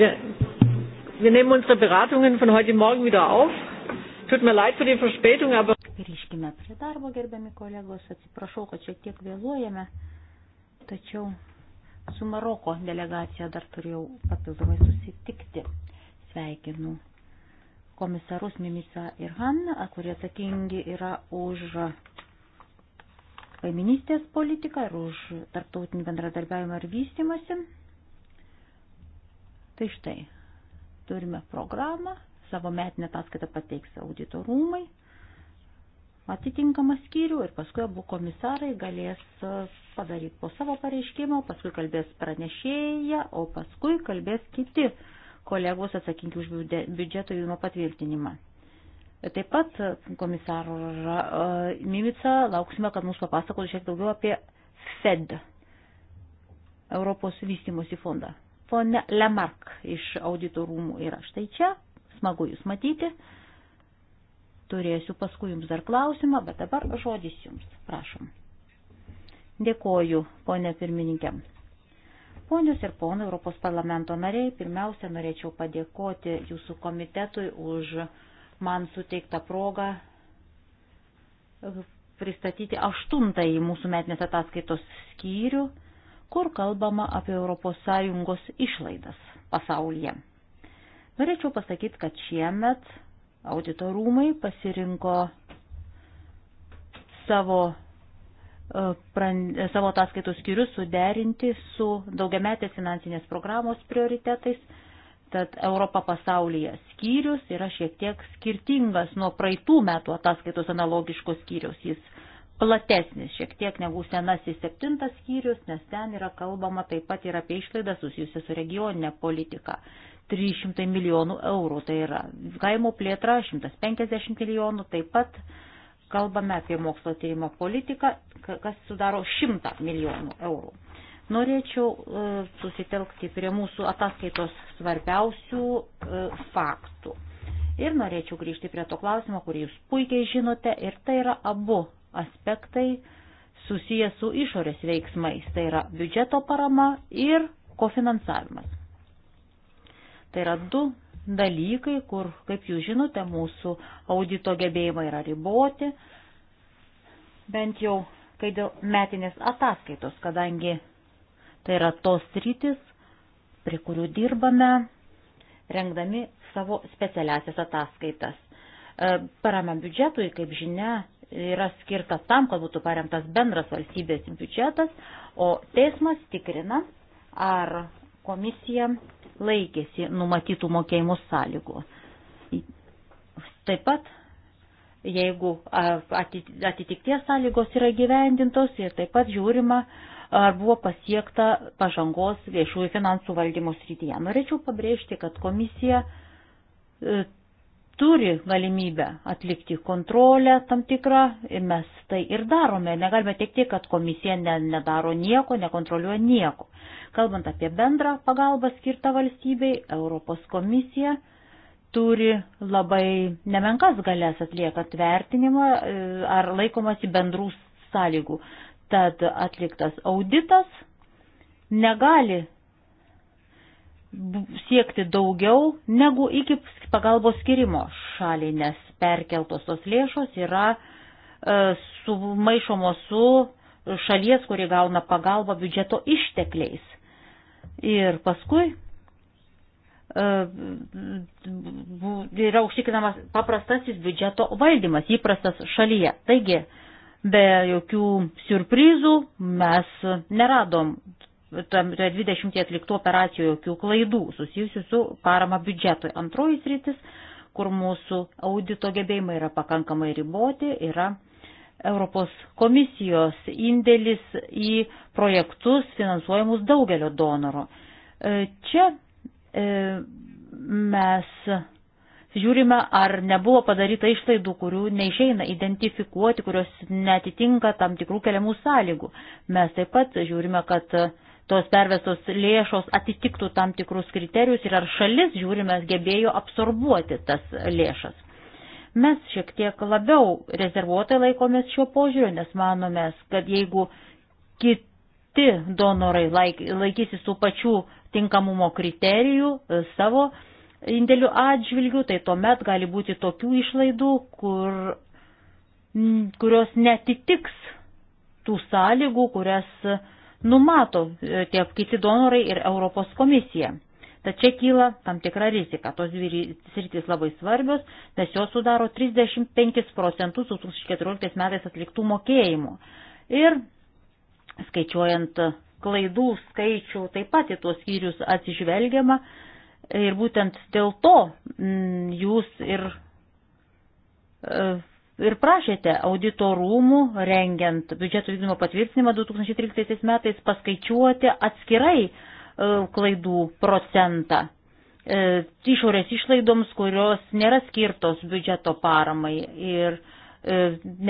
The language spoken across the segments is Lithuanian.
Wir, wir nehmen unsere Beratungen von heute Morgen wieder auf. Tut mir leid für die Verspätung, aber. Grįžkime prie darbo, gerbiami kolegos. Atsiprašau, kad šiek tiek vėluojame. Tačiau su Maroko delegacija dar turėjau papildomai susitikti. Sveikinu komisarus Mimisa ir Hanna, kurie atsakingi yra už kaiminystės politiką ir už tarptautinį bendradarbiavimą ir vystimasi. Tai štai, turime programą, savo metinę ataskaitą pateiks audito rūmai, atitinkamą skyrių ir paskui abu komisarai galės e, padaryti po savo pareiškimo, paskui kalbės pranešėja, o paskui kalbės kiti kolegos atsakingi už biudžeto judimo patvirtinimą. Taip pat e, komisaro e, Mimica lauksime, kad mums papasakotų šiek tiek daugiau apie FED, Europos vystimosi fondą. Pone Lemark iš audito rūmų yra štai čia. Smagu Jūs matyti. Turėsiu paskui Jums dar klausimą, bet dabar žodis Jums. Prašom. Dėkoju, ponė pirmininkė. Ponios ir ponai Europos parlamento nariai, pirmiausia, norėčiau padėkoti Jūsų komitetui už man suteiktą progą pristatyti aštuntąjį mūsų metinės ataskaitos skyrių kur kalbama apie ES išlaidas pasaulyje. Norėčiau pasakyti, kad šiemet audito rūmai pasirinko savo, e, pran, e, savo ataskaitų skyrius suderinti su daugiametės finansinės programos prioritetais tad Europa pasaulyje skyrius yra šiek tiek skirtingas nuo praeitų metų ataskaitos analogiškos skyrius. Jis platesnis šiek tiek negu senasis septintas skyrius, nes ten yra kalbama taip pat ir apie išlaidą susijusią su regioninė politika. 300 milijonų eurų tai yra kaimo plėtra 150 milijonų, taip pat kalbame apie mokslo tyrimo politiką, kas sudaro 100 milijonų eurų. Norėčiau e, susitelkti prie mūsų ataskaitos svarbiausių e, faktų. Ir norėčiau grįžti prie to klausimo, kurį jūs puikiai žinote, ir tai yra abu aspektai susijęs su išorės veiksmais, tai yra biudžeto parama ir kofinansavimas. Tai yra du dalykai, kur, kaip jūs žinote, mūsų audito gebėjimai yra riboti, bent jau kai dėl metinės ataskaitos, kadangi tai yra tos rytis, prie kurių dirbame, rengdami savo specialiasias ataskaitas. E, parama biudžetui, kaip žinia, yra skirta tam, kad būtų paremtas bendras valstybės biudžetas, o teismas tikrina, ar komisija laikėsi numatytų mokėjimų sąlygų. Taip pat, jeigu atitikties sąlygos yra gyvendintos ir taip pat žiūrima, ar buvo pasiekta pažangos viešųjų finansų valdymo srityje. Norėčiau pabrėžti, kad komisija e, turi galimybę atlikti kontrolę tam tikrą ir mes tai ir darome. Negalime teikti, kad komisija ne, nedaro nieko, nekontroliuoja nieko. Kalbant apie bendrą pagalbą skirtą valstybei, Europos komisija turi labai nemenkas galės atliekant vertinimą e, ar laikomasi bendrų sąlygų. Tad atliktas auditas negali siekti daugiau negu iki pagalbos skirimo šaliai, nes perkeltos tos lėšos yra e, sumaišomos su šalies, kuri gauna pagalbą biudžeto ištekliais. Ir paskui e, yra užtikrinamas paprastasis biudžeto valdymas, įprastas šalyje. Taigi, be jokių surprizų mes neradom 20 atliktų operacijų jokių klaidų susijusių su parama biudžetui. Antroji sritis, kur mūsų audito gebėjimai yra pakankamai riboti, yra Europos komisijos indėlis į projektus finansuojamus daugelio donorų. E, čia e, mes žiūrime, ar nebuvo padaryta išlaidų, kurių neišeina identifikuoti, kurios netitinka tam tikrų keliamų sąlygų. Mes taip pat žiūrime, kad tos pervestos lėšos atitiktų tam tikrus kriterijus ir ar šalis, žiūrime, gebėjo absorbuoti tas lėšas. Mes šiek tiek labiau rezervuotai laikomės šio požiūrio, nes manome, kad jeigu kiti donorai laikysis tų pačių tinkamumo kriterijų e, savo indėlių atžvilgių, tai tuomet gali būti tokių išlaidų, kur, kurios netitiks tų sąlygų, kurias uh, numato e, tie kiti donorai ir Europos komisija. Tačiau kyla tam tikra rizika. Tos dvi sritis labai svarbios, nes jos sudaro 35 procentus 2014 metais atliktų mokėjimų. Ir skaičiuojant klaidų skaičių taip pat į tuos skyrius atsižvelgiama ir būtent dėl to jūs ir e, ir prašėte auditorumų, rengiant biudžeto vykdymo patvirtinimą 2013 metais, paskaičiuoti atskirai e, klaidų procentą e, išorės išlaidoms, kurios nėra skirtos biudžeto paramai ir e,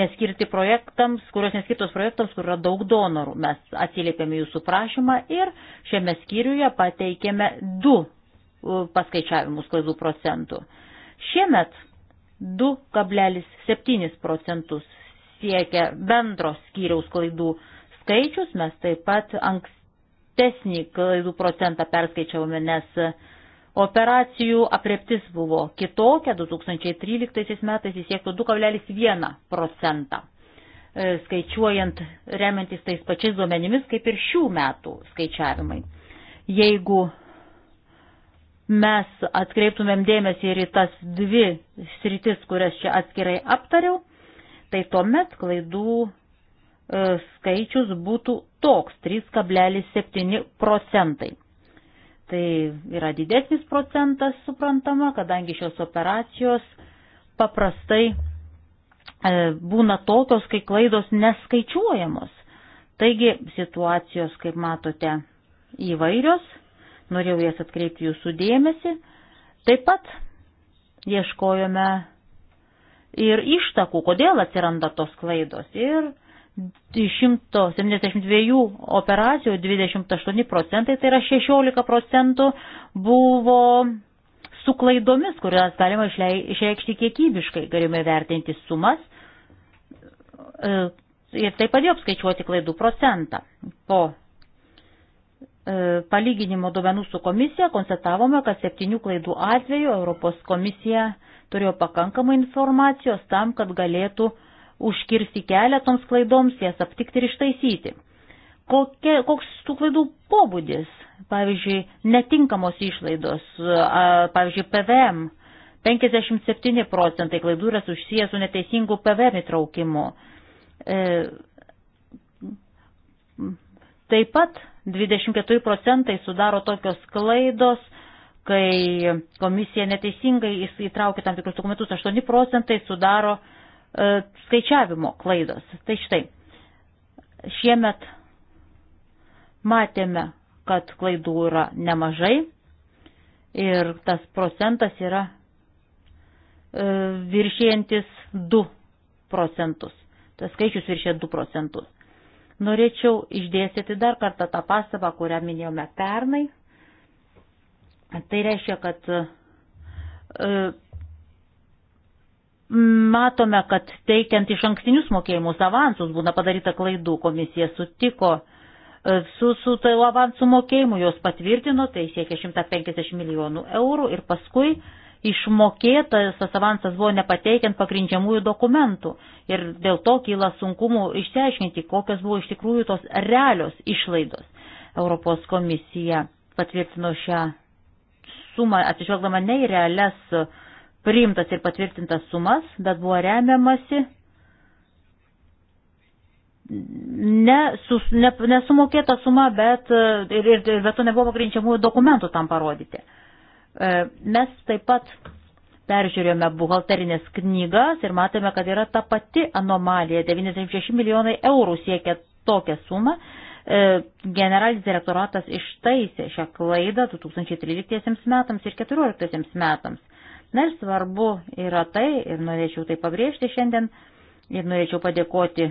neskirti projektams, kurios neskirtos projektams, kur yra daug donorų. Mes atsiliepėme jūsų prašymą ir šiame skyriuje pateikėme du e, paskaičiavimus klaidų procentų. Šiemet 2,7 procentus siekia bendros skyriaus klaidų skaičius, mes taip pat ankstesnį klaidų procentą perskaičiavome, nes operacijų apreptis buvo kitokia, 2013 metais jis siektų 2,1 procentą e, skaičiuojant remiantis tais pačiais duomenimis kaip ir šių metų skaičiavimai. Jeigu mes atkreiptumėm dėmesį ir į tas dvi sritis, kurias čia atskirai aptariau, tai tuomet klaidų e, skaičius būtų toks 3,7 procentai. Tai yra didesnis procentas suprantama, kadangi šios operacijos paprastai e, būna tokios, kai klaidos neskaičiuojamos. Taigi situacijos, kaip matote, įvairios norėjau jas atkreipti jūsų dėmesį. Taip pat ieškojome ir ištakų, kodėl atsiranda tos klaidos. Ir 172 operacijų 28 procentai, tai yra 16 procentų, buvo su klaidomis, kurias galima išreikšti kiekybiškai. Galime vertinti sumas e, ir tai padėjo apskaičiuoti klaidų procentą. Po E, palyginimo duomenų su komisija konstatavome, kad septynių klaidų atveju Europos komisija turėjo pakankamai informacijos tam, kad galėtų užkirsti kelią toms klaidoms, jas aptikti ir ištaisyti. Kokie, koks tų klaidų pobūdis, pavyzdžiui, netinkamos išlaidos, e, pavyzdžiui, PVM, 57 procentai klaidų yra susijęs su neteisingu PVM įtraukimu. E, taip pat 24 procentai sudaro tokios klaidos, kai komisija neteisingai įtraukia tam tikrus dokumentus, 8 procentai sudaro e, skaičiavimo klaidos. Tai štai, šiemet matėme, kad klaidų yra nemažai ir tas procentas yra e, viršijantis 2 procentus. Tas skaičius viršė 2 procentus. Norėčiau išdėstyti dar kartą tą pastabą, kurią minėjome pernai. Tai reiškia, kad e, matome, kad teikiant iš ankstinius mokėjimus avansus būna padaryta klaidų, komisija sutiko e, su, su tai avansų mokėjimu, jos patvirtino, tai siekia 150 milijonų eurų ir paskui e, išmokėtas tas avansas buvo nepateikiant pagrindžiamųjų dokumentų ir dėl to kyla sunkumų išsiaiškinti, kokios buvo iš tikrųjų tos realios išlaidos. Europos komisija patvirtino šią sumą, atsižvelgdama ne į realias priimtas ir patvirtintas sumas, bet buvo remiamasi nesumokėta ne, ne suma, bet ir, ir, ir bet to nebuvo pagrindžiamųjų dokumentų tam parodyti. E, mes taip pat peržiūrėjome buhalterinės knygas ir matėme, kad yra ta pati anomalija. 96 milijonai eurų siekia tokią sumą. E, generalinis direktoratas ištaisė šią klaidą 2013 metams ir 2014 metams. Na ir svarbu yra tai, ir norėčiau tai pabrėžti šiandien, ir norėčiau padėkoti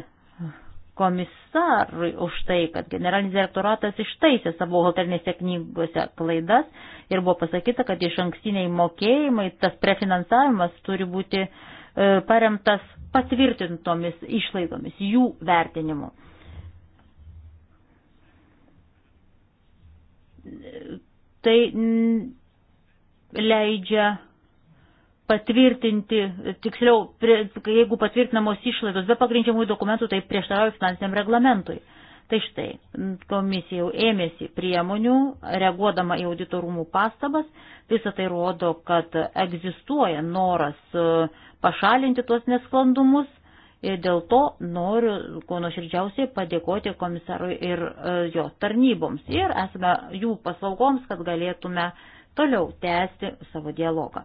komisarui už tai, kad generalinis direktoratas ištaisė savo buhalterinėse knygose klaidas ir buvo pasakyta, kad iš ankstiniai mokėjimai, tas prefinansavimas turi būti e, paremtas patvirtintomis išlaidomis, jų vertinimu. Tai leidžia patvirtinti, tiksliau, prie, jeigu patvirtinamos išlaidos be pagrindžiamųjų dokumentų, tai prieštarauja finansiniam reglamentui. Tai štai, komisija jau ėmėsi priemonių, reaguodama į auditorumų pastabas, visą tai rodo, kad egzistuoja noras e, pašalinti tuos nesklandumus ir dėl to noriu kuo nuoširdžiausiai padėkoti komisarui ir e, jo tarnyboms ir esame jų paslaugoms, kad galėtume toliau tęsti savo dialogą.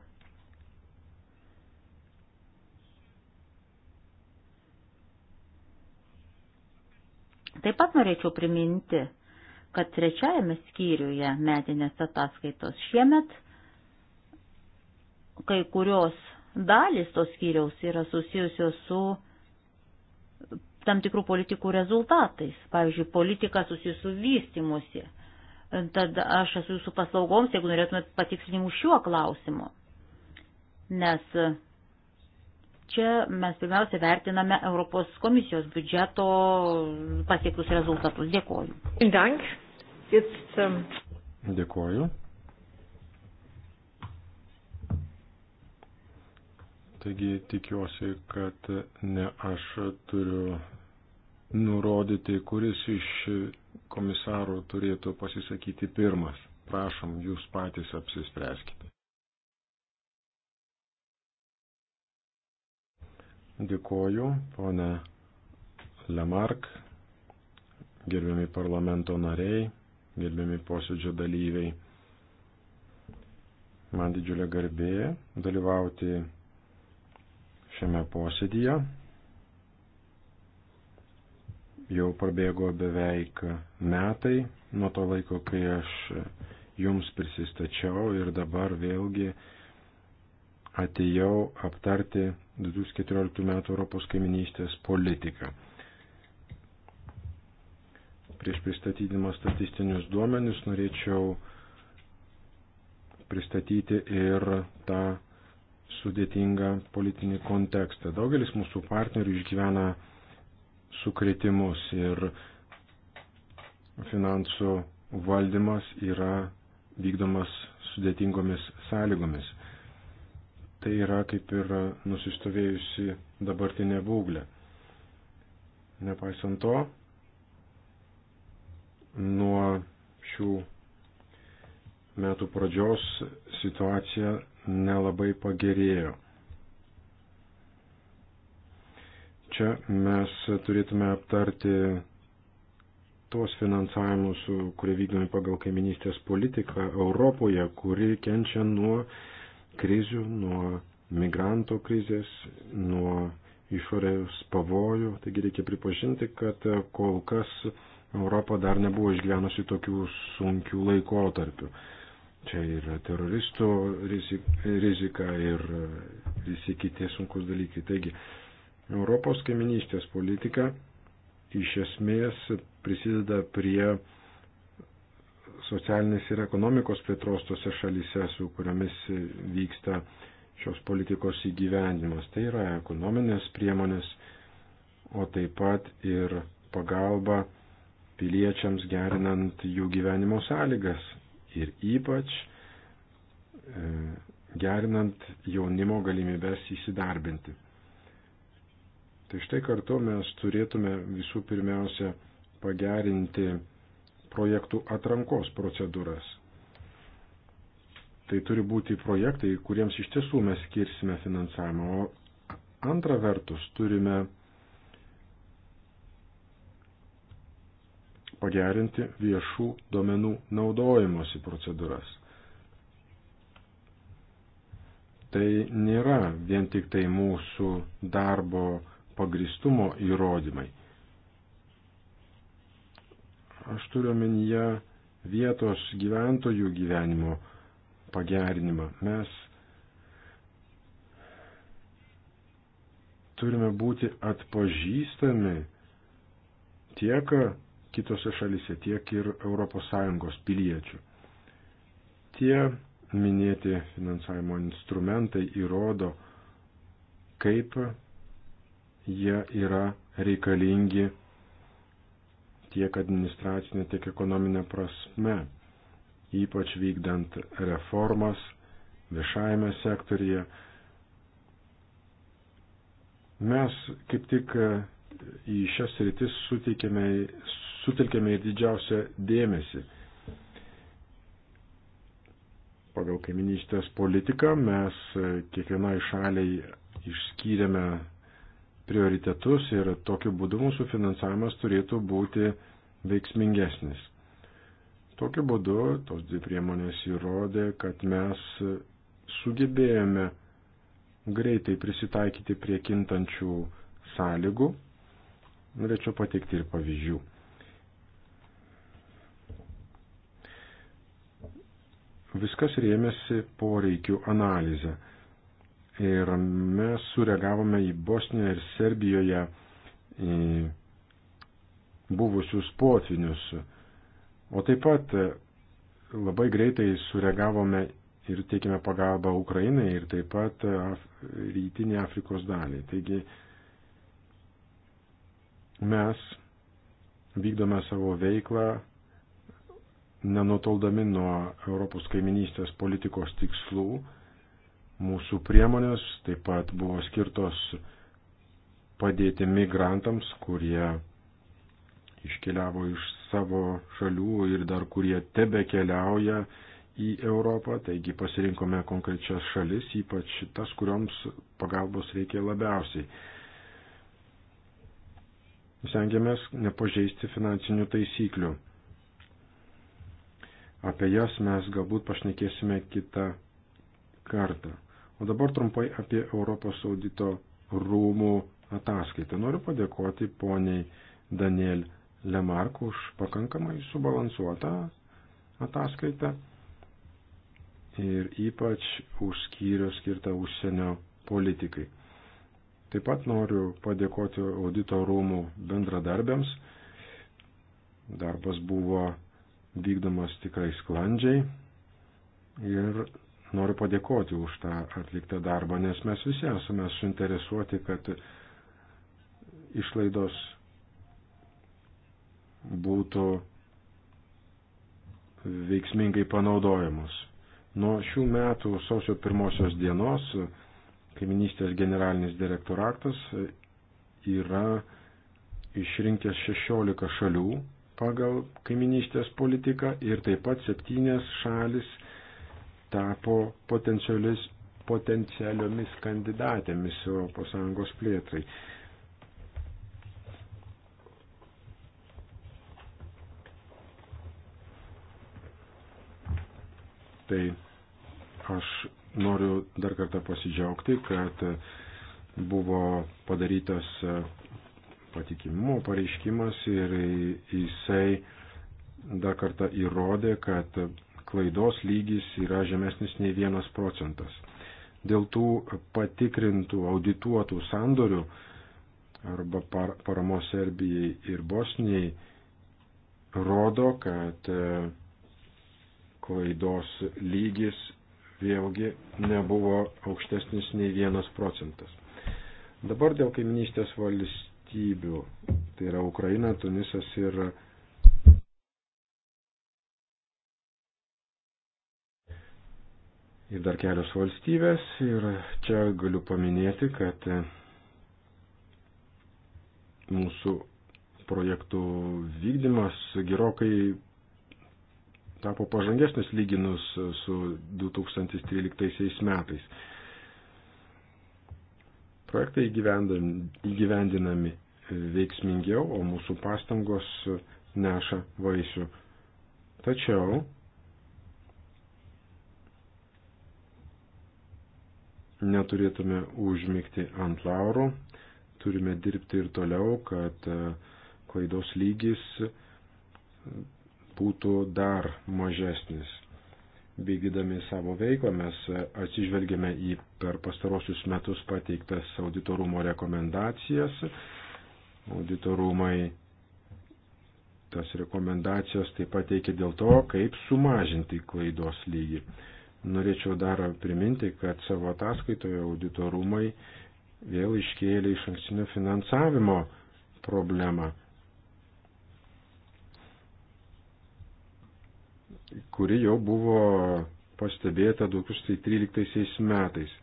Taip pat norėčiau priminti, kad trečiajame skyriuje metinės ataskaitos šiemet kai kurios dalis tos skyriaus yra susijusios su tam tikrų politikų rezultatais. Pavyzdžiui, politika susijusi su vystimusi. Tad aš esu jūsų paslaugoms, jeigu norėtumėt patikslinimų šiuo klausimu. Nes Čia mes pirmiausia vertiname Europos komisijos biudžeto pasiektus rezultatus. Dėkoju. Ähm, Dėkoju. Taigi tikiuosi, kad ne aš turiu nurodyti, kuris iš komisarų turėtų pasisakyti pirmas. Prašom, jūs patys apsispręskite. Dėkoju, ponė Lemark, gerbiami parlamento nariai, gerbiami posėdžio dalyviai. Man didžiulė garbė dalyvauti šiame posėdyje. Jau prabėgo beveik metai nuo to laiko, kai aš jums prisistačiau ir dabar vėlgi atėjau aptarti 2014 m. Europos kaiminystės politiką. Prieš pristatydamas statistinius duomenis norėčiau pristatyti ir tą sudėtingą politinį kontekstą. Daugelis mūsų partnerių išgyvena sukretimus ir finansų valdymas yra vykdomas sudėtingomis sąlygomis tai yra kaip ir nusistovėjusi dabartinė būklė. Nepaisant to, nuo šių metų pradžios situacija nelabai pagerėjo. Čia mes turėtume aptarti tuos finansavimus, kurie vykdomi pagal kaiminystės politiką Europoje, kuri kenčia nuo krizių, nuo migrantų krizės, nuo išorės pavojų. Taigi reikia pripažinti, kad kol kas Europa dar nebuvo išgyvenusi tokių sunkių laikotarpių. Čia ir teroristų rizika ir visi kiti sunkus dalykai. Taigi, Europos kaiminystės politika iš esmės prisideda prie socialinės ir ekonomikos plėtros tose šalyse, su kuriomis vyksta šios politikos įgyvendimas. Tai yra ekonominės priemonės, o taip pat ir pagalba piliečiams gerinant jų gyvenimo sąlygas ir ypač e, gerinant jaunimo galimybės įsidarbinti. Tai štai kartu mes turėtume visų pirmiausia pagerinti projektų atrankos procedūras. Tai turi būti projektai, kuriems iš tiesų mes skirsime finansavimą, o antra vertus turime pagerinti viešų duomenų naudojimosi procedūras. Tai nėra vien tik tai mūsų darbo pagristumo įrodymai. Aš turiu omenyje vietos gyventojų gyvenimo pagerinimą. Mes turime būti atpažįstami tiek kitose šalise, tiek ir ES piliečių. Tie minėti finansavimo instrumentai įrodo, kaip jie yra reikalingi tiek administracinė, tiek ekonominė prasme, ypač vykdant reformas viešajame sektorije. Mes kaip tik į šias rytis sutelkėme ir didžiausią dėmesį. Pagal kaiminystės politiką mes kiekvienai šaliai išskyrėme prioritetus ir tokiu būdu mūsų finansavimas turėtų būti veiksmingesnis. Tokiu būdu tos dvi priemonės įrodė, kad mes sugebėjome greitai prisitaikyti prie kintančių sąlygų. Norėčiau pateikti ir pavyzdžių. Viskas rėmėsi poreikių analizę ir mes sureagavome į Bosniją ir Serbijoje į buvusius potvinius. O taip pat labai greitai sureagavome ir teikime pagalbą Ukrainai ir taip pat Af rytinė Afrikos dalį. Taigi mes vykdome savo veiklą nenutoldami nuo Europos kaiminystės politikos tikslų Mūsų priemonės taip pat buvo skirtos padėti migrantams, kurie iškeliavo iš savo šalių ir dar kurie tebe keliauja į Europą, taigi pasirinkome konkrečias šalis, ypač tas, kurioms pagalbos reikia labiausiai. Stengiamės nepažeisti finansinių taisyklių. Apie jas mes galbūt pašnekėsime kitą kartą. O dabar trumpai apie Europos audito rūmų ataskaitą. Noriu padėkoti poniai Daniel Lemark už pakankamai subalansuotą ataskaitą ir ypač už skyrių skirtą užsienio politikai. Taip pat noriu padėkoti audito rūmų bendradarbiams. Darbas buvo vykdomas tikrai sklandžiai ir noriu padėkoti už tą atliktą darbą, nes mes visi esame suinteresuoti, kad išlaidos būtų veiksmingai panaudojamos. Nuo šių metų sausio pirmosios dienos kaiminystės generalinis direktoratas yra išrinkęs 16 šalių pagal kaiminystės politiką ir taip pat 7 šalis tapo potencialiomis kandidatėmis ES plėtrai. Tai aš noriu dar kartą pasidžiaugti, kad buvo padarytas patikimumo pareiškimas ir jisai dar kartą įrodė, kad klaidos lygis yra žemesnis nei vienas procentas. Dėl tų patikrintų, audituotų sandorių arba par, paramos Serbijai ir Bosnijai rodo, kad e, klaidos lygis vėlgi nebuvo aukštesnis nei vienas procentas. Dabar dėl kaiminystės valstybių, tai yra Ukraina, Tunisas ir ir dar kelios valstybės. Ir čia galiu paminėti, kad mūsų projektų vykdymas gerokai tapo pažangesnis lyginus su 2013 metais. Projektai įgyvendinami veiksmingiau, o mūsų pastangos neša vaisių. Tačiau neturėtume užmygti ant laurų, turime dirbti ir toliau, kad e, klaidos lygis būtų dar mažesnis. Vykdydami savo veiklą mes atsižvelgėme į per pastarosius metus pateiktas auditorumo rekomendacijas. Auditorumai tas rekomendacijas taip pat teikia dėl to, kaip sumažinti klaidos lygį. Norėčiau dar priminti, kad savo ataskaitoje auditorumai vėl iškėlė iš ankstinio finansavimo problemą, kuri jau buvo pastebėta 2013 metais.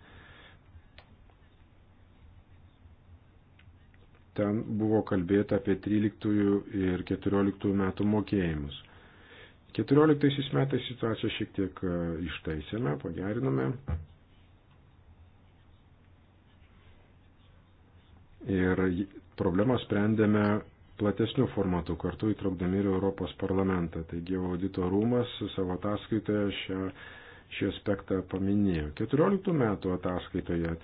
Ten buvo kalbėta apie 13 ir 14 metų mokėjimus. 14 metais situaciją šiek tiek e, ištaisėme, pagerinome. Ir problemą sprendėme platesnių formatų, kartu įtraukdami ir Europos parlamentą. Taigi audito rūmas savo ataskaitoje šią, šį aspektą paminėjo. 14 metų ataskaitoje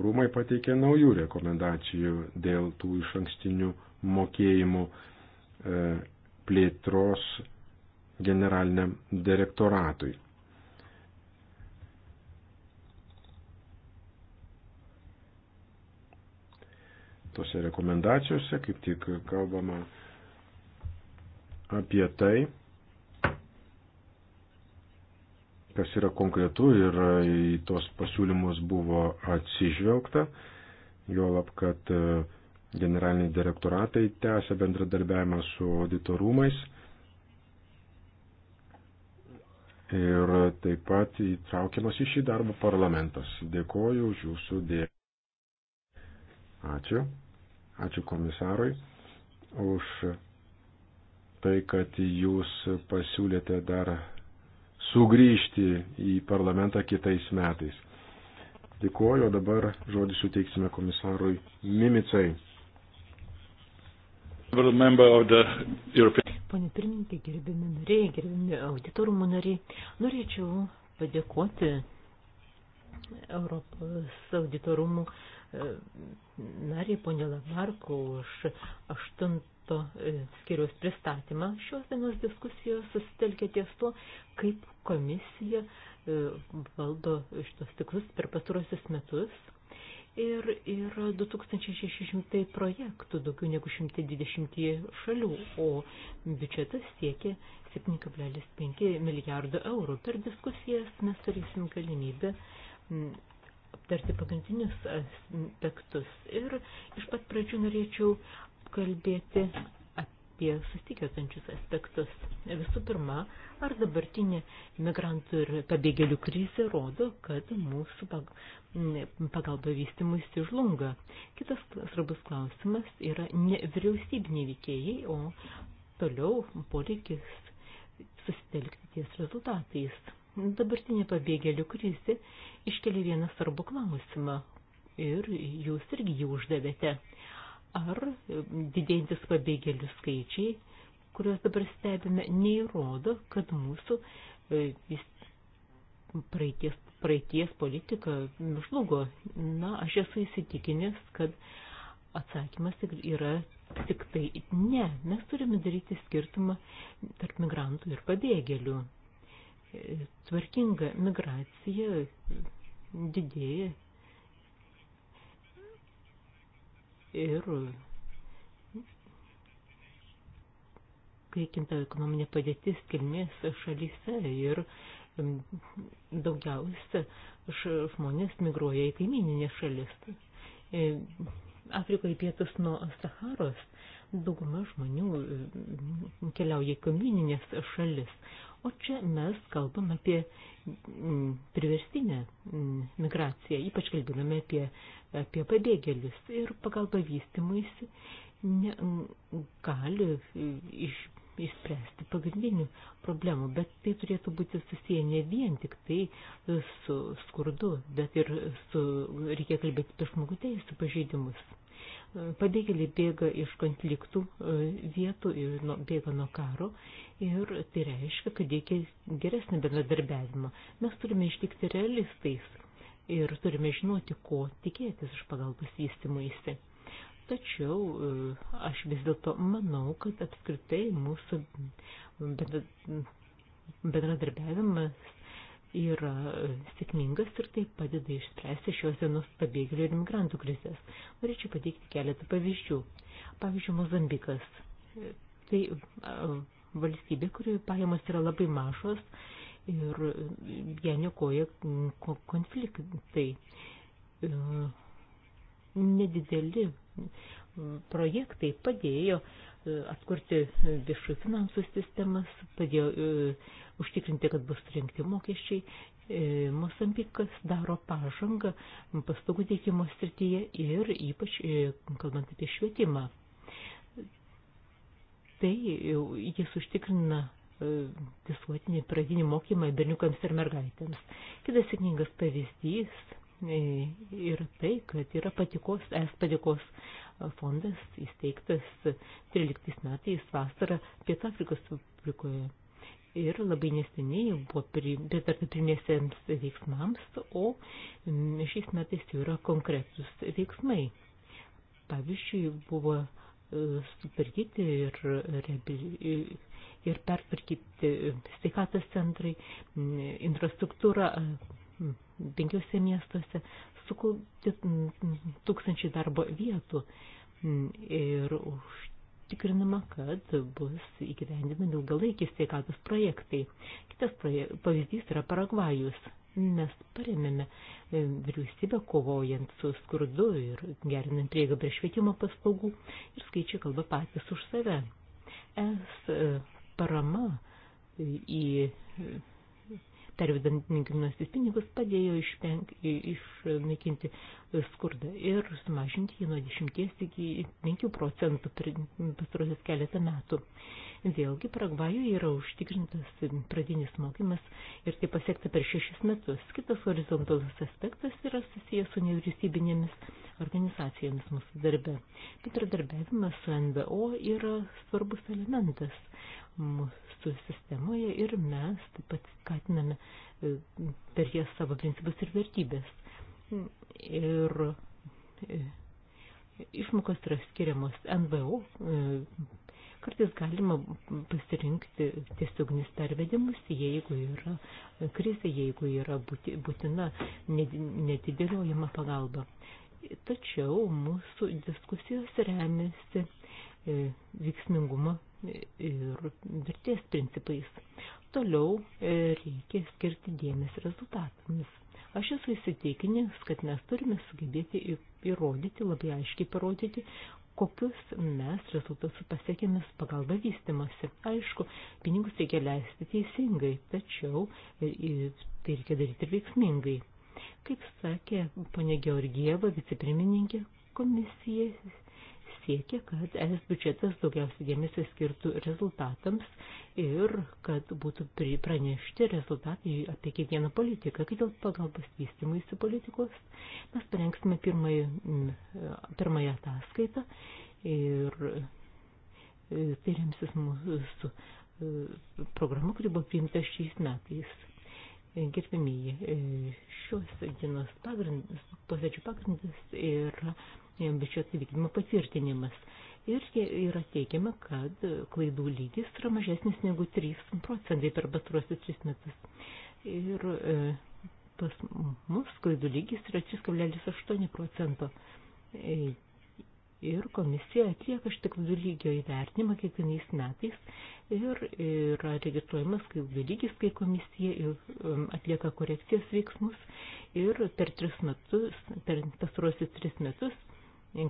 rūmai pateikė naujų rekomendacijų dėl tų iš ankstinių mokėjimų e, plėtros generaliniam direktoratui. Tose rekomendacijose kaip tik kalbama apie tai, kas yra konkretu ir į tos pasiūlymus buvo atsižvelgta, juolab, kad e, generaliniai direktoratai tęsia bendradarbiavimą su auditorumais ir taip pat įtraukiamas į šį darbą parlamentas. Dėkoju už jūsų dėmesį. Ačiū. Ačiū komisarui už tai, kad jūs pasiūlėte dar sugrįžti į parlamentą kitais metais. Dėkuoju, o dabar žodį suteiksime komisarui Mimicai. Pane pirmininkai, gerbimi nariai, gerbimi auditorumų nariai, norėčiau padėkoti Europos auditorumų e, nariai ponė Lamarko už aštunto e, skiriaus pristatymą. Šios dienos diskusijos susitelkė ties tuo, kaip komisija e, valdo šitos tikrus per pastarosius metus ir yra 2600 projektų, daugiau negu 120 šalių, o biudžetas siekia 7,5 milijardo eurų. Per diskusijas mes turėsim galimybę aptarti pagrindinius aspektus. Ir iš pat pradžių norėčiau kalbėti apie susikertančius aspektus. Visų pirma, ar dabartinė migrantų ir pabėgėlių krizė rodo, kad mūsų pagalba vystimus žlunga. Kitas svarbus klausimas yra ne vyriausybiniai veikėjai, o toliau poreikis susitelkti ties rezultatais. Dabartinė pabėgėlių krizė iškelia vieną svarbų klausimą ir jūs irgi jį uždavėte ar didėjantis pabėgėlių skaičiai, kuriuos dabar stebime, neįrodo, kad mūsų e, praeities, praeities politika žlugo. Na, aš esu įsitikinęs, kad atsakymas yra tik tai ne. Mes turime daryti skirtumą tarp migrantų ir pabėgėlių. E, tvarkinga migracija didėja ir kai kinta ekonominė padėtis kilmės šalyse ir daugiausia žmonės migruoja į kaimininę šalis. E, Afrikoje pietus nuo Saharos dauguma žmonių keliauja į kaimininės šalis, o čia mes kalbam apie priverstinę migraciją, ypač kalbėjome apie apie pabėgėlius ir pagalba vystimuisi gali iš, išspręsti pagrindinių problemų, bet tai turėtų būti susiję ne vien tik tai su skurdu, bet ir su, reikia kalbėti apie žmogų teisų pažeidimus. Pabėgėliai bėga iš konfliktų e, vietų ir nuo, bėga nuo karo ir tai reiškia, kad reikia geresnį bendradarbiavimą. Mes turime išlikti realistais ir turime žinoti, ko tikėtis iš pagalbos vystimuisi. Tačiau e, aš vis dėlto manau, kad apskritai mūsų bendradarbiavimas yra sėkmingas ir tai padeda išspręsti šios dienos pabėgėlių ir migrantų krizės. Norėčiau pateikti keletą pavyzdžių. Pavyzdžiui, Mozambikas. Tai e, valstybė, kurių pajamos yra labai mažos ir e, ją nekoja konfliktai. E, nedideli projektai padėjo e, atkurti viešų finansų sistemas, padėjo užtikrinti, kad bus surinkti mokesčiai. Mosambikas daro pažangą pastogų teikimo srityje ir ypač kalbant apie švietimą. Tai jis užtikrina E, visuotinį pradinį mokymą berniukams ir mergaitėms. Kitas sėkmingas pavyzdys e, yra tai, kad yra patikos, es patikos fondas įsteigtas 13 metais vasarą Pietafrikos publikoje. Ir labai neseniai buvo pritarta pirmiesiems veiksmams, o šiais metais jau yra konkretus veiksmai. Pavyzdžiui, buvo e, sutvarkyti ir ir pertvarkyti e, sveikatos centrai, infrastruktūra e, penkiuose miestuose, sukurti tūkstančiai darbo vietų ir užtikrinama, kad bus įgyvendinami ilgalaikiai sveikatos projektai. Kitas proje pavyzdys yra Paragvajus. Mes paremėme e, vyriausybę kovojant su skurdu ir gerinant prieigą prie švietimo paslaugų ir skaičiai kalba patys už save. Es parama į pervedant gimnastis pinigus padėjo išnaikinti skurdą ir sumažinti jį nuo 10 iki 5 procentų per pastarosius keletą metų. Vėlgi, Paragvajoje yra užtikrintas pradinis mokymas ir tai pasiekta per šešis metus. Kitas horizontalus aspektas yra susijęs su nevyriausybinėmis organizacijomis mūsų darbe. Bendradarbiavimas su NVO yra svarbus elementas, mūsų sistemoje ir mes taip pat skatiname e, per jas savo principus ir vertybės. Ir e, išmokos yra skiriamos NVO, e, kartais galima pasirinkti tiesiognis pervedimus, jeigu yra krizė, jeigu yra būtina netidėliojama pagalba. Tačiau mūsų diskusijos remiasi E, veiksmingumo ir vertės principais. Toliau e, reikia skirti dėmesį rezultatams. Aš esu įsitikinęs, kad mes turime sugebėti įrodyti, labai aiškiai parodyti, kokius mes rezultatus pasiekėmės pagalba vystimasi. Aišku, pinigus reikia leisti teisingai, tačiau e, tai reikia daryti ir veiksmingai. Kaip sakė ponia Georgieva, vicepirmininkė, komisija siekia, kad ES biudžetas daugiausiai dėmesio skirtų rezultatams ir kad būtų pranešti rezultatai apie kiekvieną politiką. Kai dėl pagalbos vystimuisi politikos, mes parengsime pirmąją, pirmąją ataskaitą ir e, tai remsis mūsų e, programa, kuri buvo priimta šiais metais gerbimieji, e, šios dienos pagrindas, posėdžių pagrindas yra biudžeto vykdymo patvirtinimas. Ir yra teigiama, kad klaidų lygis yra mažesnis negu 3 procentai per pastaruosius 3 metus. Ir e, pas mus klaidų lygis yra 3,8 procento. E, ir komisija atlieka šitą klaidų lygio įvertinimą kiekvienais metais ir yra registruojamas klaidų lygis, kai komisija e, atlieka korekcijas veiksmus ir per tris metus, per pastaruosius tris metus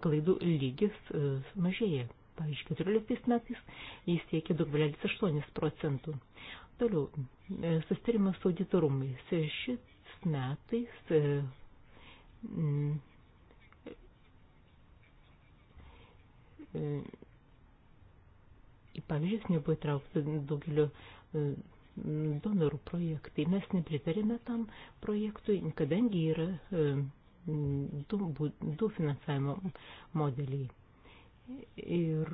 klaidų lygis e, mažėja. Pavyzdžiui, 14 metais jis siekia 2,8 procentų. Toliau, e, sustarimas su auditorumais. E, šis metais mm, į pavyzdžius nebuvo įtraukta daugelio donorų projektai. Mes nepritarėme tam projektui, kadangi yra mm, Mm, du, du finansavimo modeliai. Ir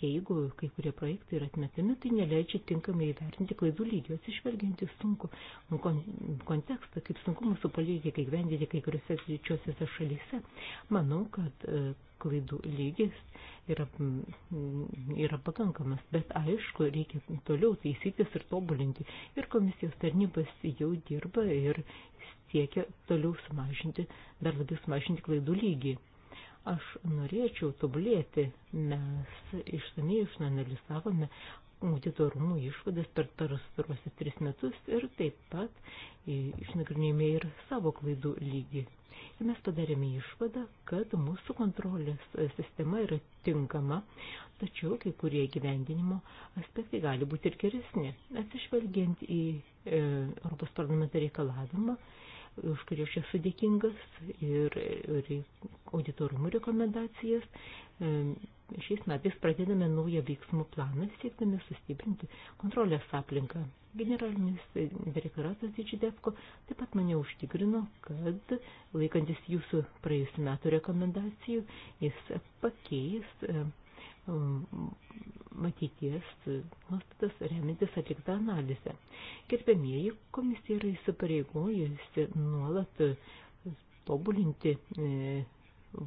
jeigu kai kurie projektai yra atmetami, tai neleidžia tinkamai įvertinti klaidų lygio, atsižvelgianti sunku kon, kontekstą, kaip sunku mūsų politikai gyvendyti kai kuriuose trečiosiuose šalyse. Manau, kad e, klaidų lygis yra, yra pakankamas, bet aišku, reikia toliau taisytis ir tobulinti. Ir komisijos tarnybas jau dirba ir siekia toliau sumažinti, dar labiau sumažinti klaidų lygį Aš norėčiau tobulėti. Mes išsamei išanalizavome auditorumų išvadas per pastaruosius tris metus ir taip pat išnagrinėjome ir savo klaidų lygį. Ir mes padarėme išvadą, kad mūsų kontrolės sistema yra tinkama, tačiau kai kurie gyvendinimo aspektai gali būti ir geresni. Atsižvelgiant į e, Europos parlamento reikalavimą, e, už kurį aš esu dėkingas, ir, ir auditorumų rekomendacijas. Šiais metais pradedame naują veiksmų planą, siekdami sustiprinti kontrolės aplinką. Generalinis direktoratas Didžidevko taip pat mane užtikrino, kad laikantis jūsų praėjusiu metu rekomendacijų, jis pakeis matyties mm, nuostatas remintis atliktą analizę. Gerbėmieji, komisija yra įsipareigojusi nuolat tobulinti e,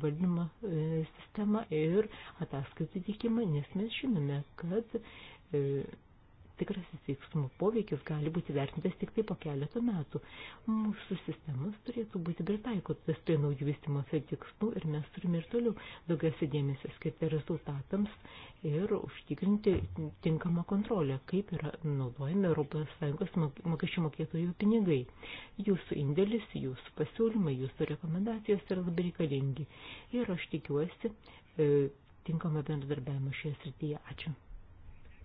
valdymo e, sistemą ir ataskaitų teikimą, nes mes žinome, kad e, tikrasis veiksmų poveikis gali būti vertintas tik tai po keletą metų. Mūsų sistemas turėtų būti pritaikotas prie naujų vystimosi tikslų ir mes turime ir toliau daugiausiai dėmesio skirti rezultatams ir užtikrinti tinkamą kontrolę, kaip yra naudojami ES mokesčių mokėtojų pinigai. Jūsų indėlis, jūsų pasiūlymai, jūsų rekomendacijos yra labai reikalingi. Ir aš tikiuosi e, tinkamą bendradarbiavimą šioje srityje. Ačiū.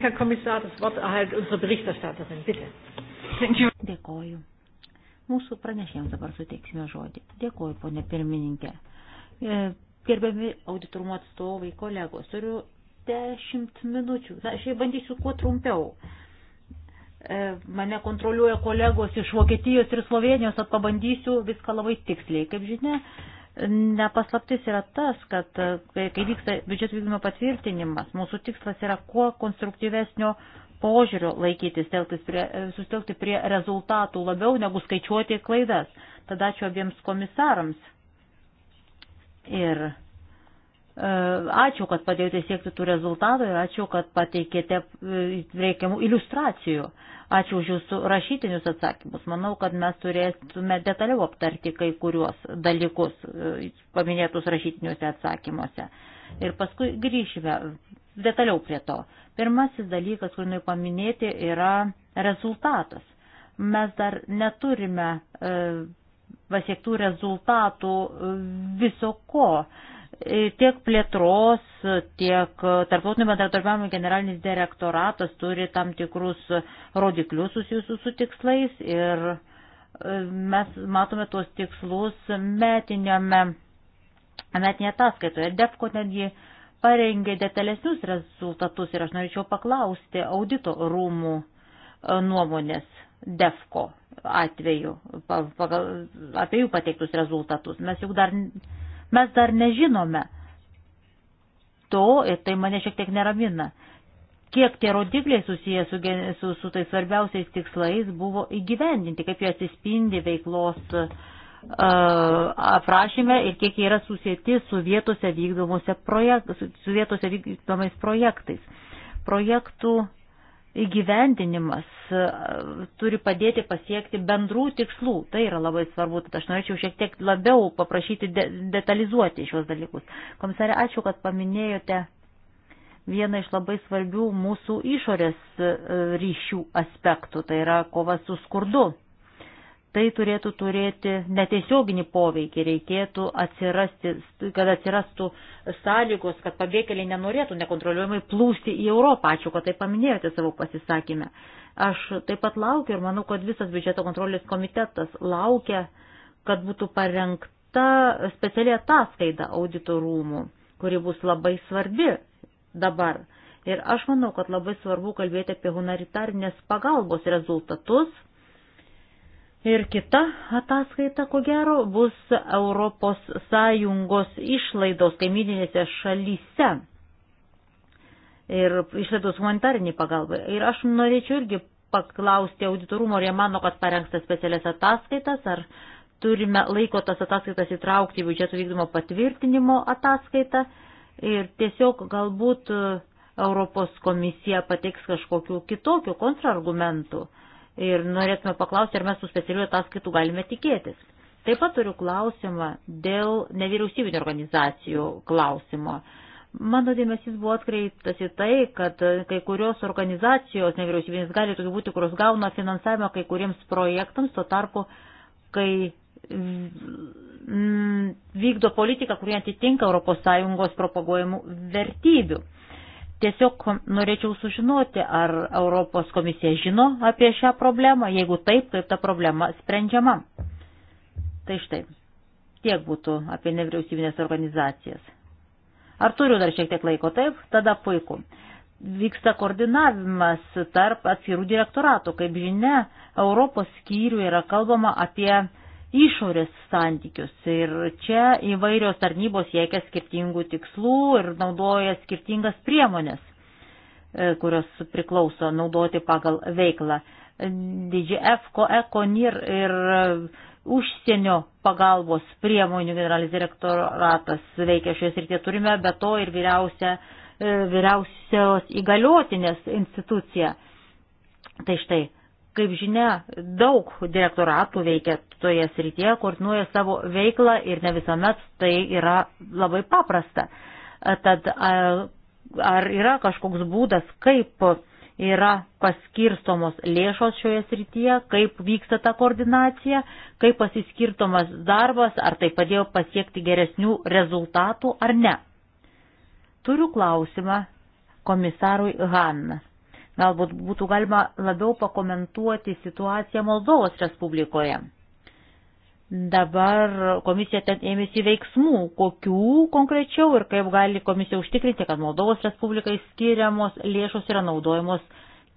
Herr Kommissar, das Wort erhält unsere Berichterstatterin, bitte. Dėkoju. Mūsų pranešėjams dabar suteiksime žodį. Dėkoju, ponė pirmininkė. E, gerbiami auditorumo atstovai, kolegos, turiu dešimt minučių. Na, aš bandysiu kuo trumpiau. E, mane kontroliuoja kolegos iš Vokietijos ir Slovenijos, tad pabandysiu viską labai tiksliai. Kaip žinia, Nepaslaptis yra tas, kad e, kai, kai vyksta biudžeto vykdymo patvirtinimas, mūsų tikslas yra kuo konstruktyvesnio požiūrio laikytis, prie, e, sustelkti prie rezultatų labiau negu skaičiuoti klaidas. Tada ačiū abiems komisarams. Ir Ačiū, kad padėjote siekti tų rezultatų ir ačiū, kad pateikėte e, reikiamų iliustracijų. Ačiū už jūsų rašytinius atsakymus. Manau, kad mes turėtume detaliau aptarti kai kuriuos dalykus e, paminėtus rašytiniuose atsakymuose. Ir paskui grįšime detaliau prie to. Pirmasis dalykas, kurį noriu paminėti, yra rezultatas. Mes dar neturime e, pasiektų rezultatų viso ko. E, tiek plėtros, tiek tarptautinio bendradarbiavimo generalinis direktoratas turi tam tikrus rodiklius susijusius su tikslais ir e, mes matome tuos tikslus metiniame, metinėje ataskaitoje. DEFCO netgi parengė detalesnius rezultatus ir aš norėčiau paklausti audito rūmų e, nuomonės DEFCO atveju, pagal, apie jų pateiktus rezultatus. Mes juk dar Mes dar nežinome to ir tai mane šiek tiek neramina. Kiek tie rodikliai susiję su, su, su tai svarbiausiais tikslais buvo įgyvendinti, kaip jie atsispindi veiklos uh, aprašyme ir kiek jie yra susijęti su vietose, projek, su vietose vykdomais projektais. Projektų įgyvendinimas e, turi padėti pasiekti bendrų tikslų. Tai yra labai svarbu, tad aš norėčiau šiek tiek labiau paprašyti de detalizuoti šios dalykus. Komisarė, ačiū, kad paminėjote vieną iš labai svarbių mūsų išorės e, ryšių aspektų, tai yra kova su skurdu tai turėtų turėti netiesioginį poveikį, reikėtų atsirasti, kad atsirastų sąlygos, kad pabėgėliai nenorėtų nekontroliuojamai plūsti į Europą. Ačiū, kad tai paminėjote savo pasisakymę. Aš taip pat laukiu ir manau, kad visas biudžeto kontrolės komitetas laukia, kad būtų parengta speciali ataskaita auditorumų, kuri bus labai svarbi dabar. Ir aš manau, kad labai svarbu kalbėti apie humanitarnės pagalbos rezultatus Ir kita ataskaita, ko gero, bus Europos Sąjungos išlaidos kaimininėse šalyse ir išlaidos humanitariniai pagalbai. Ir aš norėčiau irgi paklausti auditorumo, ar jie mano, kad parengsta specialias ataskaitas, ar turime laiko tas ataskaitas įtraukti į biudžeto vykdymo patvirtinimo ataskaitą ir tiesiog galbūt Europos komisija pateiks kažkokių kitokių kontrargumentų ir norėtume paklausti, ar mes tų specialių ataskaitų galime tikėtis. Taip pat turiu klausimą dėl nevyriausybinio organizacijų klausimo. Mano dėmesys buvo atkreiptas į tai, kad kai kurios organizacijos nevyriausybinės gali tokių būti, kurios gauna finansavimą kai kuriems projektams, tuo tarpu, kai vykdo politiką, kurie atitinka ES propaguojamų vertybių. Tiesiog norėčiau sužinoti, ar Europos komisija žino apie šią problemą, jeigu taip, kaip ta problema sprendžiama. Tai štai, tiek būtų apie nevyriausybinės organizacijas. Ar turiu dar šiek tiek laiko? Taip, tada puiku. Vyksta koordinavimas tarp atskirų direktoratų. Kaip žinia, Europos skyrių yra kalbama apie išorės santykius. Ir čia įvairios tarnybos siekia skirtingų tikslų ir naudoja skirtingas priemonės, e, kurios priklauso naudoti pagal veiklą. DGF, ECONIR ir e, užsienio pagalbos priemonių generalinis direktoratas veikia šioje srityje. Turime be to ir vyriausia, e, vyriausios įgaliotinės instituciją. Tai štai Kaip žinia, daug direktoratų veikia toje srityje, koordinuoja savo veiklą ir ne visuomet tai yra labai paprasta. Tad ar yra kažkoks būdas, kaip yra paskirstomos lėšos šioje srityje, kaip vyksta ta koordinacija, kaip pasiskirtomas darbas, ar tai padėjo pasiekti geresnių rezultatų ar ne. Turiu klausimą komisarui Hannas Galbūt būtų galima labiau pakomentuoti situaciją Moldovos Respublikoje. Dabar komisija ten ėmėsi veiksmų, kokių konkrečiau ir kaip gali komisija užtikrinti, kad Moldovos Respublikai skiriamos lėšos yra naudojamos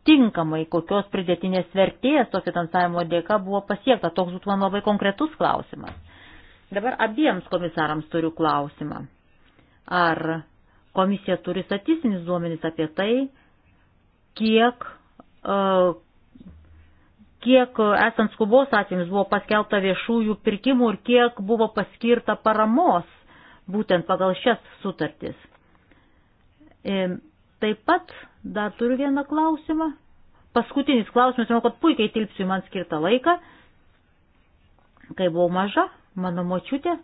tinkamai, kokios pridėtinės vertės to finansavimo dėka buvo pasiekta. Toks būtų man labai konkretus klausimas. Dabar abiems komisarams turiu klausimą. Ar komisija turi statistinius duomenys apie tai, kiek, kiek esant skubos atvejams buvo paskelbta viešųjų pirkimų ir kiek buvo paskirta paramos būtent pagal šias sutartis. E, taip pat dar turiu vieną klausimą. Paskutinis klausimas, manau, kad puikiai tilpsiu į man skirtą laiką. Kai buvau maža, mano močiutė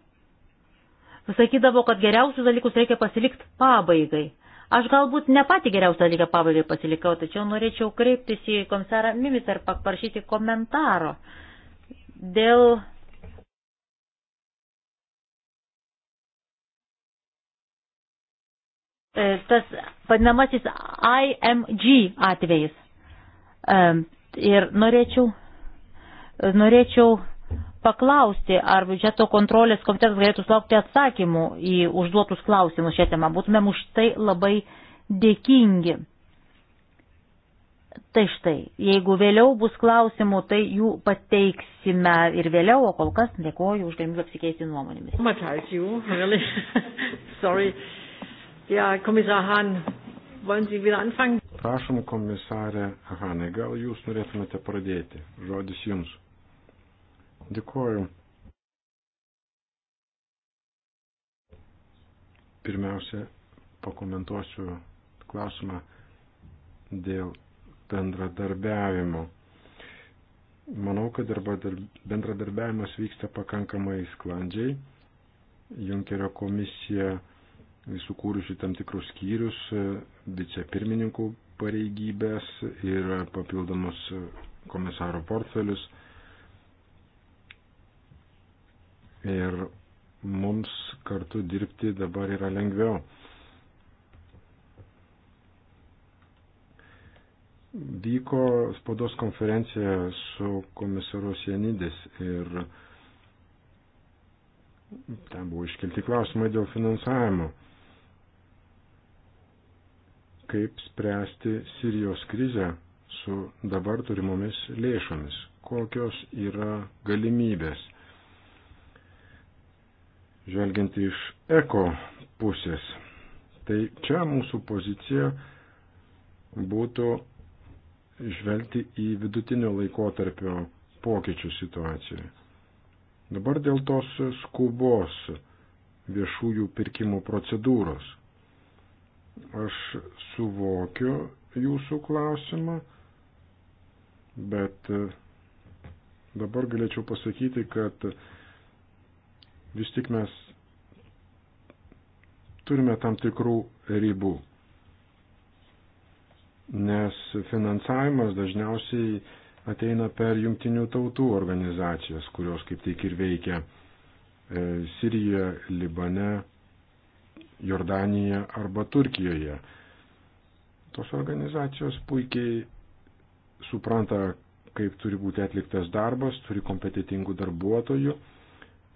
sakydavo, kad geriausius dalykus reikia pasilikti pabaigai. Aš galbūt ne patį geriausią dalyką pabaigai pasilikau, tačiau norėčiau kreiptis į komisarą Mimis ir paprašyti komentaro dėl. E, tas vadinamasis IMG atvejis. E, ir norėčiau, norėčiau paklausti, ar biudžeto kontrolės komitetas galėtų sulaukti atsakymų į užduotus klausimus šią temą. Būtumėm už tai labai dėkingi. Tai štai, jeigu vėliau bus klausimų, tai jų pateiksime ir vėliau, o kol kas dėkoju už galimybę apsikeisti nuomonėmis. Matalt jų, really. Sorry. Ja, komisar Han, wollen Sie wieder anfangen? Prašom, komisarė Hanai, gal jūs norėtumėte pradėti? Žodis jums. Dėkuoju. Pirmiausia, pakomentuosiu klausimą dėl bendradarbiavimo. Manau, kad bendradarbiavimas vyksta pakankamai sklandžiai. Junkerio komisija sukūrusi tam tikrus skyrius, vicepirmininkų pareigybės ir papildomus komisaro portfelius. ir mums kartu dirbti dabar yra lengviau. Vyko spaudos konferencija su komisaru Sienidis ir ten buvo iškelti klausimai dėl finansavimo. Kaip spręsti Sirijos krizę su dabar turimomis lėšomis? Kokios yra galimybės? žvelgiant iš eko pusės. Tai čia mūsų pozicija būtų žvelgti į vidutinio laikotarpio pokyčių situaciją. Dabar dėl tos skubos viešųjų pirkimų procedūros. Aš suvokiu jūsų klausimą, bet dabar galėčiau pasakyti, kad vis tik mes turime tam tikrų ribų, nes finansavimas dažniausiai ateina per jungtinių tautų organizacijas, kurios kaip tik ir veikia e, Sirijoje, Libane, Jordanijoje arba Turkijoje. Tos organizacijos puikiai supranta, kaip turi būti atliktas darbas, turi kompetitingų darbuotojų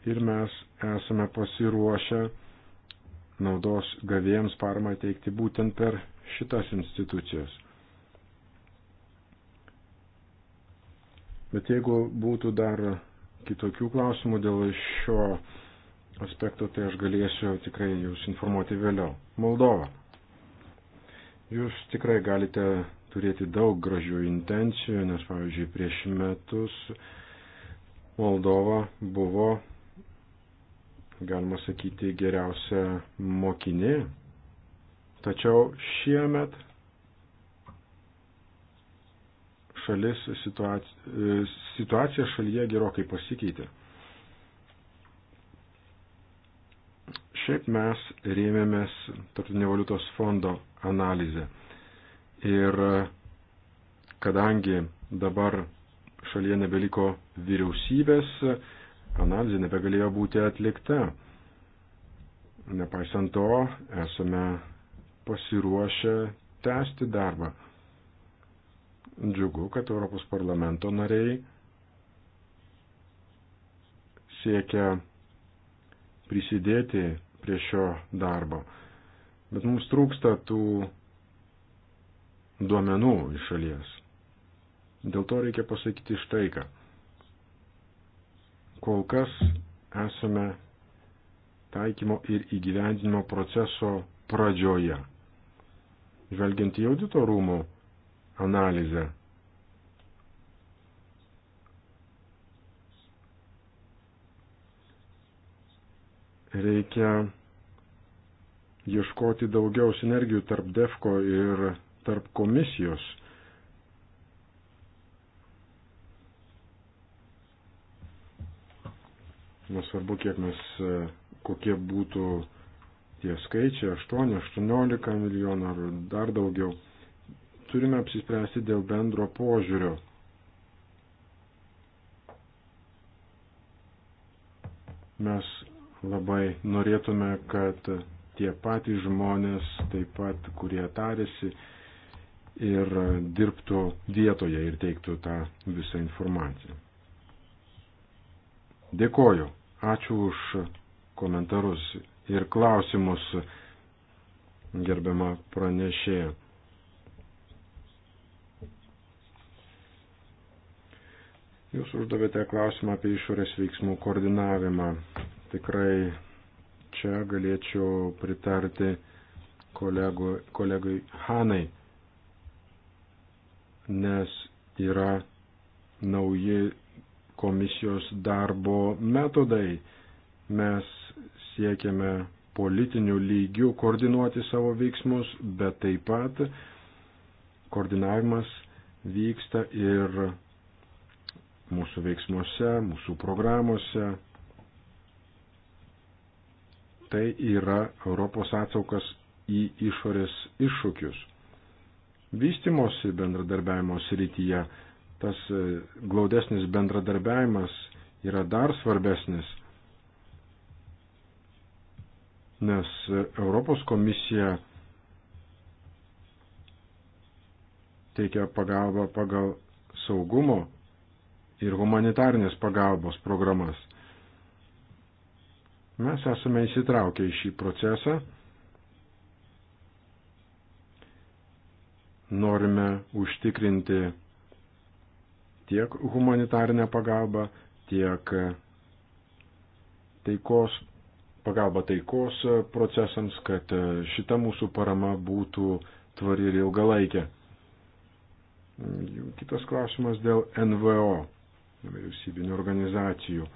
ir mes esame pasiruošę naudos gavėjams paramą teikti būtent per šitas institucijas. Bet jeigu būtų dar kitokių klausimų dėl šio aspekto, tai aš galėsiu tikrai jūs informuoti vėliau. Moldova. Jūs tikrai galite turėti daug gražių intencijų, nes, pavyzdžiui, prieš metus Moldova buvo galima sakyti, geriausia mokinė. Tačiau šiemet šalis situacija, situacija šalyje gerokai pasikeitė. Šiaip mes rėmėmės Tartutinio valiutos fondo analizę. Ir kadangi dabar šalyje nebeliko vyriausybės, analizė nebegalėjo būti atlikta. Nepaisant to, esame pasiruošę tęsti darbą. Džiugu, kad Europos parlamento nariai siekia prisidėti prie šio darbo. Bet mums trūksta tų duomenų iš šalies. Dėl to reikia pasakyti štai ką. Kol kas esame taikymo ir įgyvendinimo proceso pradžioje. Žvelgiant į audito rūmų analizę, reikia ieškoti daugiau sinergijų tarp DEFCO ir tarp komisijos nesvarbu, kiek mes, e, kokie būtų tie skaičiai, 8, 18 milijonų ar dar daugiau, turime apsispręsti dėl bendro požiūrio. Mes labai norėtume, kad tie patys žmonės, taip pat, kurie tarėsi ir dirbtų vietoje ir teiktų tą visą informaciją. Dėkoju. Ačiū už komentarus ir klausimus, gerbiama pranešėja. Jūs uždavėte klausimą apie išorės veiksmų koordinavimą. Tikrai čia galėčiau pritarti kolegu, kolegai Hanai, nes yra nauji komisijos darbo metodai. Mes siekiame politinių lygių koordinuoti savo veiksmus, bet taip pat koordinavimas vyksta ir mūsų veiksmuose, mūsų programuose. Tai yra Europos atsaukas į išorės iššūkius. Vystimosi bendradarbiavimo srityje tas e, glaudesnis bendradarbiavimas yra dar svarbesnis, nes Europos komisija teikia pagalbą pagal saugumo ir humanitarnės pagalbos programas. Mes esame įsitraukę į šį procesą. Norime užtikrinti tiek humanitarinę pagalbą, tiek e, taikos, pagalbą taikos e, procesams, kad e, šita mūsų parama būtų tvari ir ilgalaikė. Kitas klausimas dėl NVO, vyriausybinio organizacijų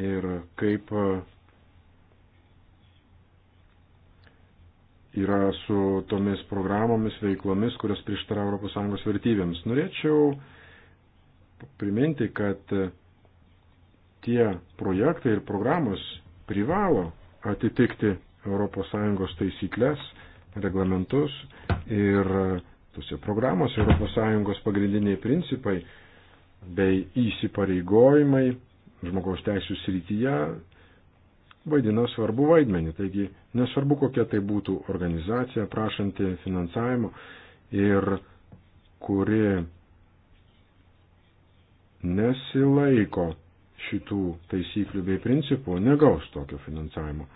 ir kaip yra su tomis programomis, veiklomis, kurios prieštara ES vertybėms. Norėčiau priminti, kad tie projektai ir programos privalo atitikti ES taisyklės, reglamentus ir tose programos ES pagrindiniai principai bei įsipareigojimai žmogaus teisų srityje vaidina svarbu vaidmenį. Taigi nesvarbu, kokia tai būtų organizacija prašanti finansavimo ir kuri nesilaiko šitų taisyklių bei principų, negaus tokio finansavimo.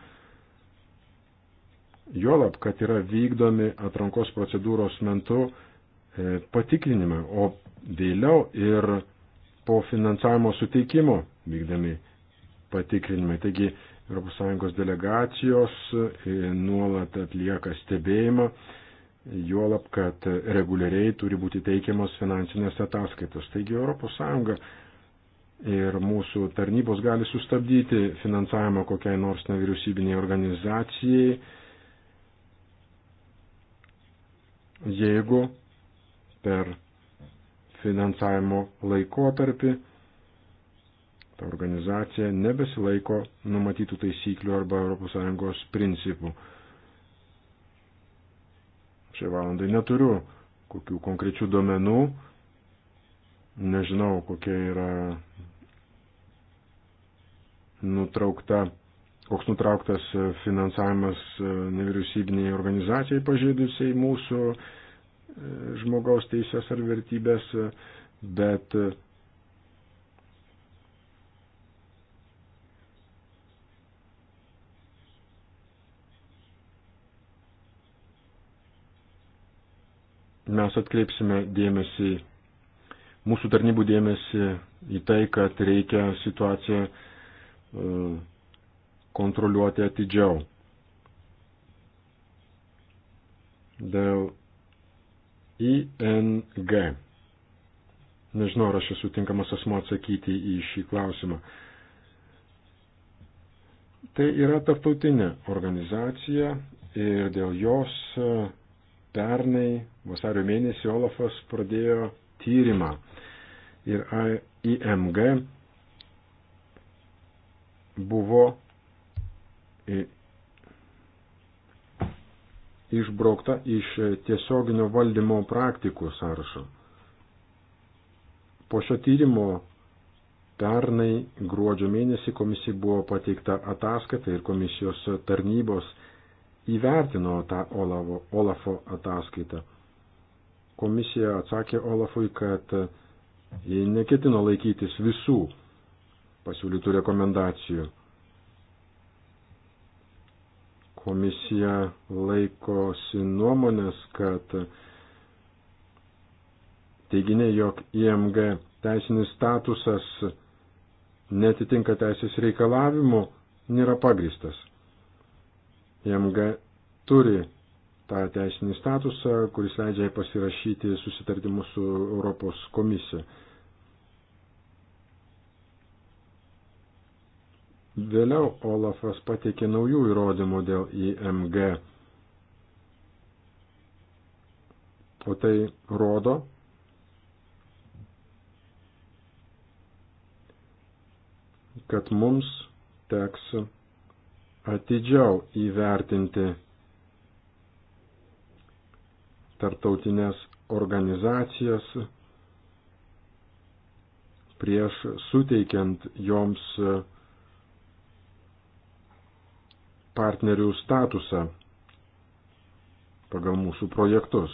Juolab, kad yra vykdomi atrankos procedūros metu e, patikrinimai, o vėliau ir po finansavimo suteikimo vykdami patikrinimai. Taigi ES delegacijos e, nuolat atlieka stebėjimą juolab, kad reguliariai turi būti teikiamos finansinės ataskaitos. Taigi ES ir mūsų tarnybos gali sustabdyti finansavimą kokiai nors nevyriausybiniai organizacijai, jeigu per finansavimo laikotarpį ta organizacija nebesilaiko numatytų taisyklių arba ES principų šiai valandai neturiu kokių konkrečių duomenų, nežinau, kokia yra nutraukta, koks nutrauktas finansavimas e, nevyriausybiniai organizacijai pažeidusiai mūsų e, žmogaus teisės ar vertybės, e, bet mes atkreipsime dėmesį, mūsų tarnybų dėmesį į tai, kad reikia situaciją e, kontroliuoti atidžiau. Dėl ING. Nežinau, ar aš esu tinkamas asmo atsakyti į šį klausimą. Tai yra tarptautinė organizacija ir dėl jos Pernai vasario mėnesį Olafas pradėjo tyrimą ir IMG buvo išbraukta iš tiesioginio valdymo praktikų sąrašo. Po šio tyrimo pernai gruodžio mėnesį komisijai buvo pateikta ataskaita ir komisijos tarnybos įvertino tą Olavo, Olafo ataskaitą. Komisija atsakė Olafui, kad jie neketino laikytis visų pasiūlytų rekomendacijų. Komisija laikosi nuomonės, kad teiginė, jog IMG teisinis statusas netitinka teisės reikalavimų, nėra pagristas. JMG turi tą teisinį statusą, kuris leidžia pasirašyti susitartimus su Europos komisija. Vėliau Olafas pateikė naujų įrodymų dėl IMG. O tai rodo, kad mums teks atidžiau įvertinti tartautinės organizacijas prieš suteikiant joms partnerių statusą pagal mūsų projektus.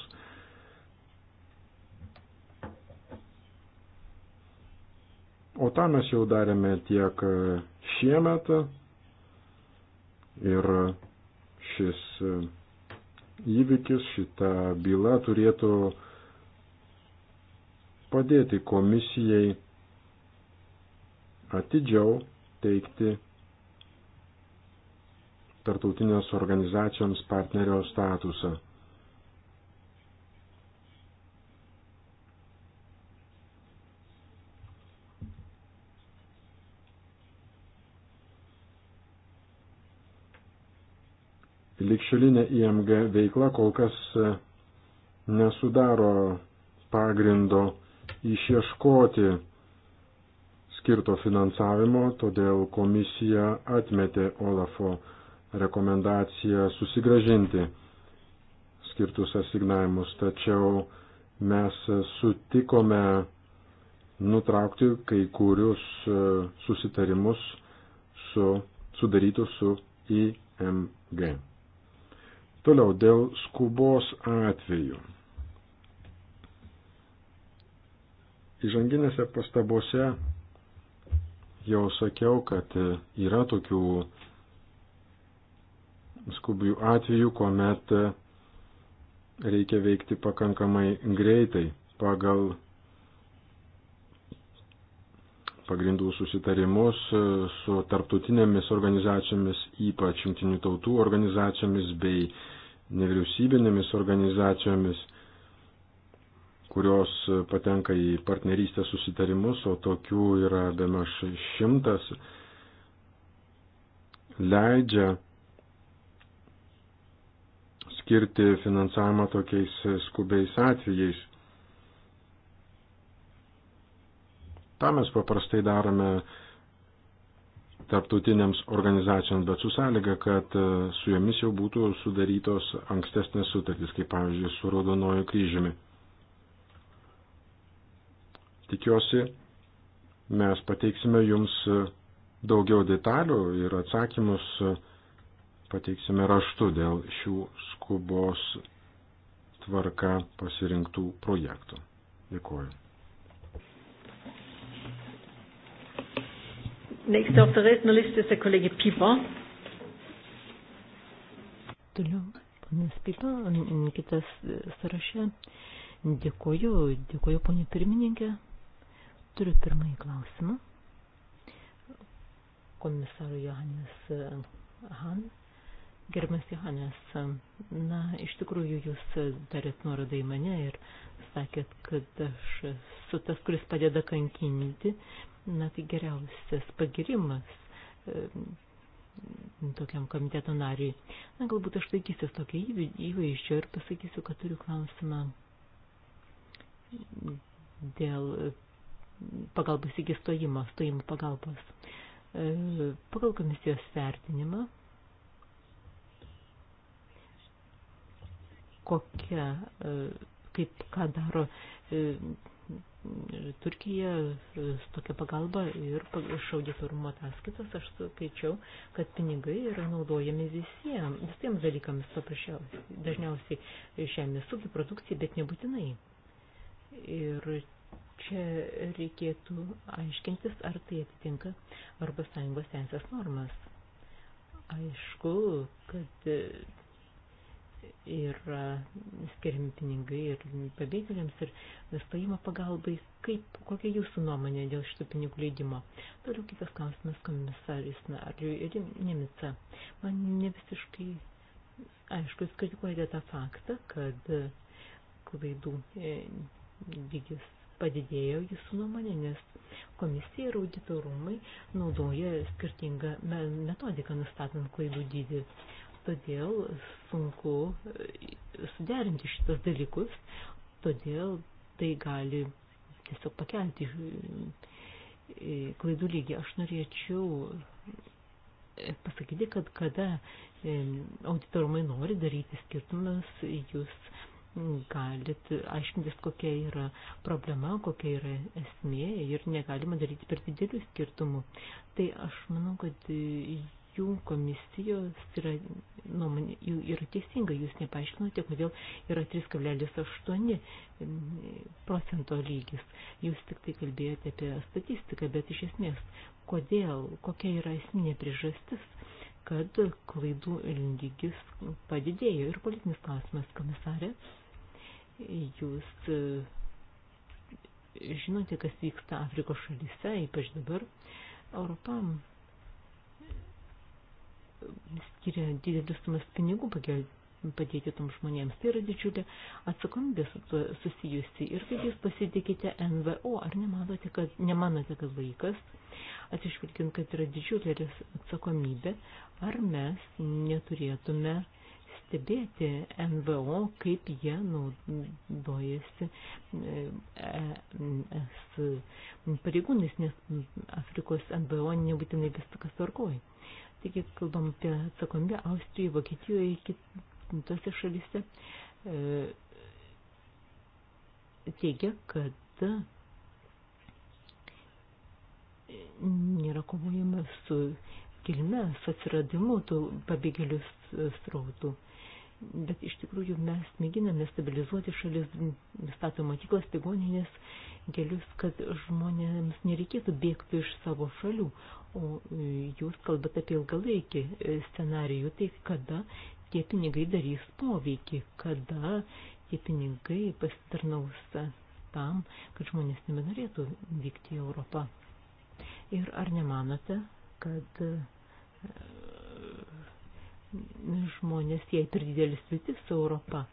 O tą mes jau darėme tiek šiemet, Ir šis e, įvykis, šita byla turėtų padėti komisijai atidžiau teikti tartautinės organizacijoms partnerio statusą. Likščiulinė IMG veikla kol kas e, nesudaro pagrindo išieškoti skirto finansavimo, todėl komisija atmetė Olafo rekomendaciją susigražinti skirtus asignavimus, tačiau mes sutikome nutraukti kai kurius e, susitarimus su, sudarytus su IMG. Toliau dėl skubos atvejų. Įžanginėse pastabose jau sakiau, kad yra tokių skubių atvejų, kuomet reikia veikti pakankamai greitai pagal pagrindų susitarimus e, su tarptautinėmis organizacijomis, ypač jungtinių tautų organizacijomis bei nevyriausybinėmis organizacijomis, kurios patenka į partnerystę susitarimus, o tokių yra bemaž šimtas, leidžia skirti finansavimą tokiais skubiais atvejais Ta mes paprastai darome tarptautiniams organizacijoms, bet su sąlyga, kad e, su jomis jau būtų sudarytos ankstesnės sutartys, kaip pavyzdžiui su Raudonojo kryžiumi. Tikiuosi, mes pateiksime jums e, daugiau detalių ir atsakymus e, pateiksime raštu dėl šių skubos tvarka pasirinktų projektų. Dėkuoju. Nächster auf der Rednerliste ist der Kollege Pieper. Toliau, ponas Pieper, kitas e, sąraše. Dėkoju, dėkoju, ponė pirmininkė. Turiu pirmąjį klausimą. Komisaro Johannes e, Han. Gerbiamas Johannes, na, iš tikrųjų jūs darėt nuorodą į mane ir sakėt, kad aš esu tas, kuris padeda kankinti Na tai geriausias pagirimas e, tokiam komiteto nariui. Na galbūt aš laikysiu tokio įvaizdžio ir pasakysiu, kad turiu klausimą dėl pagalbos iki stojimo, stojimo pagalbos. E, pagal komisijos vertinimą, kokia, e, kaip ką daro e, Turkija e, tokia pagalba ir iš auditorumo ataskaitos aš skaičiau, kad pinigai yra naudojami visiems, visiems dalykams paprasčiausiai, dažniausiai žemės ūkio produkcijai, bet nebūtinai. Ir čia reikėtų aiškintis, ar tai atitinka arba sąjungos teisės normas. Aišku, kad e, yra e, skiriami pinigai ir pabėgėliams ir stojimo pagalbai. Kaip, kokia jūsų nuomonė dėl šitų pinigų leidimo? Toliau kitas klausimas komisaris Nariu Nemica. Man ne visiškai aišku, jūs kritikuojate tą faktą, kad e, klaidų e, lygis padidėjo jūsų nuomonė, nes komisija ir auditorumai naudoja skirtingą metodiką nustatant klaidų dydį todėl sunku e, suderinti šitos dalykus, todėl tai gali tiesiog pakelti e, klaidų lygį. Aš norėčiau e, pasakyti, kad kada auditorumai nori daryti skirtumus, jūs galit aiškintis, kokia yra problema, kokia yra esmė ir negalima daryti per didelių skirtumų. Tai aš manau, kad jų komisijos yra, nuomonė, jų yra teisinga, jūs nepaaiškinote, kodėl yra 3,8 procento lygis. Jūs tik tai kalbėjote apie statistiką, bet iš esmės, kodėl, kokia yra esminė priežastis, kad klaidų lygis padidėjo ir politinis klausimas, komisarė, jūs e, žinote, kas vyksta Afrikos šalyse, ypač dabar. Europam skiria didelius sumas pinigų padėti tom žmonėms. Tai yra didžiulė atsakomybė su tuo susijusi. Ir kaip jūs pasitikite NVO, ar nemanote, kad, nemanote, kad laikas, atsižvelgiant, kad yra didžiulė atsakomybė, ar mes neturėtume stebėti NVO, kaip jie naudojasi e, e, es pareigūnais, nes Afrikos NVO nebūtinai vis tik tvarkoja. Taigi kalbam apie atsakomybę Austrijoje, Vokietijoje, kitose šalise. E, teigia, kad nėra kovojama su kilme, su atsiradimu tų pabėgėlių srautų. Bet iš tikrųjų mes mėginame stabilizuoti šalis, stato mokyklas, ligoninės, kelius, kad žmonėms nereikėtų bėgti iš savo šalių, O e, jūs kalbate apie ilgalaikį e, scenarijų, tai kada tie pinigai darys poveikį, kada tie pinigai pasitarnaus tam, kad žmonės nebenorėtų vykti į Europą. Ir ar nemanote, kad e, žmonės jai per didelis vytis Europą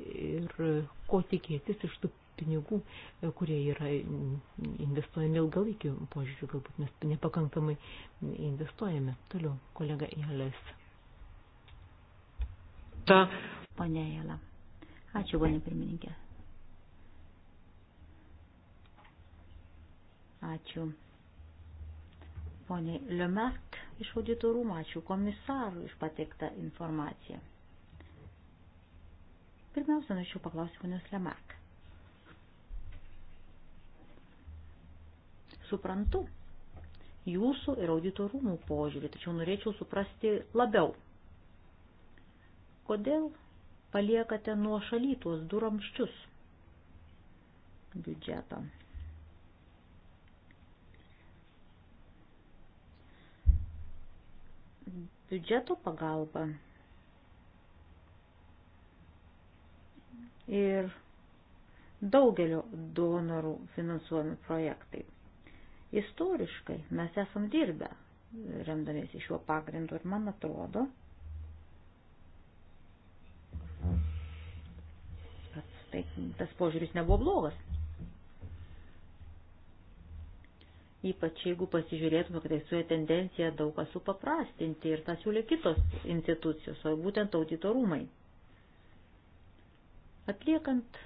ir ko tikėtis iš tų pinigų, e, kurie yra investuojami ilgalaikių požiūrių, galbūt mes nepakankamai investuojame. Toliau, kolega Jelės. Ta. Pane Jela. Ačiū, ponė pirmininkė. Ačiū. Pone Liomert iš auditorumą, ačiū komisarui iš pateiktą informaciją. Pirmiausia, norėčiau paklausti ponios Lemak. Suprantu jūsų ir auditorumų požiūrį, tačiau norėčiau suprasti labiau. Kodėl paliekate nuo šalytos duramščius biudžetą? Biudžeto pagalba ir daugelio donorų finansuojami projektai. Istoriškai mes esam dirbę, remdamiesi šiuo pagrindu ir man atrodo, kad tai, tas požiūris nebuvo blogas. Ypač jeigu pasižiūrėtume, kad egzistuoja tendencija daug kas supaprastinti ir tą siūlė kitos institucijos, o būtent audito rūmai. Atliekant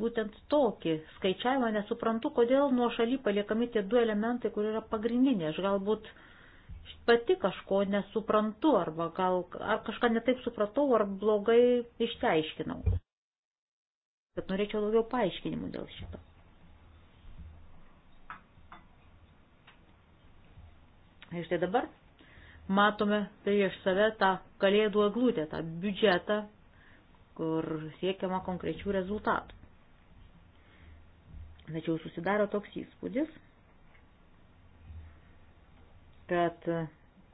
būtent tokį skaičiavimą, nesuprantu, kodėl nuo šaly paliekami tie du elementai, kur yra pagrindinė. Aš galbūt pati kažko nesuprantu, arba gal ar kažką netaip supratau, ar blogai išteiškinau. Bet norėčiau daugiau paaiškinimų dėl šito. Ir štai dabar matome prieš save tą kalėdų eglutę, tą biudžetą, kur siekiama konkrečių rezultatų. Tačiau susidaro toks įspūdis, kad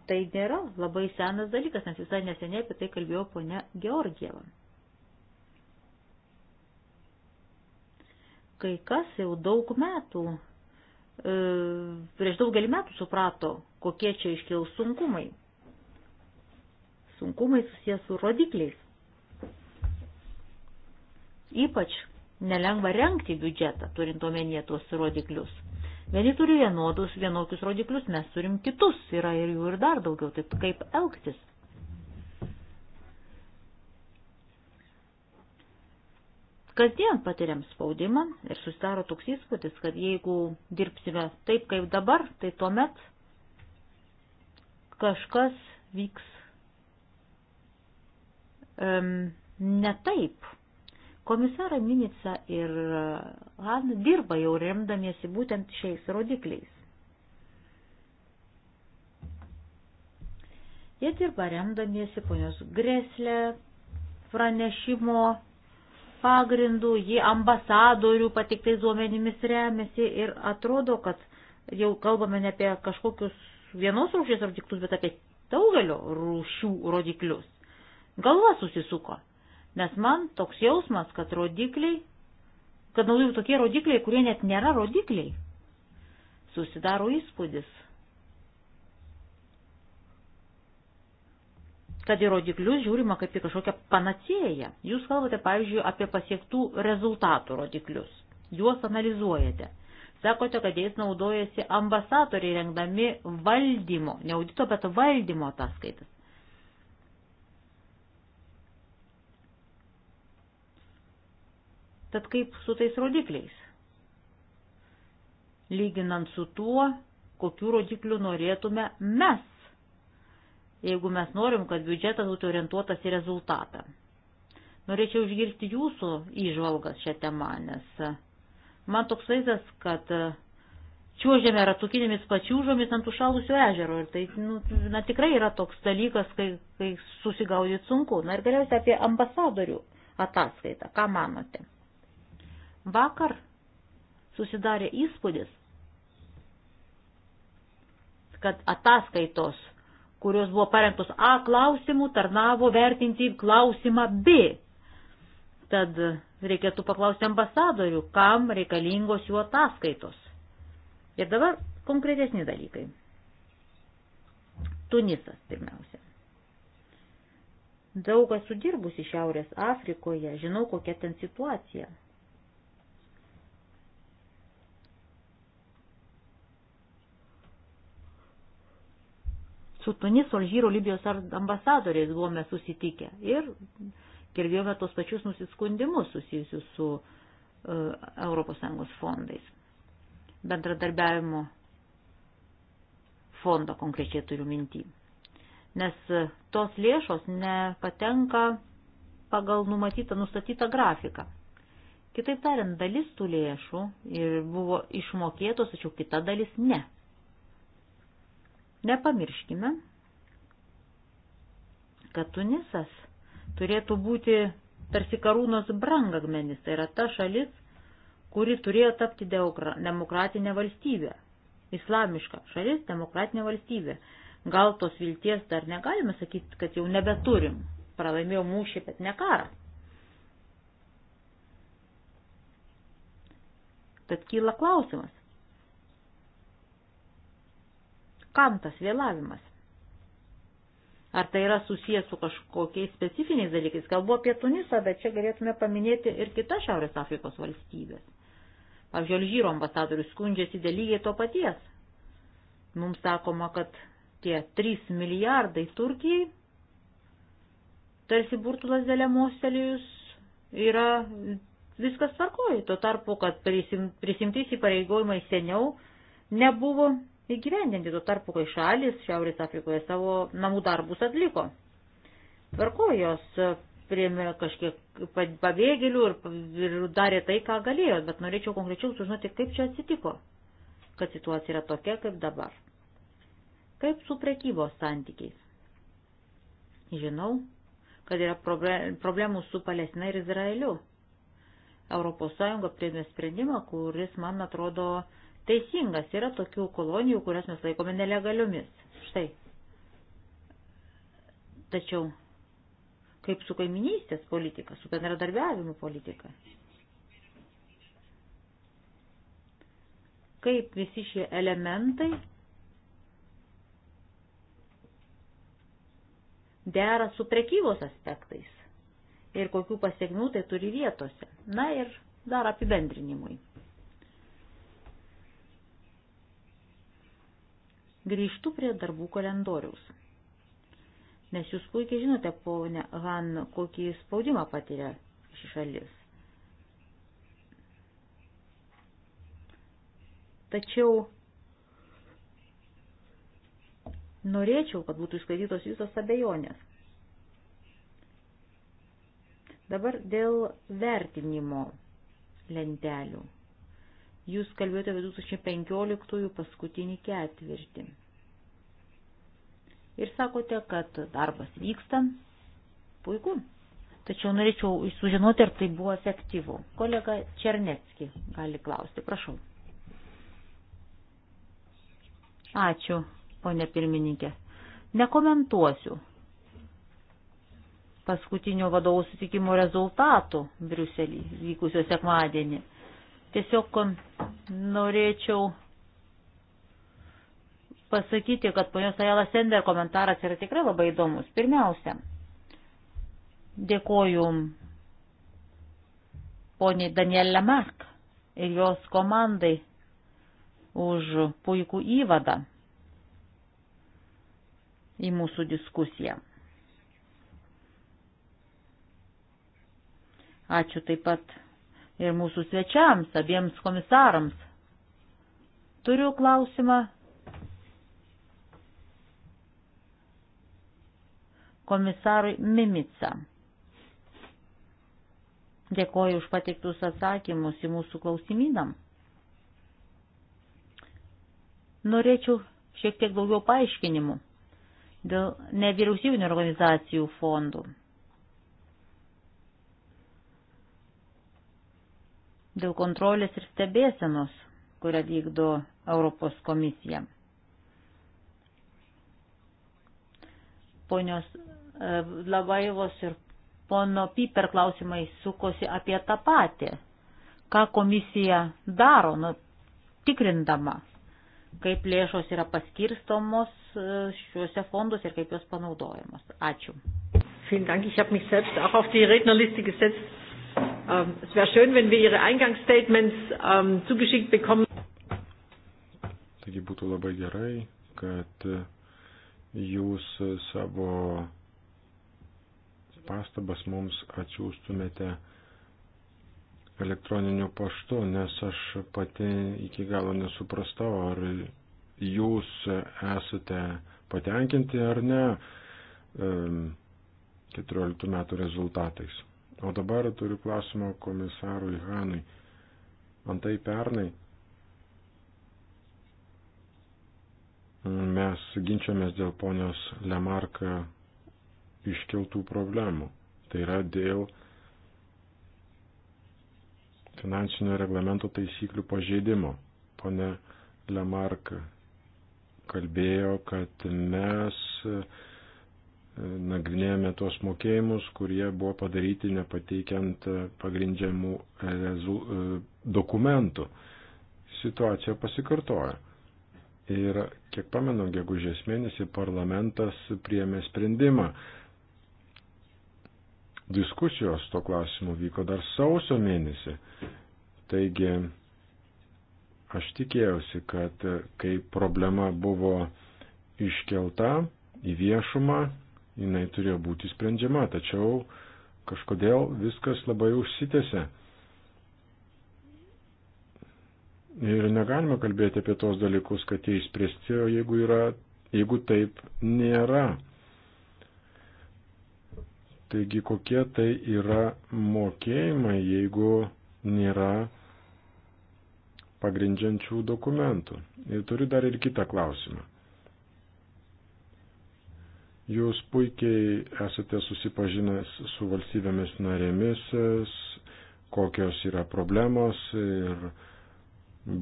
tai nėra labai senas dalykas, nes visai neseniai apie tai kalbėjo ponia Georgieva. Kai kas jau daug metų, e, prieš daugelį metų suprato, kokie čia iškiaus sunkumai. Sunkumai susijęs su rodikliais. Ypač, nelengva renkti biudžetą, turint omenyje tuos rodiklius. Vieni turi vienodus, vienokius rodiklius, mes turim kitus, yra ir jų ir dar daugiau, taip kaip elgtis. Kasdien patiriam spaudimą ir susidaro toks įspūdis, kad jeigu dirbsime taip kaip dabar, tai tuomet kažkas vyks um, ne taip Komisarą Minica ir e, Han dirba jau remdamiesi būtent šiais rodikliais. Jie dirba remdamiesi ponios Greslė pranešimo pagrindų, jie ambasadorių patiktais duomenimis remiasi ir atrodo, kad jau kalbame ne apie kažkokius vienos rūšies rodiklius, bet apie daugelio rūšių rodiklius. Galva susisuko. Nes man toks jausmas, kad rodikliai, kad naudojau tokie rodikliai, kurie net nėra rodikliai. Susidaro įspūdis, kad į rodiklius žiūrima kaip į kažkokią panacėją. Jūs kalbate, pavyzdžiui, apie pasiektų rezultatų rodiklius. Juos analizuojate. Sakote, kad jais naudojasi ambasadoriai rengdami valdymo, ne audito, bet valdymo ataskaitas. Tad kaip su tais rodikliais? Lyginant su tuo, kokiu rodikliu norėtume mes, jeigu mes norim, kad biudžetas būtų orientuotas į rezultatą. Norėčiau išgirsti jūsų įžvalgas šią temą, nes man toks vaizdas, kad čiuožėme ratukinėmis pačiūžomis ant užšalusio ežero ir tai nu, na, tikrai yra toks dalykas, kai, kai susigaudyt sunku. Na ir galiausiai apie ambasadorių ataskaitą. Ką manote? Vakar susidarė įspūdis, kad ataskaitos, kurios buvo parengtos A klausimų, tarnavo vertinti klausimą B. Tad reikėtų paklausti ambasadorių, kam reikalingos jų ataskaitos. Ir dabar konkretesni dalykai. Tunisas pirmiausia. Daug esu dirbusi Šiaurės Afrikoje, žinau, kokia ten situacija. Su Tuniso, Alžyro, Libijos ambasadoriais buvome susitikę ir girdėjome tos pačius nusiskundimus susijusius su uh, e, ES fondais. Bendradarbiavimo fondo konkrečiai turiu mintį. Nes e, tos lėšos nepatenka pagal numatytą, nustatytą grafiką. Kitaip tariant, dalis tų lėšų ir buvo išmokėtos, tačiau kita dalis ne. Nepamirškime, kad Tunisas turėtų būti tarsi karūnos brangakmenis, tai yra ta šalis, kuri turėjo tapti demokratinę valstybę. Islamiška šalis, demokratinė valstybė. Gal tos vilties dar negalime sakyti, kad jau nebeturim. Pralaimėjo mūšį, bet ne karą. Tad kyla klausimas, Kam tas vėlavimas? Ar tai yra susijęs su kažkokiais specifiniais dalykais? Kalbu apie Tunisą, bet čia galėtume paminėti ir kitas Šiaurės Afrikos valstybės. Pavyzdžiui, Alžyro ambasadorius skundžiasi dėl lygiai to paties. Mums sakoma, kad tie 3 milijardai Turkijai, tarsi burtulas dėlė mostelėjus, yra viskas tvarkoji. Tuo tarpu, kad prisim, prisimtys įpareigojimai seniau nebuvo įgyvendinti. Tuo tarpu, kai šalis Šiaurės Afrikoje savo namų darbus atliko. Tvarko jos e, priėmė kažkiek pabėgėlių ir, ir darė tai, ką galėjo, bet norėčiau konkrečiau sužinoti, kaip čia atsitiko, kad situacija yra tokia, kaip dabar. Kaip su prekybos santykiais? Žinau, kad yra problemų su Palestina ir Izraeliu. Europos Sąjunga priėmė sprendimą, kuris, man atrodo, teisingas. Yra tokių kolonijų, kurias mes laikome nelegaliomis. Štai. Tačiau kaip su kaiminystės politika, su bendradarbiavimu politika. Kaip visi šie elementai dera su prekybos aspektais ir kokių pasiekmių tai turi vietose. Na ir dar apibendrinimui. Grįžtu prie darbų kalendoriaus. Nes jūs puikiai žinote, ponė Han, kokį spaudimą patiria ši šalis. Tačiau norėčiau, kad būtų išsklaidytos visos abejonės. Dabar dėl vertinimo lentelių. Jūs kalbėjote apie 2015 paskutinį ketvirtį. Ir sakote, kad darbas vyksta. Puiku. Tačiau norėčiau sužinoti, ar tai buvo efektyvu. Kolega Černecki gali klausti. Prašau. Ačiū, ponė pirmininkė. Nekomentuosiu paskutinio vadovų sutikimo rezultatų Briuselį vykusio sekmadienį. Tiesiog norėčiau pasakyti, kad ponios Ajala Sender komentaras yra tikrai labai įdomus. Pirmiausia, dėkoju poniai Daniel Lamarck ir jos komandai už puikų įvadą į mūsų diskusiją. Ačiū taip pat ir mūsų svečiams, abiems komisarams. Turiu klausimą. Komisarui Mimica. Dėkoju už pateiktus atsakymus į mūsų klausimynam. Norėčiau šiek tiek daugiau paaiškinimų dėl nevyriausybinio organizacijų fondų. dėl kontrolės ir stebėsenos, kurią vykdo Europos komisija. Ponios e, Lavaivos ir pono Piper klausimai sukosi apie tą patį, ką komisija daro, nu, tikrindama, kaip lėšos yra paskirstomos e, šiuose fondus ir kaip jos panaudojamos. Ačiū. Vielen Dank, ich habe mich selbst auch auf die Rednerliste gesetzt. Ähm, es wäre schön, wenn wir Ihre Eingangsstatements ähm, zugeschickt bekommen. Taigi būtų labai gerai, kad äh, jūs äh, savo pastabas mums atsiųstumėte elektroniniu paštu, nes aš pati iki galo nesuprastau, ar jūs esate patenkinti ar ne 14 ähm, metų rezultatais. O dabar turiu klausimą komisarui Hanui. Antai pernai mes ginčiamės dėl ponios Lemarka iškeltų problemų. Tai yra dėl finansinio reglamento taisyklių pažeidimo. Pone Lemarka kalbėjo, kad mes nagrinėjome tuos mokėjimus, kurie buvo padaryti nepateikiant pagrindžiamų e, dokumentų. Situacija pasikartoja. Ir kiek pamenu, gegužės mėnesį parlamentas priėmė sprendimą. Diskusijos to klausimu vyko dar sausio mėnesį. Taigi aš tikėjausi, kad kai problema buvo iškelta į viešumą, jinai turėjo būti sprendžiama, tačiau kažkodėl viskas labai užsitėse. Ir negalime kalbėti apie tos dalykus, kad jie išspręsti, o jeigu, yra, jeigu taip nėra. Taigi kokie tai yra mokėjimai, jeigu nėra pagrindžiančių dokumentų. Ir turiu dar ir kitą klausimą. Jūs puikiai esate susipažinęs su valstybėmis narėmis, kokios yra problemos ir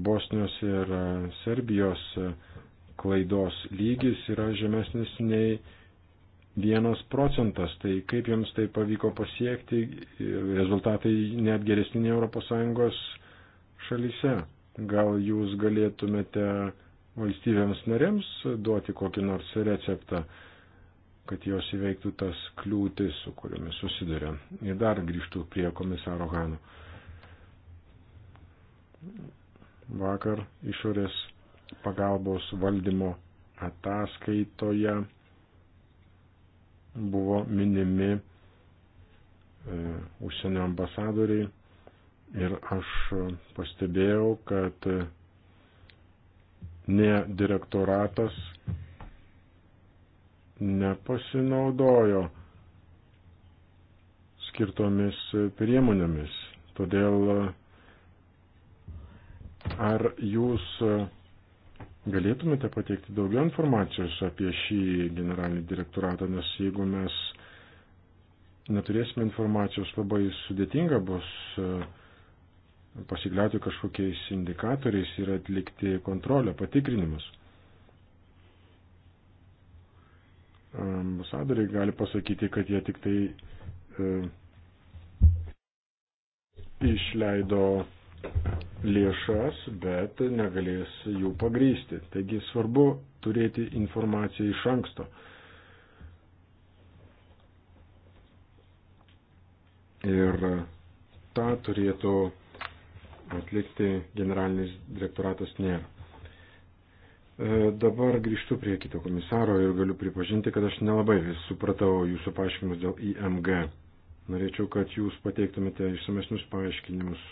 Bosnios ir Serbijos klaidos lygis yra žemesnis nei vienas procentas. Tai kaip jums tai pavyko pasiekti, rezultatai net geresni nei ES šalyse. Gal jūs galėtumėte valstybėms narėms duoti kokį nors receptą? kad jos įveiktų tas kliūtis, su kuriomis susiduria. Ir dar grįžtų prie komisaro Hano. Vakar išorės pagalbos valdymo ataskaitoje buvo minimi e, užsienio ambasadoriai ir aš pastebėjau, kad e, ne direktoratas nepasinaudojo skirtomis priemonėmis. Todėl ar jūs galėtumėte pateikti daugiau informacijos apie šį generalinį direktoratą, nes jeigu mes neturėsime informacijos, labai sudėtinga bus e, pasikliauti kažkokiais indikatoriais ir atlikti kontrolę, patikrinimus. ambasadoriai gali pasakyti, kad jie tik tai e, išleido lėšas, bet negalės jų pagrysti. Taigi svarbu turėti informaciją iš anksto. Ir tą turėtų atlikti generalinis direktoratas nėra. E, dabar grįžtu prie kito komisaro ir galiu pripažinti, kad aš nelabai vis supratau jūsų paaiškinimus dėl IMG. Norėčiau, kad jūs pateiktumėte išsamesnius paaiškinimus.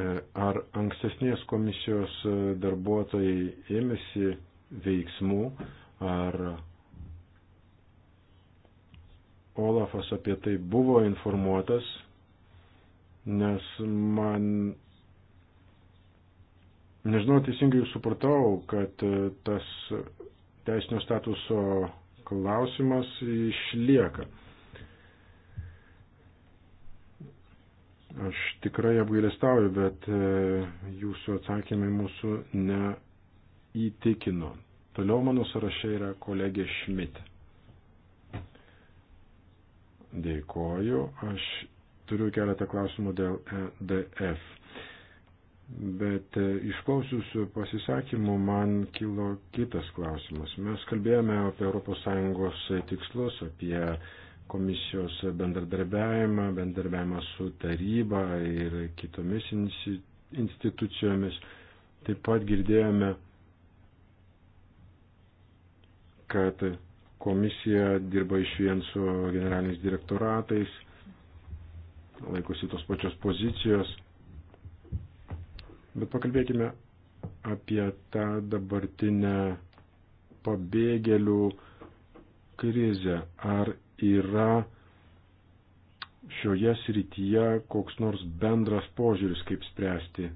E, ar ankstesnės komisijos e, darbuotojai ėmėsi veiksmų, ar Olafas apie tai buvo informuotas, nes man, nežinau, teisingai supratau, kad e, tas teisinio statuso klausimas išlieka. Aš tikrai apgailestauju, bet e, jūsų atsakymai mūsų neįtikino. Toliau mano sąraše yra kolegė Šmitė. Dėkoju. Aš turiu keletą klausimų dėl EDF. Bet e, išklausius pasisakymų man kilo kitas klausimas. Mes kalbėjome apie ES tikslus, apie komisijos bendradarbiavimą, bendradarbiavimą su taryba ir kitomis institucijomis. Taip pat girdėjome, kad Komisija dirba iš vien su generaliniais direktoratais, laikosi tos pačios pozicijos. Bet pakalbėkime apie tą dabartinę pabėgėlių krizę. Ar yra šioje srityje koks nors bendras požiūris, kaip spręsti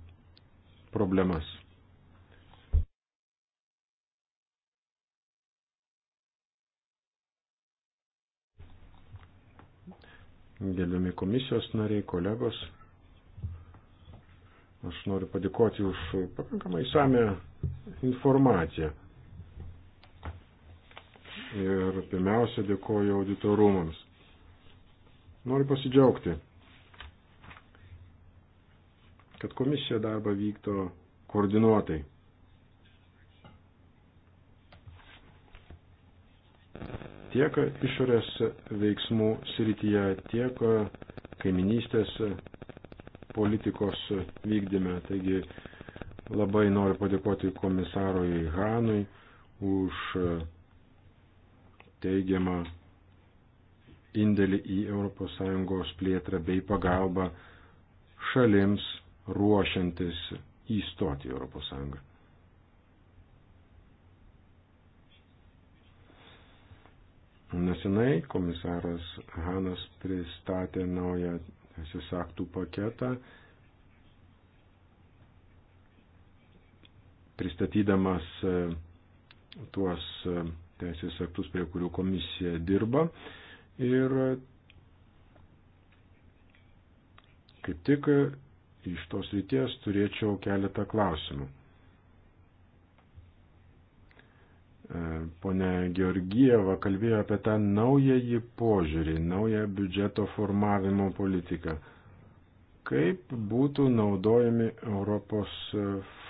problemas? gerbiami komisijos nariai, kolegos. Aš noriu padėkoti už pakankamai įsame informaciją. Ir pirmiausia, dėkoju auditorumams. Noriu pasidžiaugti, kad komisija darbą vykto koordinuotai. tiek išorės veiksmų srityje, tiek kaiminystės politikos vykdyme. Taigi labai noriu padėkoti komisarui Hanui už teigiamą indėlį į ES plėtrą bei pagalbą šalims ruošiantis įstoti į ES. Nesenai komisaras Hanas pristatė naują teisės aktų paketą, pristatydamas e, tuos e, teisės aktus, prie kurių komisija dirba. Ir kaip tik iš tos ryties turėčiau keletą klausimų. E, Pone Georgieva kalbėjo apie tą naująjį požiūrį, naują biudžeto formavimo politiką. Kaip būtų naudojami Europos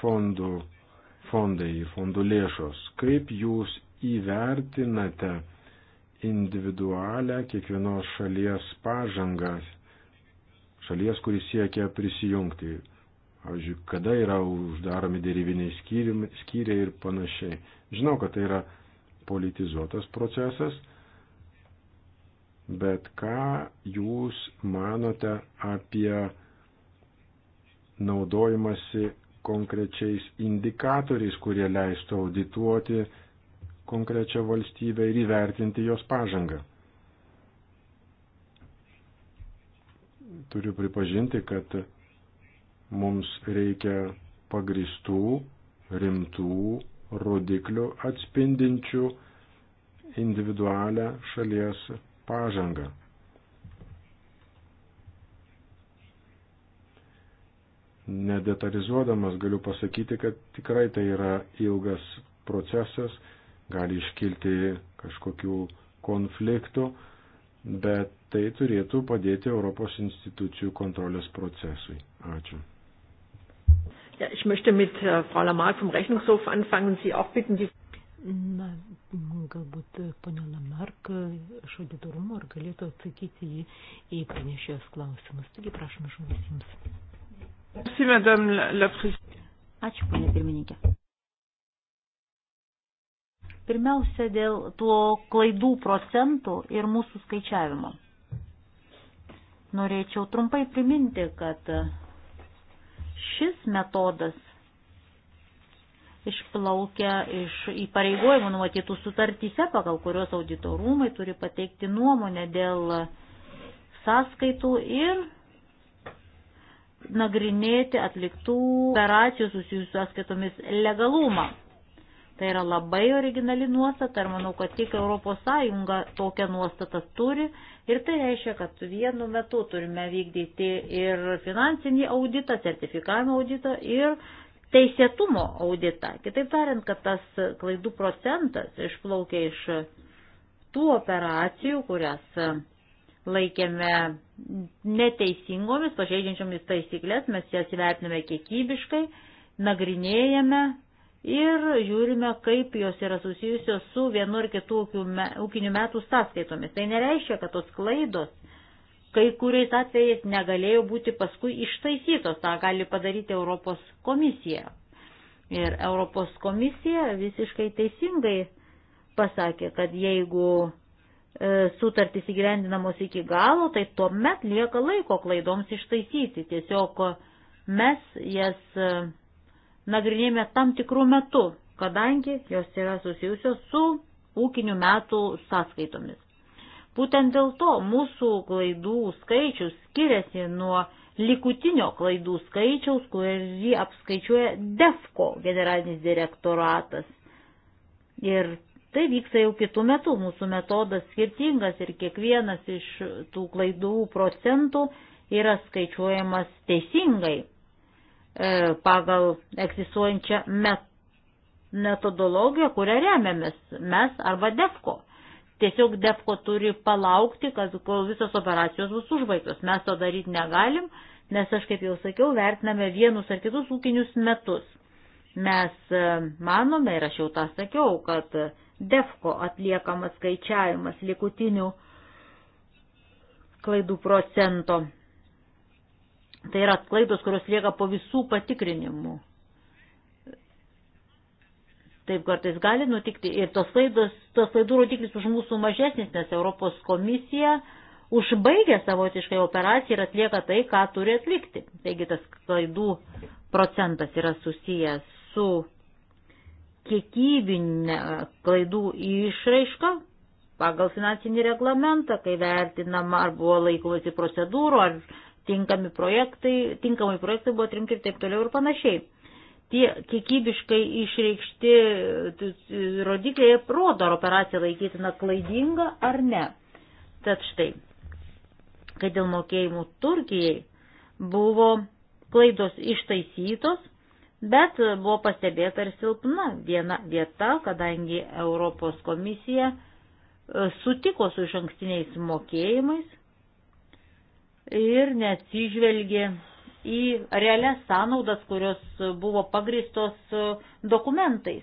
fondų, fondai, fondų lėšos? Kaip jūs įvertinate individualią kiekvienos šalies pažangą, šalies, kuris siekia prisijungti? pavyzdžiui, kada yra uždaromi dėrybiniai skyriai ir panašiai. Žinau, kad tai yra politizuotas procesas, bet ką jūs manote apie naudojimasi konkrečiais indikatoriais, kurie leistų audituoti konkrečią valstybę ir įvertinti jos pažangą. Turiu pripažinti, kad Mums reikia pagristų, rimtų rodiklių atspindinčių individualią šalies pažangą. Nedetalizuodamas galiu pasakyti, kad tikrai tai yra ilgas procesas, gali iškilti kažkokių konfliktų, bet tai turėtų padėti Europos institucijų kontrolės procesui. Ačiū. Ja, ich möchte mit äh, Frau Lamarck vom Rechnungshof anfangen und Sie auch bitten, die. Na, galbūt äh, ponia Lamarck äh, iš auditorumo ar galėtų atsakyti į, į pranešėjos klausimus. Taigi prašome žodis Jums. Ačiū, ponia pirmininkė. Pirmiausia, dėl tuo klaidų procentų ir mūsų skaičiavimo. Norėčiau trumpai priminti, kad Šis metodas išplaukia iš įpareigojimų numatytų sutartyse, pagal kurios auditorumai turi pateikti nuomonę dėl sąskaitų ir nagrinėti atliktų operacijų susijusių sąskaitomis legalumą. Tai yra labai originali nuostata ir manau, kad tik ES tokią nuostatą turi Ir tai reiškia, kad vienu metu turime vykdyti ir finansinį auditą, sertifikavimo auditą ir teisėtumo auditą. Kitaip tariant, kad tas klaidų procentas išplaukia iš tų operacijų, kurias laikėme neteisingomis, pažeidžiančiomis taisyklės, mes jas įvertiname kiekybiškai, nagrinėjame ir žiūrime, kaip jos yra susijusios su vienu ar kitų ūkinių metų sąskaitomis. Tai nereiškia, kad tos klaidos kai kuriais atvejais negalėjo būti paskui ištaisytos, tą gali padaryti Europos komisija. Ir Europos komisija visiškai teisingai pasakė, kad jeigu e, sutartys įgyvendinamos iki galo, tai tuomet lieka laiko klaidoms ištaisyti. Tiesiog mes jas e, nagrinėjame tam tikrų metų, kadangi jos yra susijusios su ūkinių metų sąskaitomis. Būtent dėl to mūsų klaidų skaičius skiriasi nuo likutinio klaidų skaičiaus, kurį apskaičiuoja DEFCO generalinis direktoratas. Ir tai vyksta jau kitų metų, mūsų metodas skirtingas ir kiekvienas iš tų klaidų procentų yra skaičiuojamas teisingai. E, pagal egzistuojančią metodologiją, kurią remiamės mes arba DEFCO. Tiesiog DEFCO turi palaukti, kad kol visos operacijos bus užbaigtos. Mes to daryti negalim, nes aš, kaip jau sakiau, vertiname vienus ar kitus ūkinius metus. Mes e, manome, ir aš jau tą sakiau, kad DEFCO atliekamas skaičiavimas likutinių klaidų procento Tai yra klaidos, kurios lieka po visų patikrinimų. Taip kartais gali nutikti ir tos, klaidos, tos klaidų rodiklis už mūsų mažesnis, nes Europos komisija užbaigia savotiškai operaciją ir atlieka tai, ką turi atlikti. Taigi tas klaidų procentas yra susijęs su kiekybinė klaidų išraiška pagal finansinį reglamentą, kai vertinama, ar buvo laikomasi procedūrų, ar tinkami projektai, tinkamai projektai buvo atrinkti ir taip toliau ir panašiai. Tie kiekybiškai išreikšti rodikliai rodo, ar operacija laikytina klaidinga ar ne. Tad štai, kai dėl mokėjimų Turkijai buvo klaidos ištaisytos, bet buvo pastebėta ir silpna viena vieta, kadangi Europos komisija e, sutiko su išankstiniais mokėjimais ir neatsižvelgė į realias sąnaudas, kurios buvo pagristos e, dokumentais.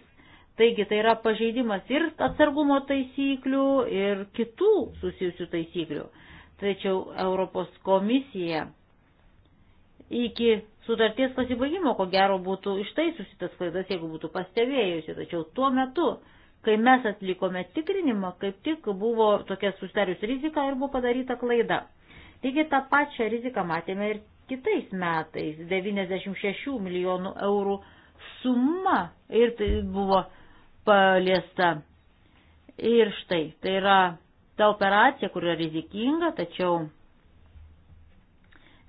Taigi tai yra pažeidimas ir atsargumo taisyklių, ir kitų susijusių taisyklių. Tačiau Europos komisija iki sutarties pasibaigimo, ko gero, būtų ištaisusi tas klaidas, jeigu būtų pastebėjusi. Tačiau tuo metu, kai mes atlikome tikrinimą, kaip tik buvo tokia susitarius rizika ir buvo padaryta klaida. Taigi tą pačią riziką matėme ir kitais metais 96 milijonų eurų suma ir tai buvo paliesta. Ir štai, tai yra ta operacija, kur yra rizikinga, tačiau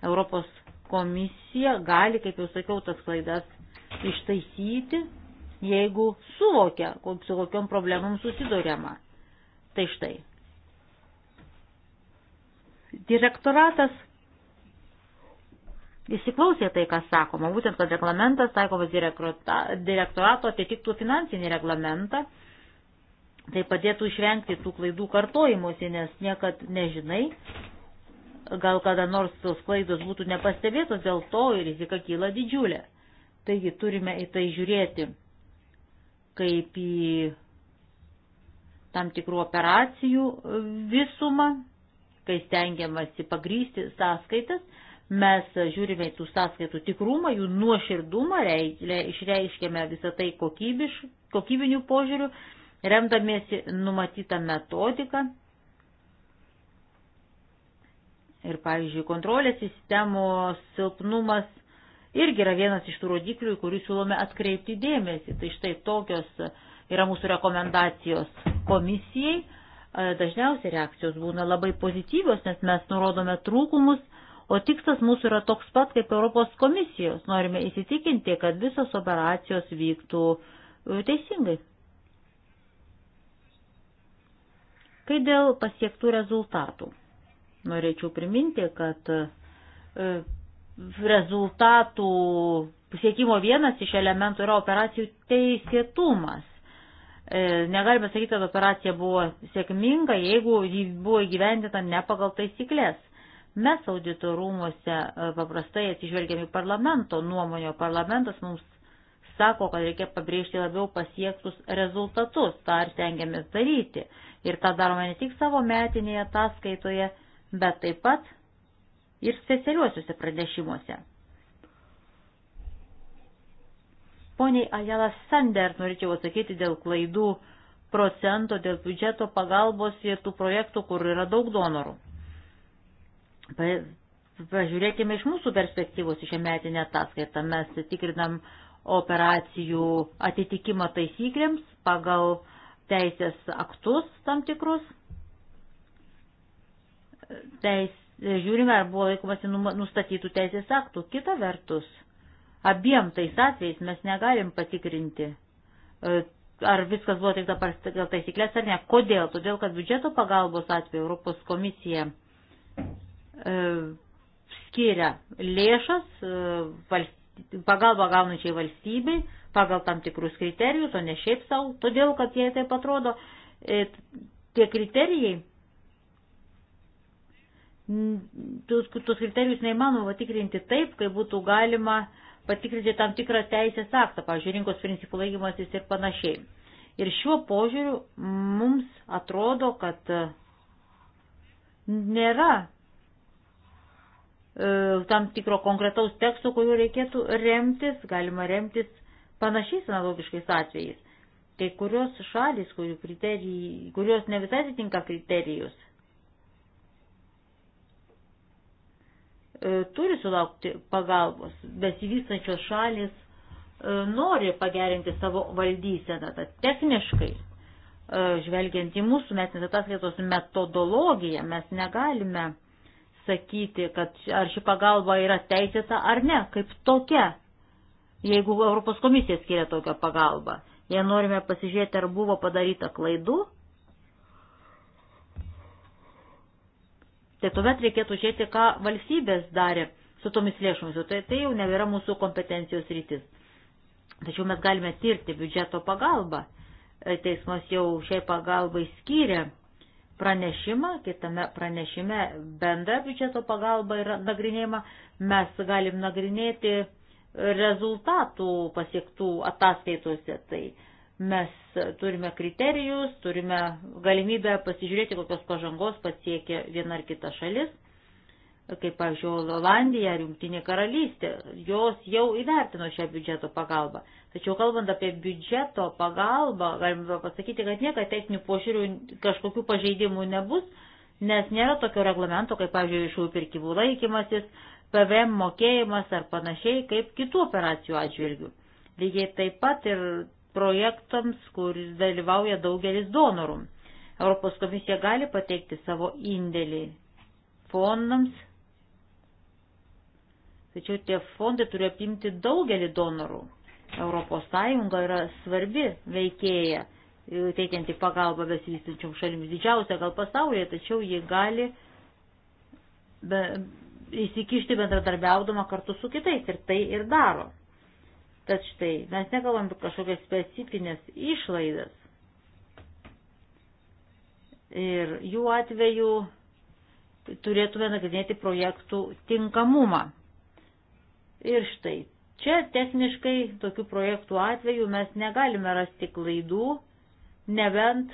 Europos komisija gali, kaip jau sakiau, tas klaidas ištaisyti, jeigu suvokia, su kokiom problemom susidurėma. Tai štai, Direktoratas įsiklausė tai, kas sakoma, būtent, kad reglamentas taikomas direktorato atitiktų finansinį reglamentą, tai padėtų išvengti tų klaidų kartojimuose, nes niekad nežinai, gal kada nors tos klaidos būtų nepastebėtos, dėl to ir rizika kyla didžiulė. Taigi turime į tai žiūrėti kaip į tam tikrų operacijų visumą kai stengiamasi pagrysti sąskaitas, mes žiūrime į tų sąskaitų tikrumą, jų nuoširdumą, išreiškėme visą tai kokybiš, kokybinių požiūrių, remdamiesi numatytą metodiką. Ir, pavyzdžiui, kontrolės sistemos silpnumas irgi yra vienas iš tų rodiklių, į kurį siūlome atkreipti dėmesį. Tai štai tokios yra mūsų rekomendacijos komisijai Dažniausiai reakcijos būna labai pozityvios, nes mes nurodome trūkumus, o tikslas mūsų yra toks pat kaip Europos komisijos. Norime įsitikinti, kad visos operacijos vyktų e, teisingai. Kai dėl pasiektų rezultatų, norėčiau priminti, kad e, rezultatų siekimo vienas iš elementų yra operacijų teisėtumas. E, Negalime sakyti, kad operacija buvo sėkminga, jeigu ji buvo įgyvendinta ne pagal taisyklės. Mes audito rūmose e, paprastai atsižvelgiam į parlamento nuomonio. Parlamentas mums sako, kad reikia pabrėžti labiau pasiektus rezultatus. Ta ir stengiamės daryti. Ir tą darome ne tik savo metinėje ataskaitoje, bet taip pat ir specialiuosiuose pranešimuose. Poniai Ajala Sander norėčiau atsakyti dėl klaidų procento, dėl biudžeto pagalbos ir tų projektų, kur yra daug donorų. Pažiūrėkime iš mūsų perspektyvos į šią metinę ataskaitą. Mes tikrinam operacijų atitikimą taisyklėms pagal teisės aktus tam tikrus. Teis, žiūrime, ar buvo laikomasi nustatytų teisės aktų. Kita vertus, Abiem tais atvejais mes negalim patikrinti, e, ar viskas buvo tik dabar pagal taisyklės ar ne. Kodėl? Todėl, kad biudžeto pagalbos atveju Europos komisija e, skiria lėšas e, pagalba gaunančiai valstybei pagal tam tikrus kriterijus, o ne šiaip savo, todėl, kad jie taip atrodo, tie kriterijai tuos, tuos kriterijus neįmanoma tikrinti taip, kaip būtų galima patikrinti tam tikrą teisės aktą, pavyzdžiui, rinkos principų laikymasis ir panašiai. Ir šiuo požiūriu mums atrodo, kad e, nėra e, tam tikro konkretaus teksto, kuriuo reikėtų remtis, galima remtis panašiais analogiškais atvejais. Kai kurios šalis, kurios ne visai atitinka kriterijus, E, turi sulaukti pagalbos. Besivystančios šalis e, nori pagerinti savo valdyseną. Tad techniškai, e, žvelgiant į mūsų metinės ataskaitos metodologiją, mes negalime sakyti, kad ar ši pagalba yra teisėta ar ne, kaip tokia, jeigu Europos komisija skiria tokią pagalbą. Jei norime pasižiūrėti, ar buvo padaryta klaidų, tai tuomet reikėtų žiūrėti, ką valstybės darė su tomis lėšomis, tai tai jau nebėra mūsų kompetencijos rytis. Tačiau mes galime tirti biudžeto pagalbą. E, teismas jau šiai pagalbai skyrė pranešimą, kitame pranešime bendra biudžeto pagalba yra nagrinėjama, mes galim nagrinėti rezultatų pasiektų ataskaitose. Tai Mes turime kriterijus, turime galimybę pasižiūrėti, kokios pažangos pasiekė viena ar kita šalis, kaip, pavyzdžiui, Olandija ar Junktinė karalystė. Jos jau įvertino šią biudžeto pagalbą. Tačiau kalbant apie biudžeto pagalbą, galime pasakyti, kad niekada teisinių požiūrių kažkokių pažeidimų nebus, nes nėra tokio reglamento, kaip, pavyzdžiui, viešųjų pirkimų laikymasis, PVM mokėjimas ar panašiai, kaip kitų operacijų atžvilgių. Lygiai taip pat ir projektams, kur dalyvauja daugelis donorų. Europos komisija gali pateikti savo indėlį fondams, tačiau tie fondai turi apimti daugelį donorų. Europos Sąjunga yra svarbi veikėja, teikianti pagalbą besivystančiom šalims didžiausia gal pasaulyje, tačiau ji gali be, įsikišti bendradarbiaudama kartu su kitais ir tai ir daro. Tad štai, mes nekalbam apie kažkokias specifines išlaidas. Ir jų atveju turėtume nagrinėti projektų tinkamumą. Ir štai, čia techniškai tokių projektų atveju mes negalime rasti klaidų, nebent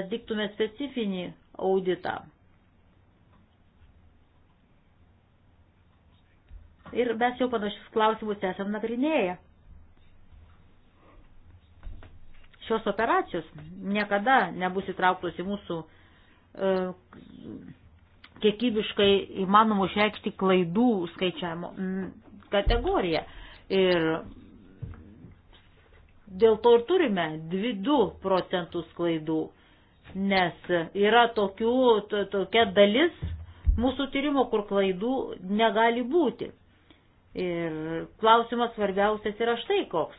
atliktume specifinį auditą ir mes jau panašius klausimus esam nagrinėję. Šios operacijos niekada nebus įtrauktos į mūsų e, kiekybiškai įmanomų išreikšti klaidų skaičiavimo mm, kategoriją. Ir dėl to ir turime 2 procentus klaidų, nes yra tokių, to, tokia dalis mūsų tyrimo, kur klaidų negali būti. Ir klausimas svarbiausias yra štai koks.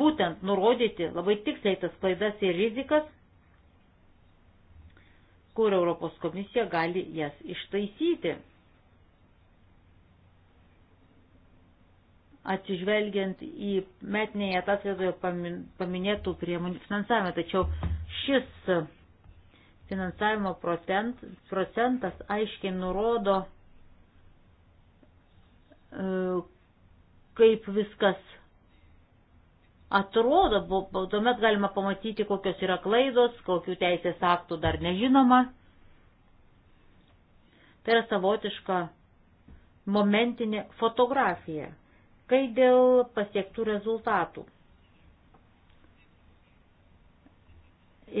Būtent nurodyti labai tiksliai tas klaidas ir rizikas, kur Europos komisija gali jas ištaisyti. atsižvelgiant į metinėje ataskaitoje paminėtų priemonių finansavimą. Tačiau šis finansavimo procent, procentas aiškiai nurodo kaip viskas atrodo, tuomet galima pamatyti, kokios yra klaidos, kokių teisės aktų dar nežinoma. Tai yra savotiška momentinė fotografija, kai dėl pasiektų rezultatų.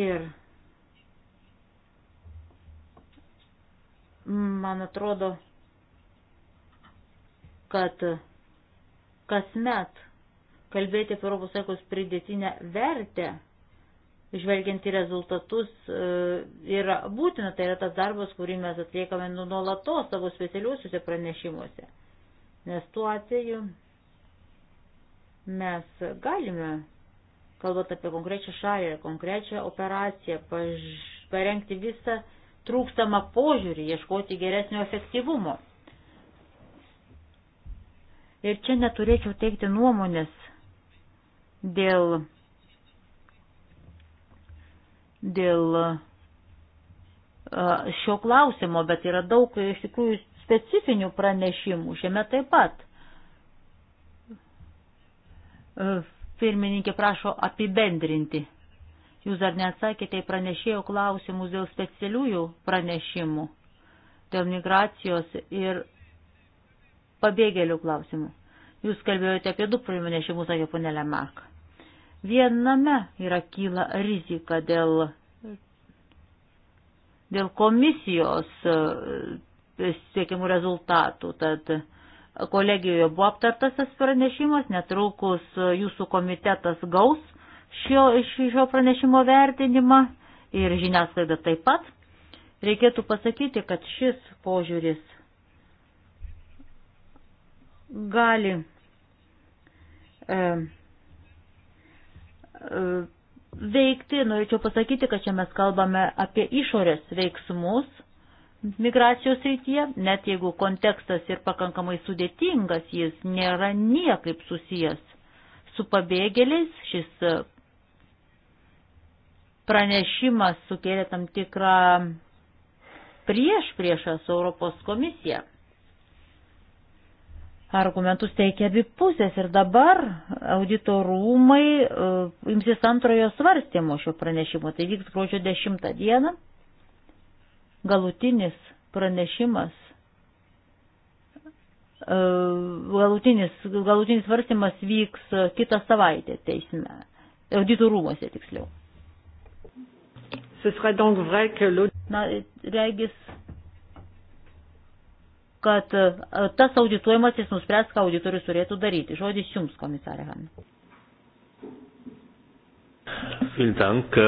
Ir man atrodo, kad kasmet kalbėti apie Europos Sąjungos pridėtinę vertę, žvelgiant į rezultatus, e, yra būtina, tai yra tas darbas, kurį mes atliekame nu, nuolatos savo specialiuosiuose pranešimuose. Nes tuo atveju mes galime, kalbant apie konkrečią šalį ir konkrečią operaciją, paž... parengti visą trūkstamą požiūrį, ieškoti geresnio efektyvumo. Ir čia neturėčiau teikti nuomonės dėl, dėl šio klausimo, bet yra daug iš tikrųjų specifinių pranešimų šiame taip pat. Pirmininkė prašo apibendrinti. Jūs dar neatsakėte į pranešėjo klausimus dėl specialiųjų pranešimų, dėl migracijos ir pabėgėlių klausimų. Jūs kalbėjote apie du pranešimus, sakė ponė Lemark. Viename yra kyla rizika dėl, dėl komisijos e, siekiamų rezultatų. Tad kolegijoje buvo aptartas tas pranešimas, netrukus jūsų komitetas gaus šio, šio pranešimo vertinimą ir žiniasklaida taip pat. Reikėtų pasakyti, kad šis požiūris gali e, e, veikti. Norėčiau pasakyti, kad čia mes kalbame apie išorės veiksmus migracijos rytyje, net jeigu kontekstas ir pakankamai sudėtingas, jis nėra niekaip susijęs su pabėgėliais. Šis pranešimas sukėlė tam tikrą prieš priešą su Europos komisija argumentus teikia abi pusės ir dabar audito rūmai uh, e, imsis antrojo svarstymo šio pranešimo. Tai vyks gruodžio 10 dieną. Galutinis pranešimas, uh, galutinis, galutinis svarstymas vyks kitą savaitę teisme, audito rūmose tiksliau. Na, regis kad e, tas audituojimasis nuspręs, ką auditorius turėtų daryti. Žodis jums, komisarė Han. Äh,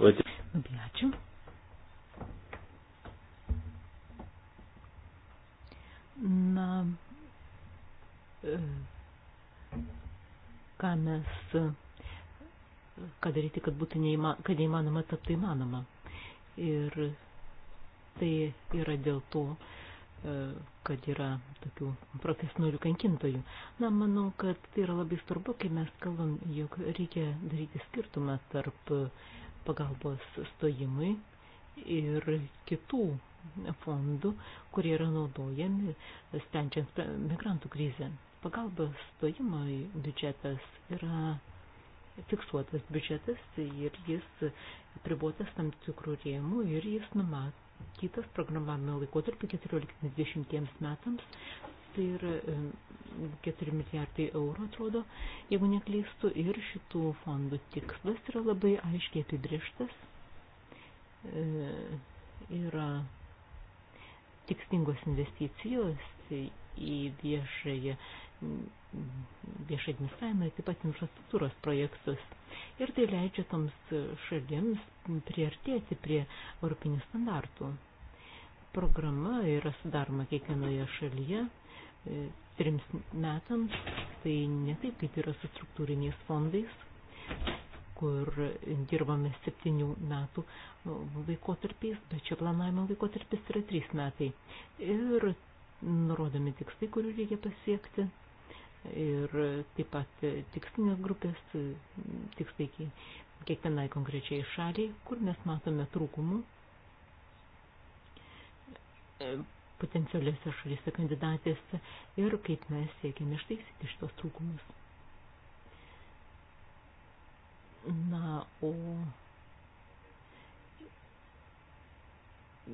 Labai ačiū. Na, e, ką mes, ką daryti, kad būtų neįma, kad neįmanoma taptų įmanoma. Ir tai yra dėl to, E, kad yra tokių profesionalių kankintojų. Na, manau, kad tai yra labai svarbu, kai mes kalbam, jog reikia daryti skirtumą tarp pagalbos stojimui ir kitų fondų, kurie yra naudojami stenčiant migrantų krizę. Pagalbos stojimo biudžetas yra fiksuotas biudžetas ir jis pribuotas tam tikrų rėmų ir jis numato kitas programavimo laikotarpį 14-20 metams, tai yra 4 e, milijardai eurų atrodo, jeigu neklystu, ir šitų fondų tikslas yra labai aiškiai apibrieštas, e, yra tikslingos investicijos į viešąją viešą administravimą, taip pat infrastruktūros projektus. Ir tai leidžia toms šalims priartėti prie europinių standartų. Programa yra sudaroma kiekvienoje šalyje e, trims metams, tai ne taip, kaip yra su struktūriniais fondais, kur dirbame septynių metų laikotarpiais, bet čia planavimo laikotarpis yra trys metai. Ir nurodomi tikslai, kurių reikia pasiekti ir taip pat tikslinės grupės, tikslai kiekvienai konkrečiai šaliai, kur mes matome trūkumų e, potencialiuose šalyse kandidatėse ir kaip mes siekime ištaisyti šitos trūkumus. Na, o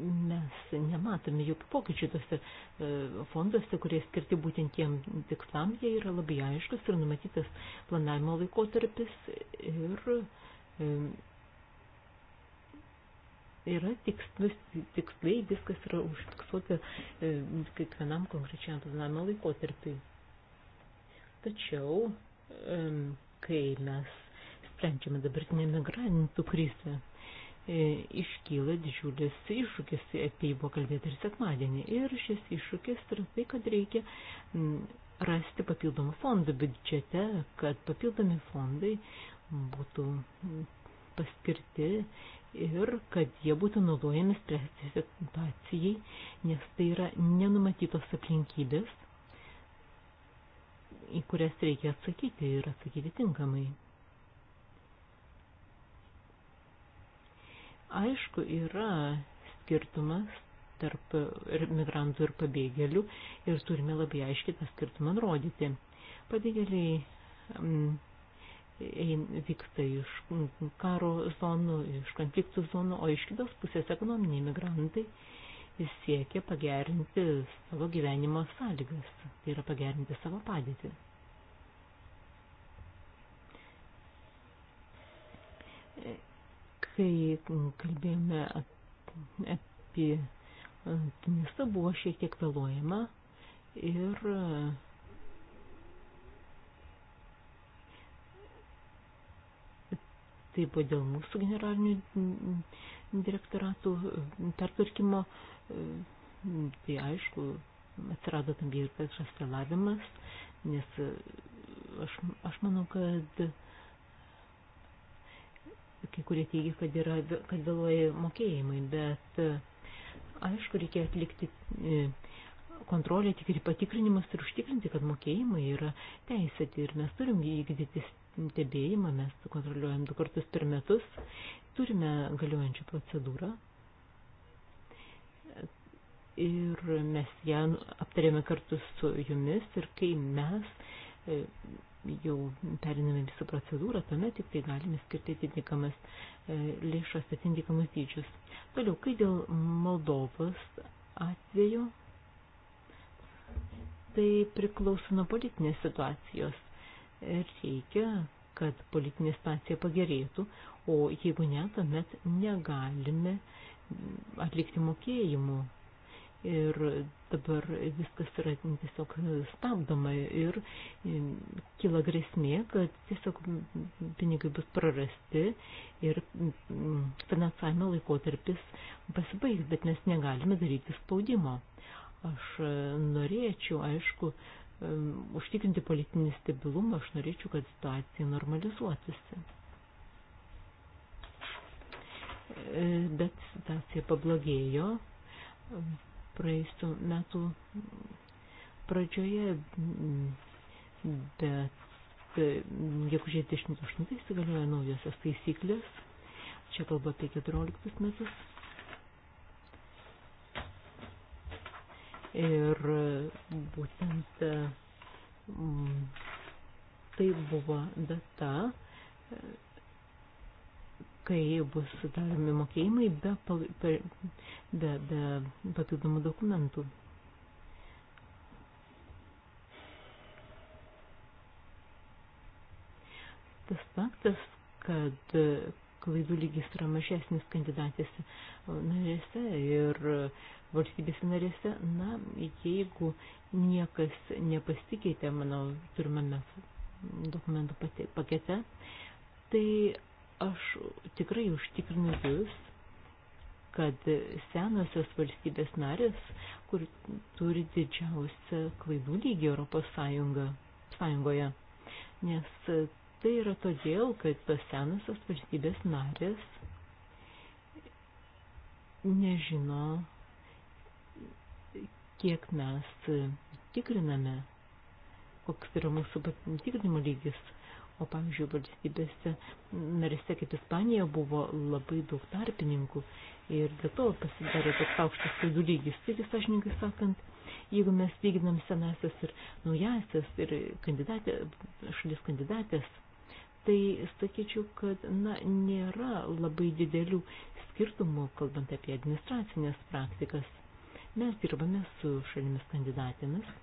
mes nematome jokių pokyčių tose e, fonduose, kurie skirti būtent tiem tikslam, jie yra labai aiškus ir numatytas planavimo laikotarpis ir e, yra tikslus, tikslai, viskas yra užfiksuota e, kiekvienam konkrečiam planavimo laikotarpiui. Tačiau, kai mes sprendžiame dabartinę migrantų krizę, E, iškyla didžiulis iššūkis, apie jį buvo kalbėta ir sekmadienį. Ir šis iššūkis yra tai, kad reikia rasti papildomų fondų biudžete, kad papildomi fondai būtų paskirti ir kad jie būtų naudojami spręsti situacijai, nes tai yra nenumatytos aplinkybės, į kurias reikia atsakyti ir atsakyti tinkamai. Aišku, yra skirtumas tarp migrantų ir pabėgėlių ir turime labai aiškiai tą skirtumą nurodyti. Pabėgėliai mm, vyksta iš karo zonų, iš konfliktų zonų, o iš kitos pusės ekonominiai migrantai siekia pagerinti savo gyvenimo sąlygas, tai yra pagerinti savo padėtį. kai kalbėjome apie e, Tunisą, buvo šiek tiek vėluojama ir e, tai buvo dėl mūsų generalinių direktoratų pertvarkymo, e, tai aišku, atsirado tam ir tas žastelavimas, nes aš, aš manau, kad kai kurie teigia, kad, yra, kad vėluoja mokėjimai, bet aišku, reikia atlikti e, kontrolę, tik ir patikrinimus ir užtikrinti, kad mokėjimai yra teisėti ir mes turim vykdyti stebėjimą, mes kontroliuojam du kartus per metus, turime galiojančią procedūrą ir mes ją aptarėme kartu su jumis ir kai mes e, jau periname visą procedūrą, tuomet tik tai galime skirti atitinkamas e, lėšas, atitinkamus dydžius. Toliau, kai dėl Moldovos atveju, tai priklauso nuo politinės situacijos. Reikia, kad politinė situacija pagerėtų, o jeigu ne, tuomet negalime atlikti mokėjimų ir dabar viskas yra tiesiog stabdoma ir mm, kyla grėsmė, kad tiesiog pinigai bus prarasti ir mm, finansavimo laikotarpis pasibaigs, bet mes negalime daryti spaudimo. Aš e, norėčiau, aišku, e, užtikrinti politinį stabilumą, aš norėčiau, kad situacija normalizuotųsi. E, bet situacija pablogėjo, praėjusiu metu pradžioje, bet e, gegužės 28 įsigaliojo naujosios taisyklės, čia kalba apie 14 metus. Ir e, būtent e, tai buvo data, kai bus daromi mokėjimai be, be, be papildomų dokumentų. Tas faktas, kad klaidų lygis yra mažesnis kandidatėse narėse ir valstybėse narėse, na, jeigu niekas nepasikeitė, manau, turime dokumentų pakete, tai Aš tikrai užtikrinu jūs, kad senosios valstybės narės, kur turi didžiausią klaidų lygį Europos Sąjunga, Sąjungoje, nes tai yra todėl, kad tos senosios valstybės narės nežino, kiek mes tikriname, koks yra mūsų tikrinimo lygis O pavyzdžiui, valstybėse narėse kaip Ispanija buvo labai daug tarpininkų ir dėl to pasidarė toks aukštas klaidų lygis. Taigi, sąžininkai sakant, jeigu mes lyginam senasias ir naujasias ir kandidatė, šalis kandidatės, tai sakyčiau, kad na, nėra labai didelių skirtumų, kalbant apie administracinės praktikas. Mes dirbame su šalimis kandidatėmis.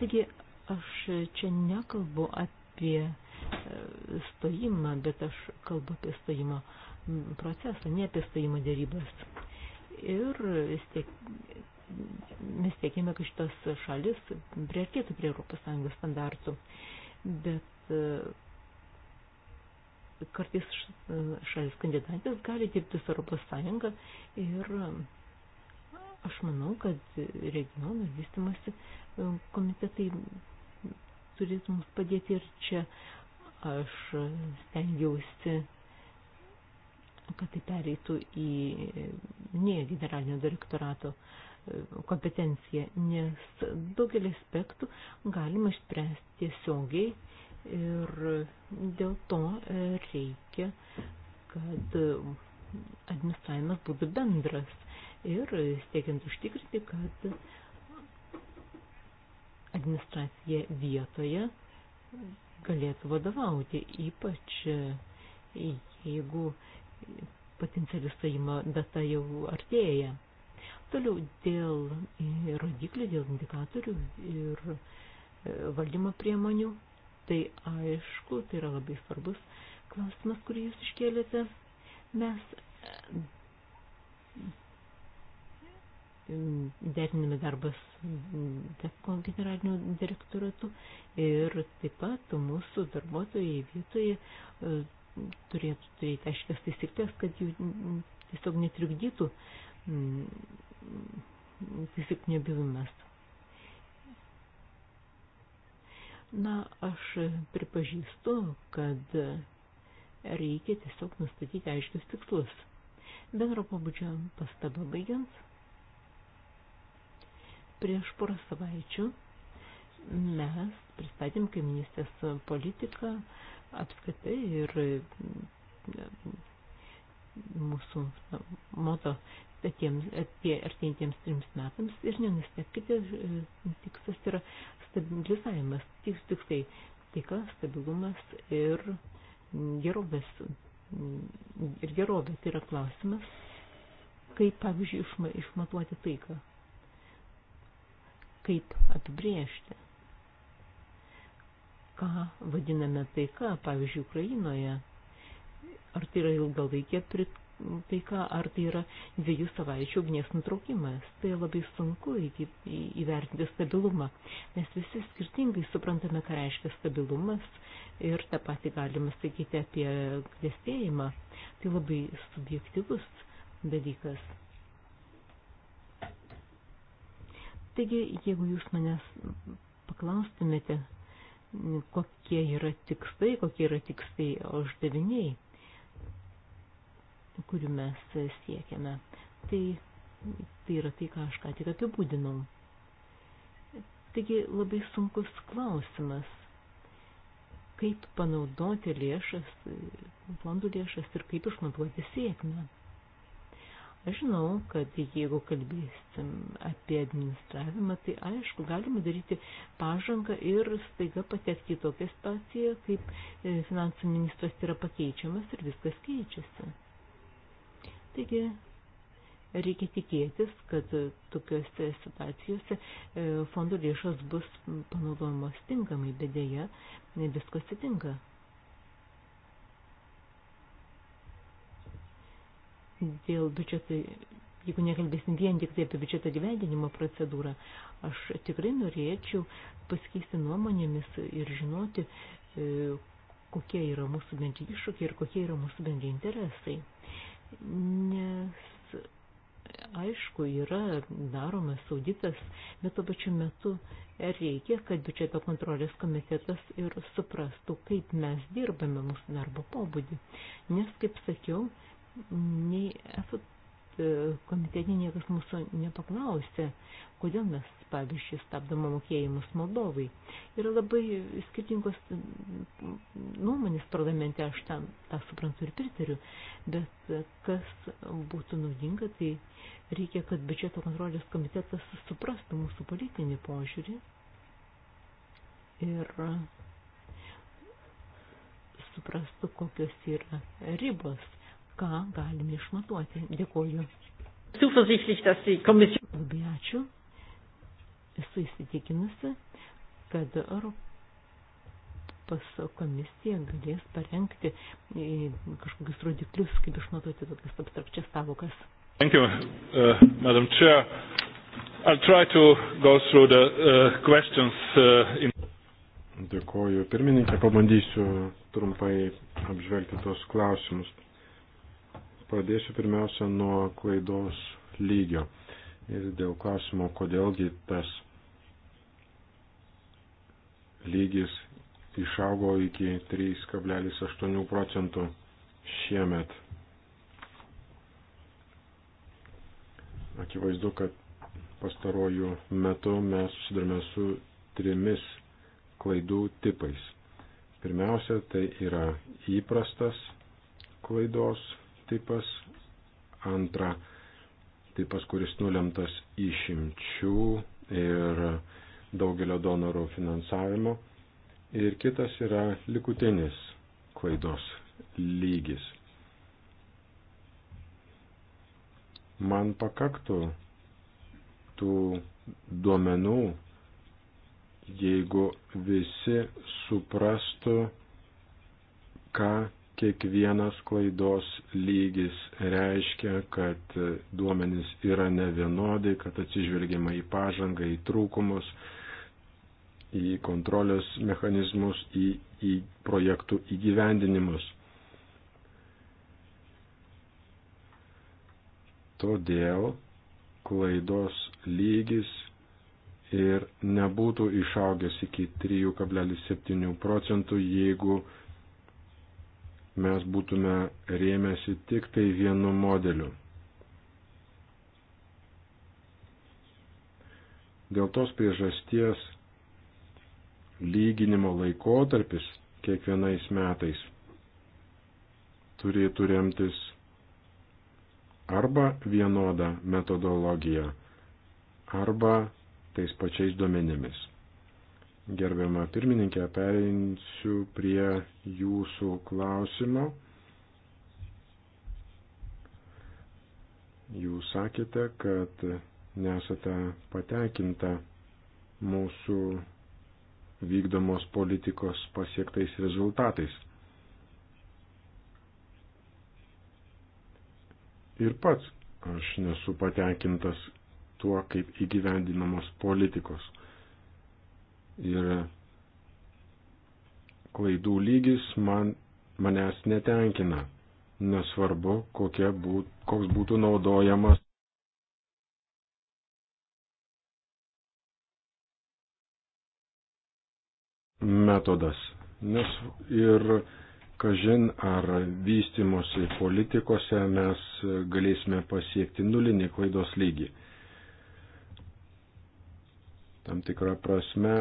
Taigi Aš čia nekalbu apie e, stojimą, bet aš kalbu apie stojimo procesą, ne apie stojimo dėrybas. Ir vis tiek, mes tiekime, kad šitos šalis priartėtų prie ES standartų, bet e, kartais e, šalis kandidatės gali dirbti su ES ir aš manau, kad regionų vystimasi komitetai turės mums padėti ir čia aš stengiausi, kad tai pereitų į ne generalinio direktorato e, kompetenciją, nes daugelį aspektų galima išspręsti tiesiogiai ir dėl to e, reikia, kad administravimas būtų bendras ir siekiant užtikrinti, kad administracija vietoje galėtų vadovauti, ypač e, jeigu potencialių stojimo data jau artėja. Toliau dėl rodiklių, dėl indikatorių ir e, valdymo priemonių, tai aišku, tai yra labai svarbus klausimas, kurį jūs iškėlėte. Mes derinami darbas DEFCON generaliniu direktoratu ir taip pat mūsų darbuotojai vietoje e, turėtų turėti aiškias taisyklės, kad jų tiesiog netrikdytų mm, taisyklinio bivimas. Na, aš pripažįstu, kad reikia tiesiog nustatyti aiškius tikslus. Bendro pabudžio pastaba baigiant. Prieš porą savaičių mes pristatėm kaiminystės politiką apskritai ir mm, mūsų moto artėjantiems trims metams ir nenustepkite, tikslas yra stabilizavimas, tiks tik tai taika, stabilumas ir gerovės. Mm, ir gerovė tai yra klausimas, kaip pavyzdžiui išmatuoti taiką kaip apibriežti. Ką vadiname taika, pavyzdžiui, Ukrainoje? Ar tai yra ilgalaikė taika, ar tai yra dviejų savaičių ugnies nutraukimas? Tai labai sunku įvertinti stabilumą, nes visi skirtingai suprantame, ką reiškia stabilumas ir tą patį galima sakyti apie klėstėjimą. Tai labai subjektivus dalykas Taigi, jeigu jūs manęs paklaustumėte, kokie yra tikslai, kokie yra tikslai uždaviniai, kurių mes siekiame, tai, tai yra tai, ką aš ką tik apibūdinau. Taigi labai sunkus klausimas, kaip panaudoti lėšas, fondų lėšas ir kaip išmatuoti sėkmę. Aš žinau, kad jeigu kalbėsim apie administravimą, tai aišku, galima daryti pažangą ir staiga patekti į tokią situaciją, kaip e, finansų ministras yra pakeičiamas ir viskas keičiasi. Taigi, reikia tikėtis, kad tokiuose situacijose e, fondų lėšos bus panaudojamos tinkamai, bet dėja viskas atsitinka. dėl biudžeto, jeigu nekalbėsim vien tik tai apie biudžeto gyvendinimo procedūrą, aš tikrai norėčiau pasikeisti nuomonėmis ir žinoti, e, kokie yra mūsų bendri iššūkiai ir kokie yra mūsų bendri interesai. Nes, aišku, yra daromas auditas, bet tuo pačiu metu reikia, kad biudžeto kontrolės komitetas ir suprastų, kaip mes dirbame mūsų darbo pobūdį. Nes, kaip sakiau, nei esat e, komitete niekas mūsų nepaklausė, kodėl mes, pavyzdžiui, stabdome mokėjimus Moldovai. Yra labai skirtingos e, nuomonės parlamente, aš tam tą suprantu ir pritariu, bet kas būtų naudinga, tai reikia, kad biudžeto kontrolės komitetas suprastų mūsų politinį požiūrį ir suprastų, kokios yra ribos ką galime išmatuoti. Dėkuoju. Labai ačiū. Esu įsitikinusi, kad Europos komisija galės parengti e, kažkokius rodiklius, kaip išmatuoti tokias abstrakčias savokas. Thank you, uh, Madam Chair. I'll try to go through the uh, questions. Uh, in... Dėkoju. Pirmininkė, pabandysiu trumpai apžvelgti tos klausimus. Pradėsiu pirmiausia nuo klaidos lygio ir dėl klausimo, kodėlgi tas lygis išaugo iki 3,8 procentų šiemet. Akivaizdu, kad pastarojų metų mes susidurime su trimis klaidų tipais. Pirmiausia, tai yra įprastas klaidos tipas, antra tipas, kuris nulemtas išimčių ir daugelio donorų finansavimo, ir kitas yra likutinis klaidos lygis. Man pakaktų tų duomenų, jeigu visi suprastų, ką kiekvienas klaidos lygis reiškia, kad duomenys yra nevienodai, kad atsižvelgiama į pažangą, į trūkumus, į kontrolės mechanizmus, į, į projektų įgyvendinimus. Todėl klaidos lygis ir nebūtų išaugęs iki 3,7 procentų, jeigu mes būtume rėmėsi tik tai vienu modeliu. Dėl tos priežasties lyginimo laikotarpis kiekvienais metais turėtų remtis arba vienodą metodologiją, arba tais pačiais duomenimis. Gerbiama pirmininkė, pereinsiu prie jūsų klausimo. Jūs sakėte, kad nesate patekinta mūsų vykdomos politikos pasiektais rezultatais. Ir pats aš nesu patekintas tuo, kaip įgyvendinamos politikos ir klaidų lygis man, manęs netenkina, nesvarbu, būt, koks būtų naudojamas. Metodas. Nes ir kažin ar vystimosi politikose mes galėsime pasiekti nulinį klaidos lygį. Tam tikrą prasme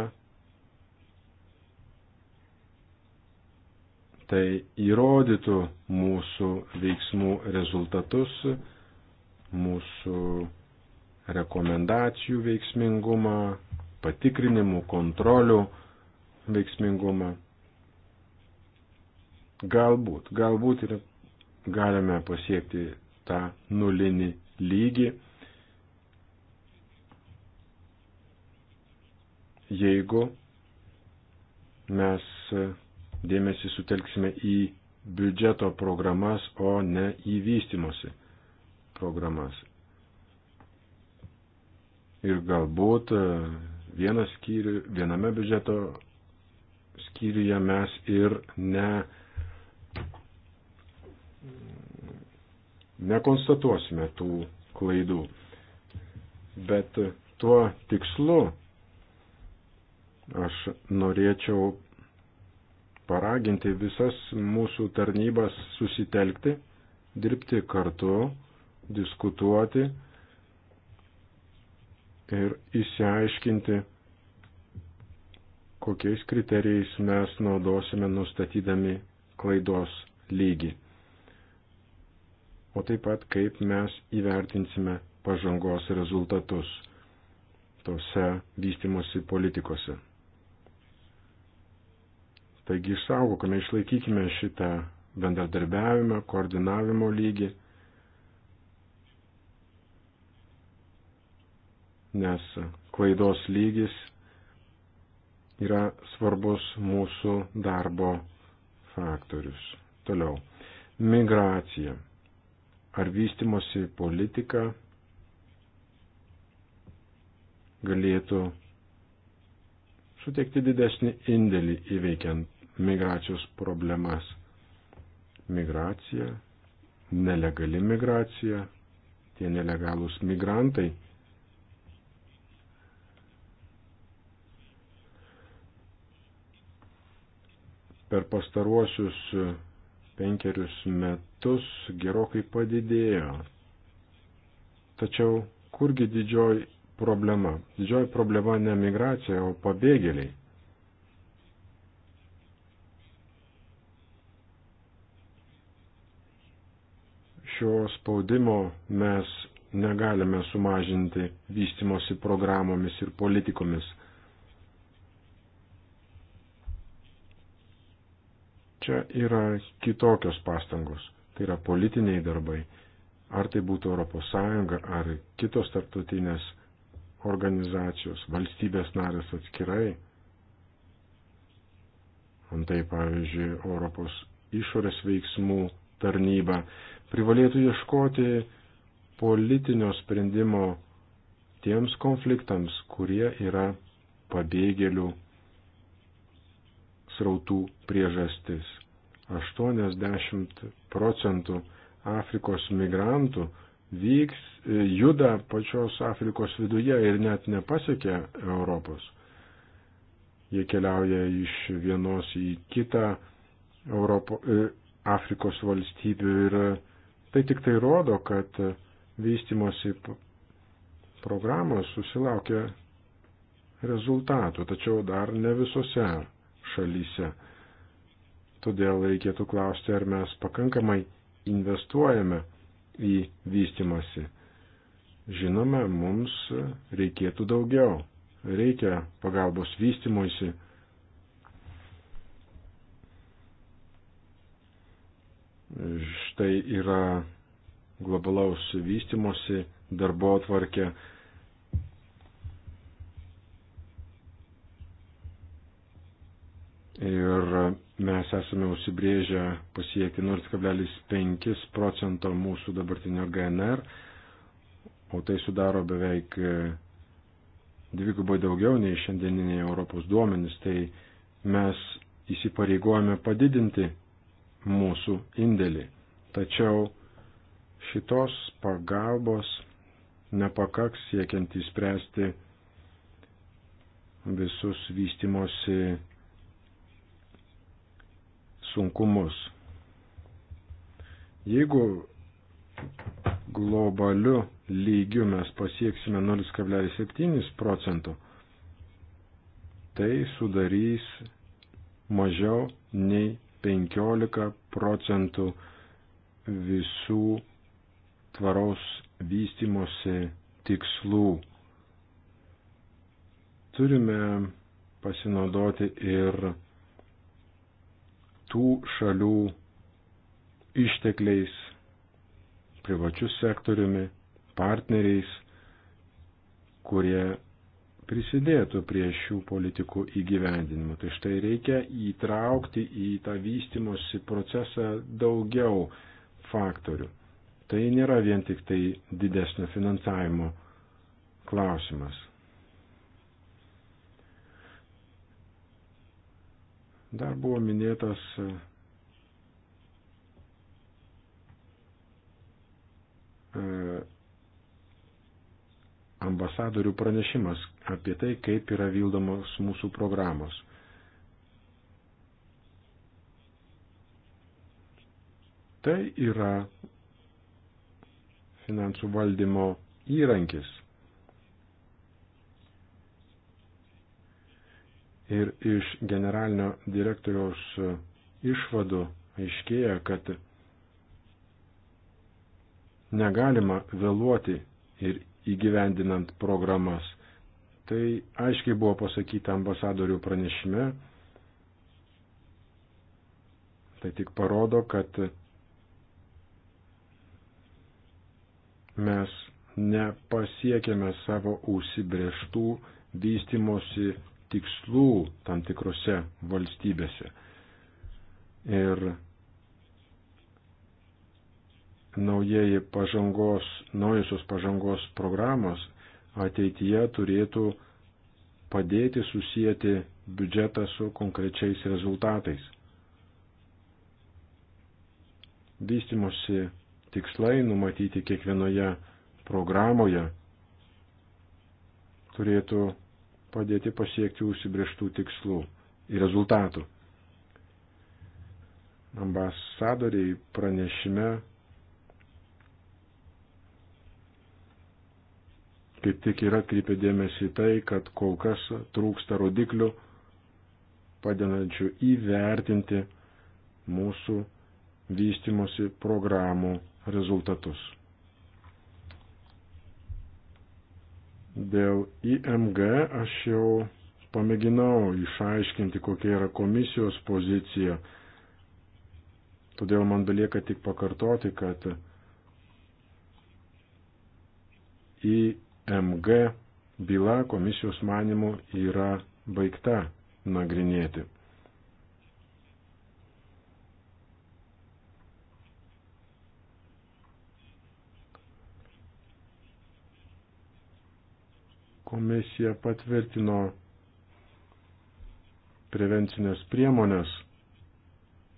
tai įrodytų mūsų veiksmų rezultatus, mūsų rekomendacijų veiksmingumą, patikrinimų, kontrolių veiksmingumą. Galbūt, galbūt ir galime pasiekti tą nulinį lygį, jeigu mes dėmesį sutelksime į biudžeto programas, o ne į vystimosi programas. Ir galbūt e, vienas skyrių, viename biudžeto skyriuje mes ir ne, nekonstatuosime tų klaidų. Bet tuo tikslu aš norėčiau paraginti visas mūsų tarnybas susitelkti, dirbti kartu, diskutuoti ir įsiaiškinti, kokiais kriterijais mes naudosime nustatydami klaidos lygį, o taip pat kaip mes įvertinsime pažangos rezultatus tose vystimosi politikose. Taigi išsaugokime, išlaikykime šitą bendradarbiavimą, koordinavimo lygį, nes klaidos lygis yra svarbus mūsų darbo faktorius. Toliau. Migracija. Ar vystimosi politika galėtų suteikti didesnį indėlį įveikiant migracijos problemas. Migracija, nelegali migracija, tie nelegalūs migrantai. Per pastaruosius penkerius metus gerokai padidėjo. Tačiau kurgi didžioji problema? Didžioji problema ne migracija, o pabėgėliai. šio spaudimo mes negalime sumažinti vystimosi programomis ir politikomis. Čia yra kitokios pastangos, tai yra politiniai darbai, ar tai būtų ES ar kitos tarptautinės organizacijos, valstybės narės atskirai. Antai, pavyzdžiui, Europos išorės veiksmų tarnyba privalėtų ieškoti politinio sprendimo tiems konfliktams, kurie yra pabėgėlių srautų priežastis. 80 procentų Afrikos migrantų vyks, e, juda pačios Afrikos viduje ir net nepasiekia Europos. Jie keliauja iš vienos į kitą Europo, e, Afrikos valstybių ir Tai tik tai rodo, kad vystimosi programos susilaukia rezultatų, tačiau dar ne visose šalyse. Todėl reikėtų klausti, ar mes pakankamai investuojame į vystimasi. Žinome, mums reikėtų daugiau. Reikia pagalbos vystimuisi Štai yra globalaus vystimosi darbo atvarkė. Ir mes esame užsibrėžę pasiekti 0,5 procento mūsų dabartinio GNR, o tai sudaro beveik dvigubai daugiau nei šiandieniniai Europos duomenys, tai mes įsipareigojame padidinti mūsų indėlį. Tačiau šitos pagalbos nepakaks siekiant įspręsti visus vystimosi sunkumus. Jeigu globaliu lygiu mes pasieksime 0,7 procentų, tai sudarys mažiau nei 15 procentų visų tvaraus vystimosi tikslų. Turime pasinaudoti ir tų šalių ištekliais, privačius sektoriumi, partneriais, kurie prisidėtų prie šių politikų įgyvendinimo. Tai štai reikia įtraukti į tą vystimosi procesą daugiau faktorių. Tai nėra vien tik tai didesnio finansavimo klausimas. Dar buvo minėtas e, ambasadorių pranešimas apie tai, kaip yra vykdomos mūsų programos. Tai yra finansų valdymo įrankis. Ir iš generalinio direktoriaus išvadų aiškėja, kad negalima vėluoti ir įgyvendinant programas. Tai aiškiai buvo pasakyta ambasadorių pranešime. Tai tik parodo, kad mes nepasiekėme savo užsibrieštų vystimosi tikslų tam tikrose valstybėse. Ir naujieji pažangos, naujusios pažangos programos ateityje turėtų padėti susijęti biudžetą su konkrečiais rezultatais. Vystimosi tikslai numatyti kiekvienoje programoje turėtų padėti pasiekti užsibrieštų tikslų ir rezultatų. Ambasadoriai pranešime kaip tik yra kreipia dėmesį tai, kad kol kas trūksta rodiklių padedančių įvertinti mūsų vystimosi programų rezultatus. Dėl IMG aš jau pamėginau išaiškinti, kokia yra komisijos pozicija. Todėl man belieka tik pakartoti, kad į MG byla komisijos manimų yra baigta nagrinėti. Komisija patvirtino prevencinės priemonės,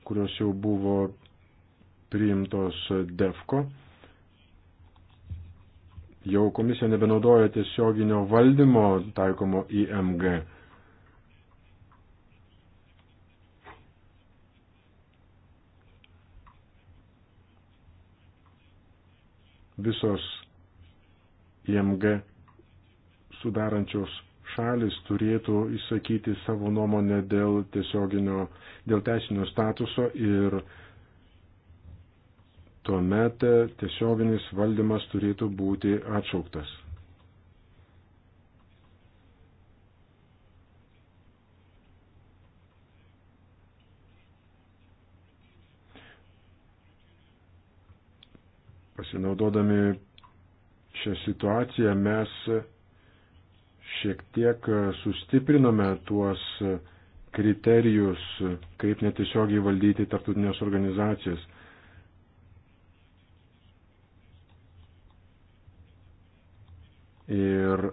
kurios jau buvo priimtos DEFCO Jau komisija nebenaudoja tiesioginio valdymo taikomo IMG. Visos IMG sudarančios šalis turėtų įsakyti savo nuomonę dėl tiesioginio, dėl teisinio statuso ir tuomet tiesioginis valdymas turėtų būti atšauktas. Pasinaudodami šią situaciją mes šiek tiek sustiprinome tuos kriterijus, kaip netiesiogiai valdyti tarptautinės organizacijas. ir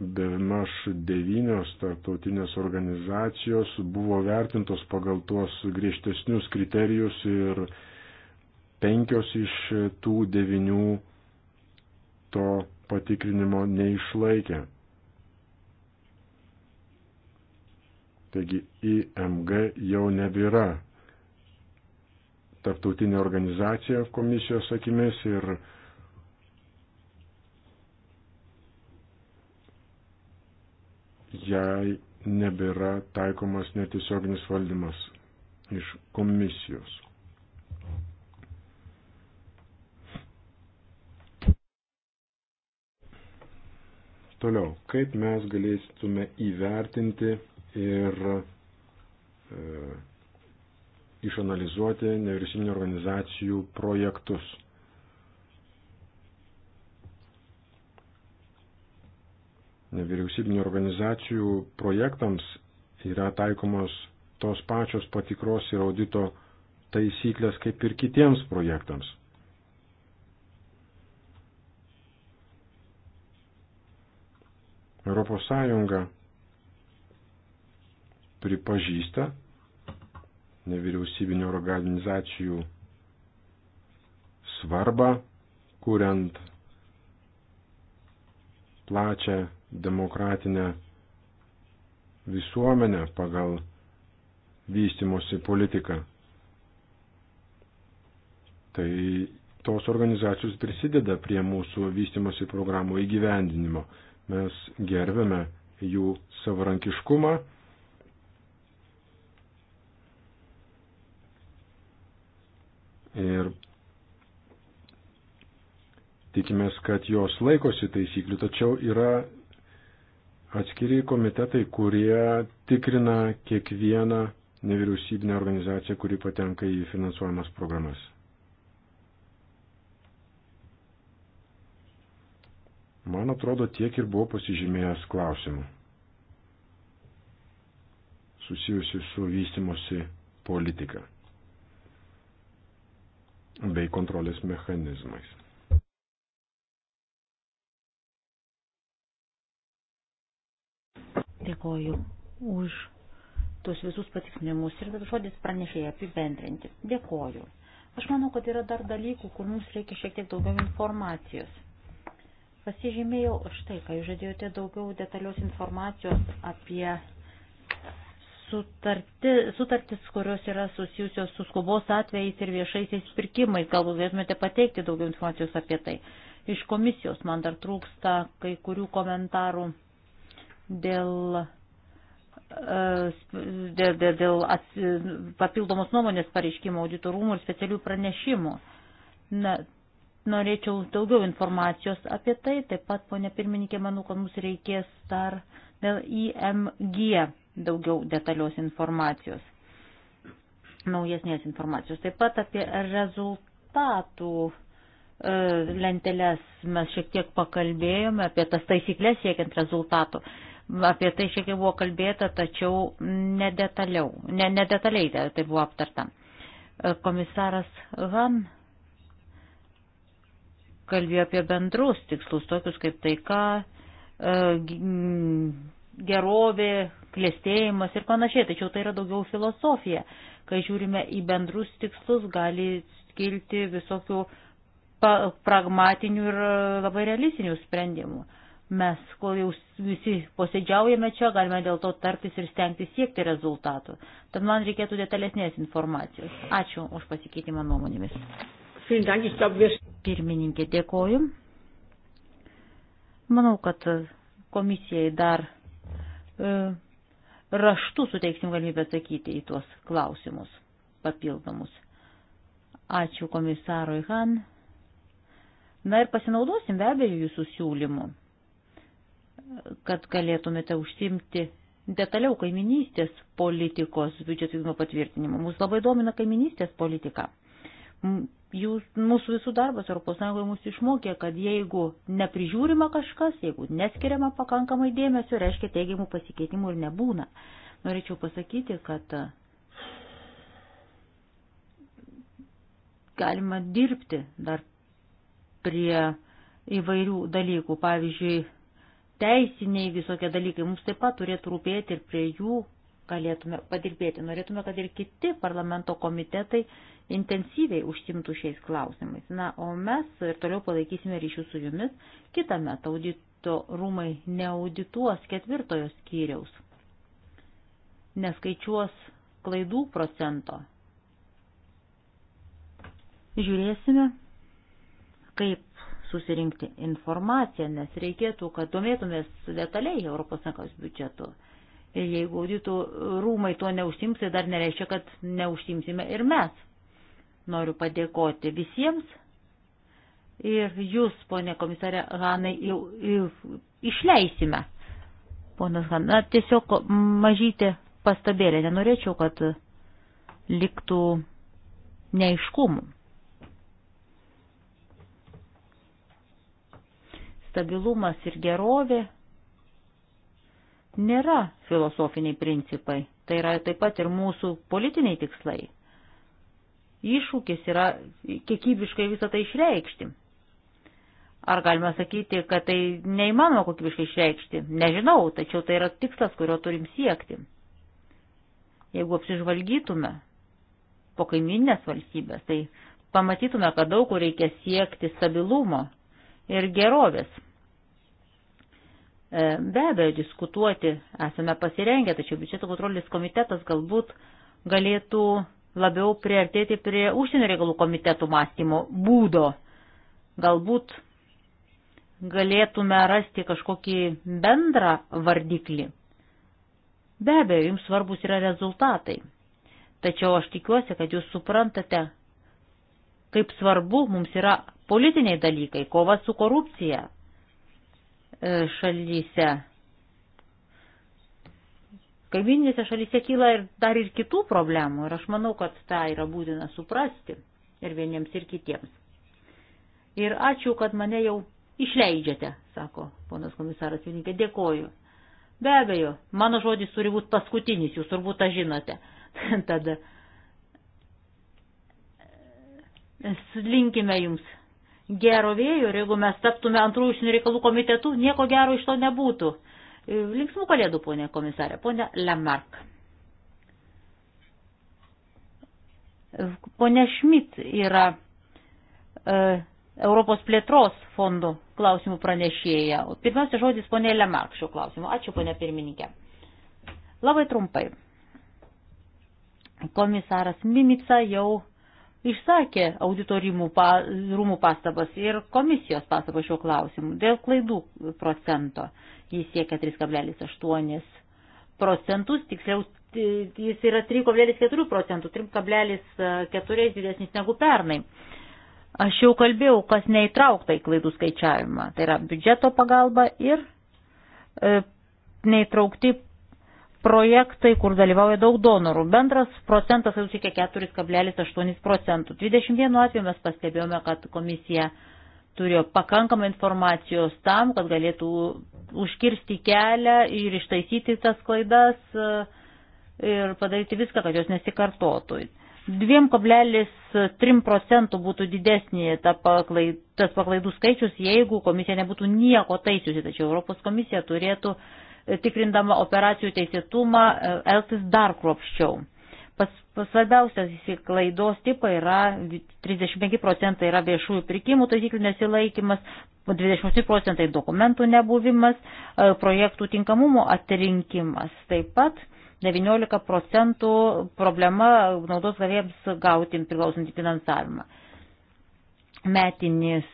bevimaž devynios tarptautinės organizacijos buvo vertintos pagal tuos griežtesnius kriterijus ir penkios iš tų devinių to patikrinimo neišlaikė. Taigi IMG jau nebėra tarptautinė organizacija komisijos akimis ir jei nebėra taikomas netiesioginis valdymas iš komisijos. Toliau, kaip mes galėsime įvertinti ir e, išanalizuoti nevyriausybinio organizacijų projektus. nevyriausybinio organizacijų projektams yra taikomos tos pačios patikros ir audito taisyklės kaip ir kitiems projektams. Europos Sąjunga pripažįsta nevyriausybinio organizacijų svarbą, kuriant plačią demokratinę visuomenę pagal vystimosi politiką. Tai tos organizacijos prisideda prie mūsų vystimosi programų įgyvendinimo. Mes gerbėme jų savarankiškumą. Ir tikimės, kad jos laikosi taisyklių, tačiau yra atskiri komitetai, kurie tikrina kiekvieną nevyriausybinę organizaciją, kuri patenka į finansuojamas programas. Man atrodo, tiek ir buvo pasižymėjęs klausimų susijusių su vystimosi politika bei kontrolės mechanizmais. Dėkoju už tuos visus patikinimus ir žodis pranešėjai apibendrinti. Dėkoju. Aš manau, kad yra dar dalykų, kur mums reikia šiek tiek daugiau informacijos. Pasižymėjau štai, kai žadėjote daugiau detalios informacijos apie sutarti, sutartis, kurios yra susijusios su skubos atvejais ir viešaisiais pirkimais. Galbūt galėtumėte pateikti daugiau informacijos apie tai. Iš komisijos man dar trūksta kai kurių komentarų dėl e, dėl, dėl, dėl ats, papildomos nuomonės pareiškimo auditorumų ir specialių pranešimų. Na, norėčiau daugiau informacijos apie tai, taip pat, ponė pirmininkė, manau, kad mums reikės dar dėl IMG daugiau detalios informacijos, naujesnės informacijos. Taip pat apie rezultatų e, lenteles mes šiek tiek pakalbėjome apie tas taisyklės siekiant rezultatų. Apie tai šiek tiek buvo kalbėta, tačiau nedetaliau, ne, nedetaliai tai buvo aptarta. E, komisaras Han kalbėjo apie bendrus tikslus, tokius kaip taika, e, gerovė, klėstėjimas ir panašiai, tačiau tai yra daugiau filosofija. Kai žiūrime į bendrus tikslus, gali kilti visokių pragmatinių ir e, labai realistinių sprendimų. Mes, kol jau visi posėdžiaujame čia, galime dėl to tartis ir stengtis siekti rezultatų. Tad man reikėtų detalesnės informacijos. Ačiū už pasikeitimą nuomonėmis. Pirmininkė, dėkoju. Manau, kad komisijai dar e, raštu suteiksim galimybę atsakyti į tuos klausimus papildomus. Ačiū komisarui Han. Na ir pasinaudosim be abejo jūsų siūlymų kad galėtumėte užsimti detaliau kaiminystės politikos biudžeto vykdymo patvirtinimo. Mūsų labai domina kaiminystės politika. Jūs, mūsų visų darbas ES mūsų išmokė, kad jeigu neprižiūrima kažkas, jeigu neskiriama pakankamai dėmesio, reiškia teigiamų pasikeitimų ir nebūna. Norėčiau pasakyti, kad galima dirbti dar prie įvairių dalykų. Pavyzdžiui, teisiniai visokie dalykai mums taip pat turėtų rūpėti ir prie jų galėtume padirbėti. Norėtume, kad ir kiti parlamento komitetai intensyviai užsimtų šiais klausimais. Na, o mes ir toliau palaikysime ryšių su jumis. Kita met audito rūmai neaudituos ketvirtojo skyriaus, neskaičiuos klaidų procento. Žiūrėsime, kaip susirinkti informaciją, nes reikėtų, kad domėtumės detaliai ES biudžetu. Ir jeigu auditų rūmai tuo neužsims, tai dar nereiškia, kad neužsimsime ir mes. Noriu padėkoti visiems. Ir jūs, ponė komisarė Hanai, jau, jau išleisime. Ponas Hanna, tiesiog mažytė pastabėlė. Nenorėčiau, kad liktų neiškumų. stabilumas ir gerovė nėra filosofiniai principai, tai yra taip pat ir mūsų politiniai tikslai. Iššūkis yra kiekybiškai visą tai išreikšti. Ar galima sakyti, kad tai neįmanoma kokybiškai išreikšti? Nežinau, tačiau tai yra tikslas, kurio turim siekti. Jeigu apsižvalgytume po kaiminės valstybės, tai pamatytume, kad daug kur reikia siekti stabilumo, ir gerovės. E, be abejo, diskutuoti esame pasirengę, tačiau biudžeto kontrolės komitetas galbūt galėtų labiau priartėti prie užsienio reikalų komitetų mąstymo būdo. Galbūt galėtume rasti kažkokį bendrą vardiklį. Be abejo, jums svarbus yra rezultatai. Tačiau aš tikiuosi, kad jūs suprantate, kaip svarbu mums yra politiniai dalykai, kova su korupcija e, šalyse. Kaiminėse šalyse kyla ir dar ir kitų problemų ir aš manau, kad tą yra būtina suprasti ir vieniems ir kitiems. Ir ačiū, kad mane jau išleidžiate, sako ponas komisaras Vininkė, dėkoju. Be abejo, mano žodis turi būti paskutinis, jūs turbūt tą žinote. Tada e, linkime jums gerovėjų ir jeigu mes taptume antrų užsienio reikalų komitetų, nieko gero iš to nebūtų. E, linksmų kalėdų, ponė komisarė, ponė Lemark. E, Pone Šmit yra e, Europos plėtros fondo klausimų pranešėja. Pirmiausia žodis ponė Lemark šio klausimo. Ačiū, ponė pirmininkė. Labai trumpai. Komisaras Mimica jau išsakė auditorimų pa, rūmų pastabas ir komisijos pastabas šiuo klausimu dėl klaidų procento. Jis siekia 3,8 procentus, tiksliau jis yra 3,4 procentų, 3,4 didesnis negu pernai. Aš jau kalbėjau, kas neįtraukta į klaidų skaičiavimą. Tai yra biudžeto pagalba ir e, neįtraukti projektai, kur dalyvauja daug donorų. Bendras procentas jau siekia 4,8 procentų. 21 atveju mes pastebėjome, kad komisija turėjo pakankamai informacijos tam, kad galėtų užkirsti kelią ir ištaisyti tas klaidas e, ir padaryti viską, kad jos nesikartotų. 2,3 procentų būtų didesnė ta paklaid, tas paklaidų skaičius, jeigu komisija nebūtų nieko taisiusi, tačiau Europos komisija turėtų uh, E, tikrindama operacijų teisėtumą, e, elgtis dar kruopščiau. Pas, svarbiausias įsiklaidos tipai yra 35 procentai yra viešųjų pirkimų taisyklių nesilaikimas, 28 procentai dokumentų nebuvimas, e, projektų tinkamumo atrinkimas. Taip pat 19 procentų problema naudos gavėjams gauti priklausantį finansavimą. Metinis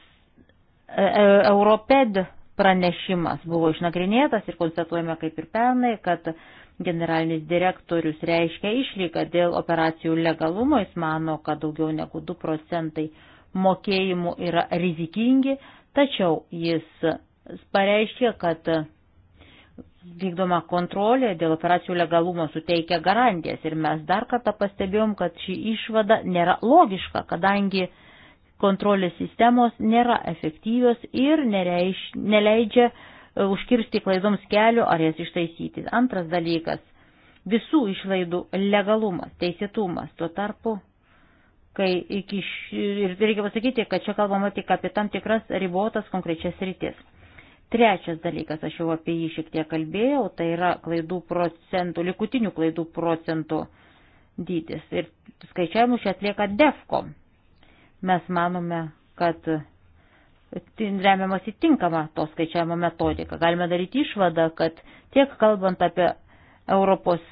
Europed pranešimas buvo išnagrinėtas ir konstatuojame kaip ir pernai, kad generalinis direktorius reiškia išlygą dėl operacijų legalumo, jis mano, kad daugiau negu 2 procentai mokėjimų yra rizikingi, tačiau jis pareiškia, kad vykdoma kontrolė dėl operacijų legalumo suteikia garantijas ir mes dar kartą pastebėjom, kad ši išvada nėra logiška, kadangi kontrolės sistemos nėra efektyvios ir nereiš, neleidžia e, užkirsti klaidoms kelių ar jas ištaisyti. Antras dalykas - visų išlaidų legalumas, teisėtumas. Tuo tarpu, kai iki, ir reikia pasakyti, kad čia kalbama tik apie tam tikras ribotas konkrečias rytis. Trečias dalykas, aš jau apie jį šiek tiek kalbėjau, tai yra klaidų procentų, likutinių klaidų procentų dydis. Ir skaičiavimus čia atlieka DEFCOM Mes manome, kad remiamas įtinkama to skaičiavimo metodika. Galime daryti išvadą, kad tiek kalbant apie Europos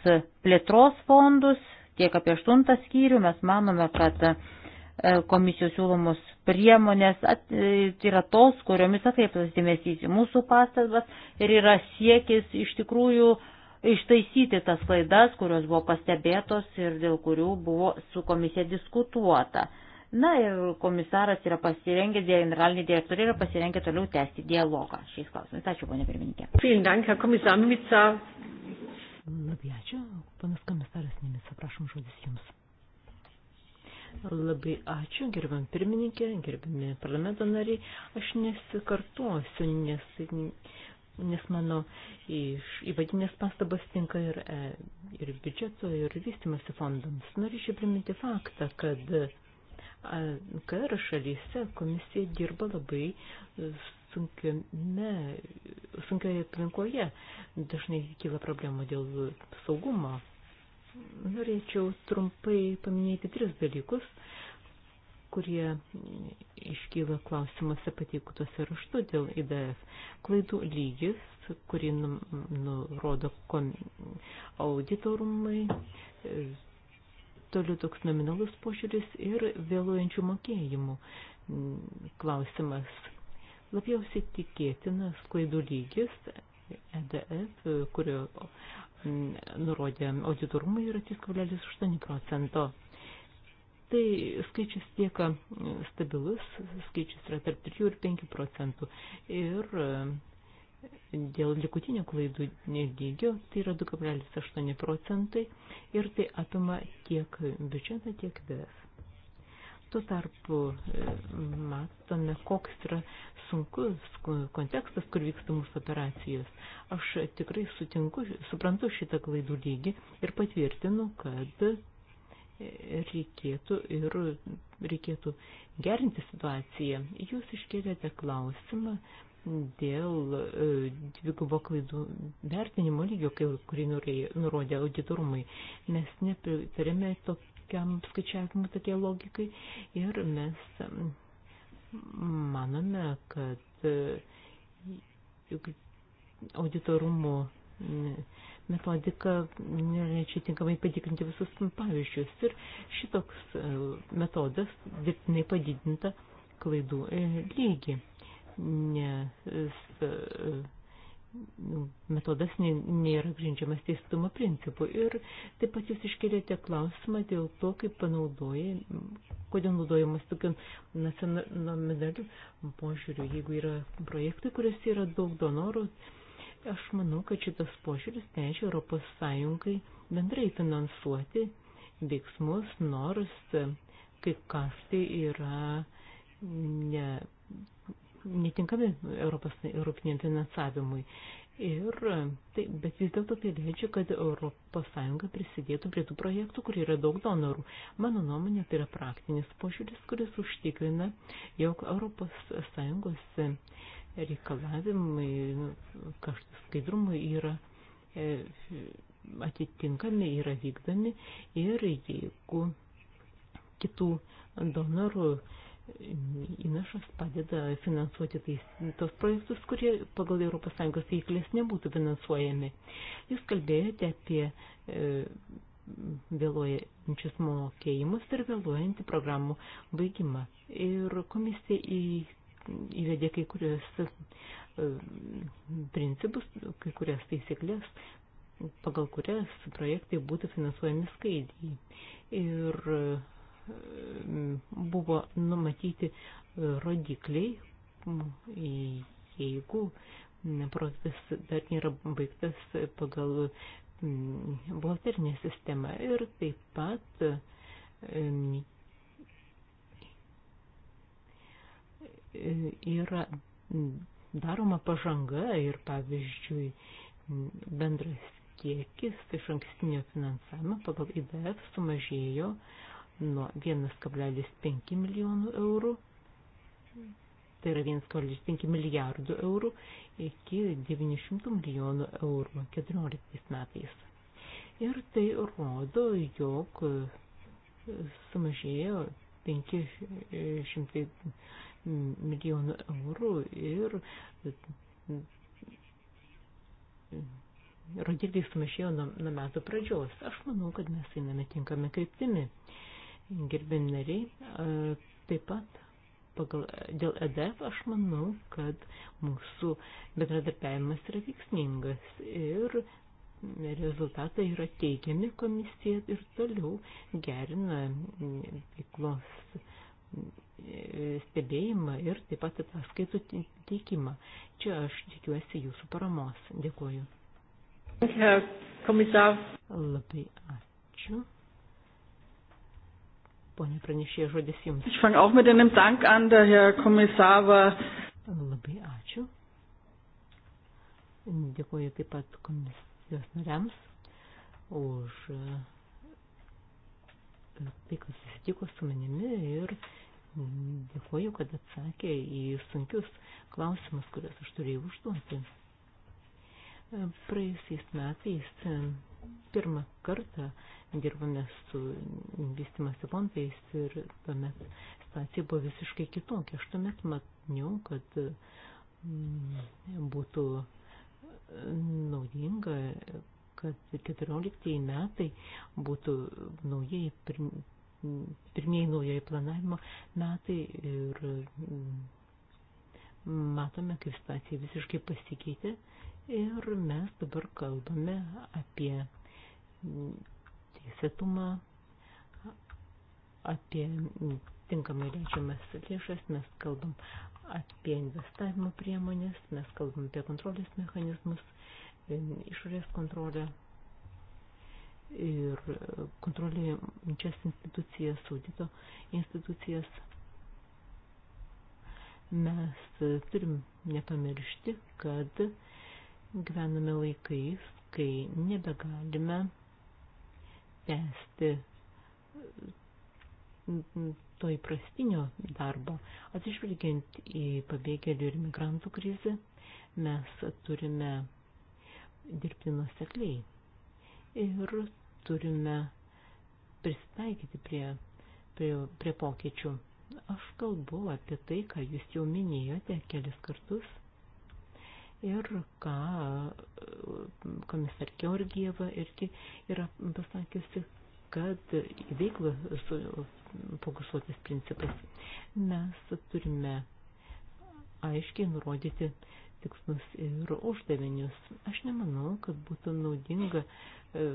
plėtros fondus, tiek apie aštuntą skyrių mes manome, kad e, komisijos siūlomos priemonės at, e, yra tos, kuriomis atkreiptas dėmesys į mūsų pastabas ir yra siekis iš tikrųjų ištaisyti tas klaidas, kurios buvo pastebėtos ir dėl kurių buvo su komisija diskutuota. Na ir komisaras yra pasirengęs, generalinė direktorė yra pasirengę toliau tęsti dialogą šiais klausimais. Ačiū, ponė pirmininkė. Labai ačiū, panas komisaras Nimica, prašom žodis jums. Labai ačiū, gerbiam pirmininkė, gerbiami parlamento nariai. Aš nesikartuosiu, nes, nes mano iš, įvadinės pastabas tinka ir, e, ir biudžeto, ir vystimosi fondams. Norėčiau priminti faktą, kad AKR šalyse komisija dirba labai sunkiame, sunkioje aplinkoje. Dažnai kyla problemų dėl saugumo. Norėčiau trumpai paminėti tris dalykus, kurie iškyla klausimuose pateikutuose raštu dėl IDF. Klaidų lygis, kurį nu, nurodo auditorumai, Toliau toks nominalus požiūris ir vėluojančių mokėjimų klausimas. Labiausiai tikėtinas klaidų lygis EDF, kurio nurodė auditorumai, yra 3,8 procento. Tai skaičius lieka stabilus, skaičius yra tarp 3 ir 5 procentų. Ir dėl likutinių klaidų lygio, tai yra 2,8 procentai ir tai apima tiek biudžetą, tiek BS. Tuo tarpu e, matome, koks yra sunkus kontekstas, kur vyksta mūsų operacijos. Aš tikrai sutinku, suprantu šitą klaidų lygį ir patvirtinu, kad e, reikėtų ir reikėtų gerinti situaciją. Jūs iškėlėte klausimą dėl e, dvigubo klaidų vertinimo lygio, kurį nurodė auditorumai. Mes nepritarėme tokiam skaičiavimui, tokie logikai ir mes manome, kad e, auditorumų metodika neleidžia tinkamai patikrinti visus pavyzdžius ir šitoks e, metodas dirbtinai padidinta klaidų lygį. E, nu, metodas nėra grindžiamas teistumo principu. Ir taip pat jūs iškėlėte klausimą dėl to, kaip panaudoja, kodėl naudojamas tokiu nacionaliu požiūriu, jeigu yra projektai, kuriuose yra daug donorų. Aš manau, kad šitas požiūris leidžia Europos Sąjungai bendrai finansuoti veiksmus, nors kaip kas tai yra ne netinkami Europos, europiniam finansavimui. Ir, e, tai, bet vis dėlto tai leidžia, kad ES prisidėtų prie tų projektų, kur yra daug donorų. Mano nuomonė, tai yra praktinis požiūris, kuris užtikrina, jog ES reikalavimai kaštų skaidrumui yra e, atitinkami, yra vykdami ir jeigu kitų donorų e, įnašas padeda finansuoti tais, tos projektus, kurie pagal ES taiklės nebūtų finansuojami. Jūs kalbėjote apie e, vėluojančius mokėjimus ir vėluojantį programų baigimą. Ir komisija į, įvedė kai kurios e, principus, kai kurias taisyklės, pagal kurias projektai būtų finansuojami skaidriai. Ir e, buvo numatyti rodikliai, jeigu projektas dar nėra baigtas pagal mm, buhalterinę sistemą ir taip pat mm, yra daroma pažanga ir pavyzdžiui bendras kiekis iš ankstinio finansavimo pagal IDF sumažėjo nuo 1,5 milijonų eurų, tai yra 1,5 milijardų eurų, iki 900 milijonų eurų 14 metais. Ir tai rodo, jog sumažėjo 500 milijonų eurų ir rodikliai sumažėjo nuo, nuo metų pradžios. Aš manau, kad mes einame tinkami kryptimi gerbėm nariai, e, taip pat pagal, dėl EDF aš manau, kad mūsų bendradarbiavimas yra veiksmingas ir rezultatai yra teigiami komisija ir toliau gerina veiklos e, stebėjimą ir taip pat ataskaitų teikimą. Čia aš tikiuosi jūsų paramos. Dėkuoju. Komisar. Labai ačiū. Pone pranešė, žodis jums. Ich fang auf mit einem Dank an, der Herr Kommissar war. Labai ačiū. Dėkuoju taip pat komisijos nariams už e, tai, kas susitiko su manimi ir dėkuoju, kad atsakė į sunkius klausimus, kuriuos aš turėjau užduoti. E, praėjusiais metais e, pirmą kartą dirbame su vystimasi fondais ir tuomet situacija buvo visiškai kitokia. Aš tuomet matniau, kad mm, būtų mm, naudinga, kad 14 metai būtų naujai pirmieji naujoji planavimo metai ir mm, matome, kaip situacija visiškai pasikeitė ir mes dabar kalbame apie teisėtumą, apie tinkamai leidžiamas lėšas, mes kalbam apie investavimo priemonės, mes kalbam apie kontrolės mechanizmus, e, išorės kontrolę ir kontroliuojančias institucijas, audito institucijas. Mes turim nepamiršti, kad gyvename laikais, kai nebegalime tęsti to įprastinio darbo. Atsižvelgiant į pabėgėlių ir migrantų krizę, mes turime dirbti nusekliai ir turime prisitaikyti prie, prie, prie pokyčių. Aš kalbu apie tai, ką jūs jau minėjote kelis kartus ir ką e, komisar Georgieva irgi yra pasakiusi, kad į veiklą fokusuotis principas. Mes turime aiškiai nurodyti tikslus ir uždavinius. Aš nemanau, kad būtų naudinga e,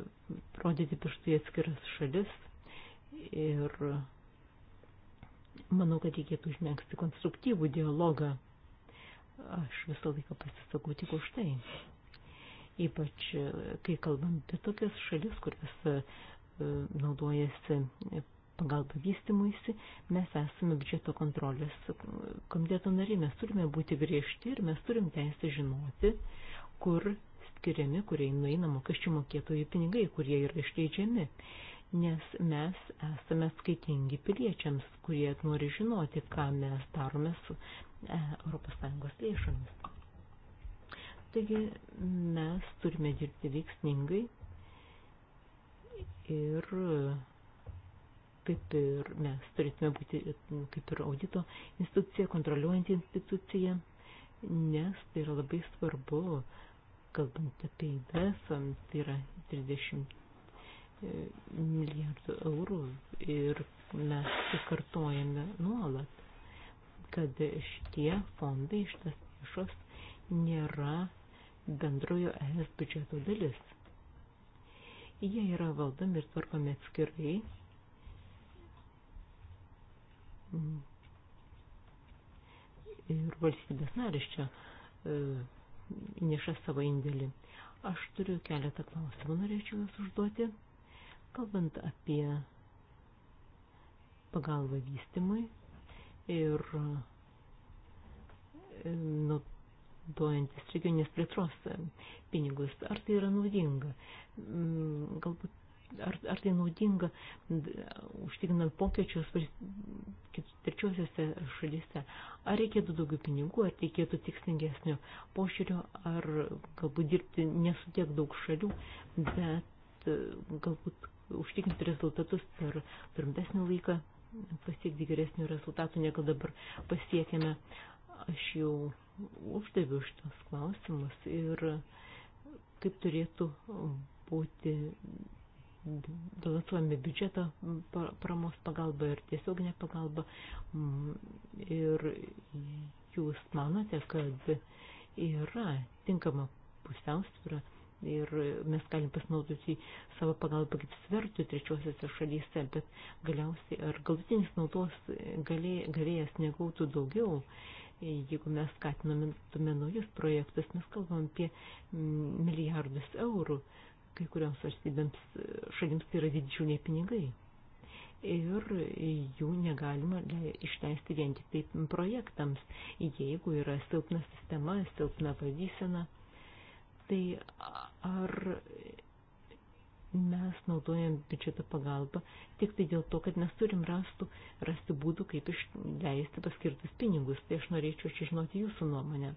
rodyti pirštai atskiras šalis ir manau, kad reikėtų užmėgsti konstruktyvų dialogą Aš visą laiką pasisakau tik už tai. Ypač, e, kai kalbam apie tokias šalis, kurios e, e, naudojasi pagalba vystimuisi, mes esame biudžeto kontrolės komiteto nariai, mes turime būti griežti ir mes turim teisę žinoti, kur skiriami, kurie nueina mokesčių mokėtojų pinigai, kurie yra išleidžiami. Nes mes esame skaitingi piliečiams, kurie nori žinoti, ką mes darome su ES lėšomis. Taigi mes turime dirbti veiksmingai ir kaip ir mes turėtume būti kaip ir audito institucija, kontroliuojanti institucija, nes tai yra labai svarbu, kalbant apie įves, tai yra 30 e, milijardų eurų ir mes tai kartojame nuolat kad šitie fondai, šitas lėšos nėra bendrojo ES biudžeto dalis. Jie yra valdomi ir tvarkomi atskirai. Ir valstybės narys čia e, neša savo indėlį. Aš turiu keletą klausimų, norėčiau juos užduoti. Kalbant apie pagalbą vystimui, ir e, naudojantis regionės plėtros pinigus. Ar tai yra naudinga? Mm, galbūt ar, ar tai naudinga užtikrinant pokyčius trečiosiuose šalyse. Ar reikėtų daugiau pinigų, ar reikėtų tikslingesnio pošiūrio, ar galbūt dirbti nesu tiek daug šalių, bet e, galbūt užtikrinti rezultatus per trumpesnį laiką, pasiekti geresnių rezultatų, negu dabar pasiekėme. Aš jau uždaviau šitos klausimus ir kaip turėtų būti dotuojami biudžeto paramos pagalba ir tiesioginė pagalba. Mm, ir jūs manote, kad yra tinkama pusiausvyrą ir mes galim pasinaudoti savo pagalbą kaip svertų trečiosiuose šalyse, bet galiausiai ar galutinis naudos gavėjas negautų daugiau, jeigu mes skatiname naujus projektus, mes kalbam apie milijardus eurų, kai kurioms valstybėms šalims tai yra didžiuliai pinigai. Ir jų negalima išleisti vien tik taip projektams, jeigu yra silpna sistema, silpna valdysena Tai ar mes naudojam biudžeto pagalbą tik tai dėl to, kad mes turim rastų, rasti būdų, kaip išleisti paskirtus pinigus. Tai aš norėčiau žinoti jūsų nuomonę.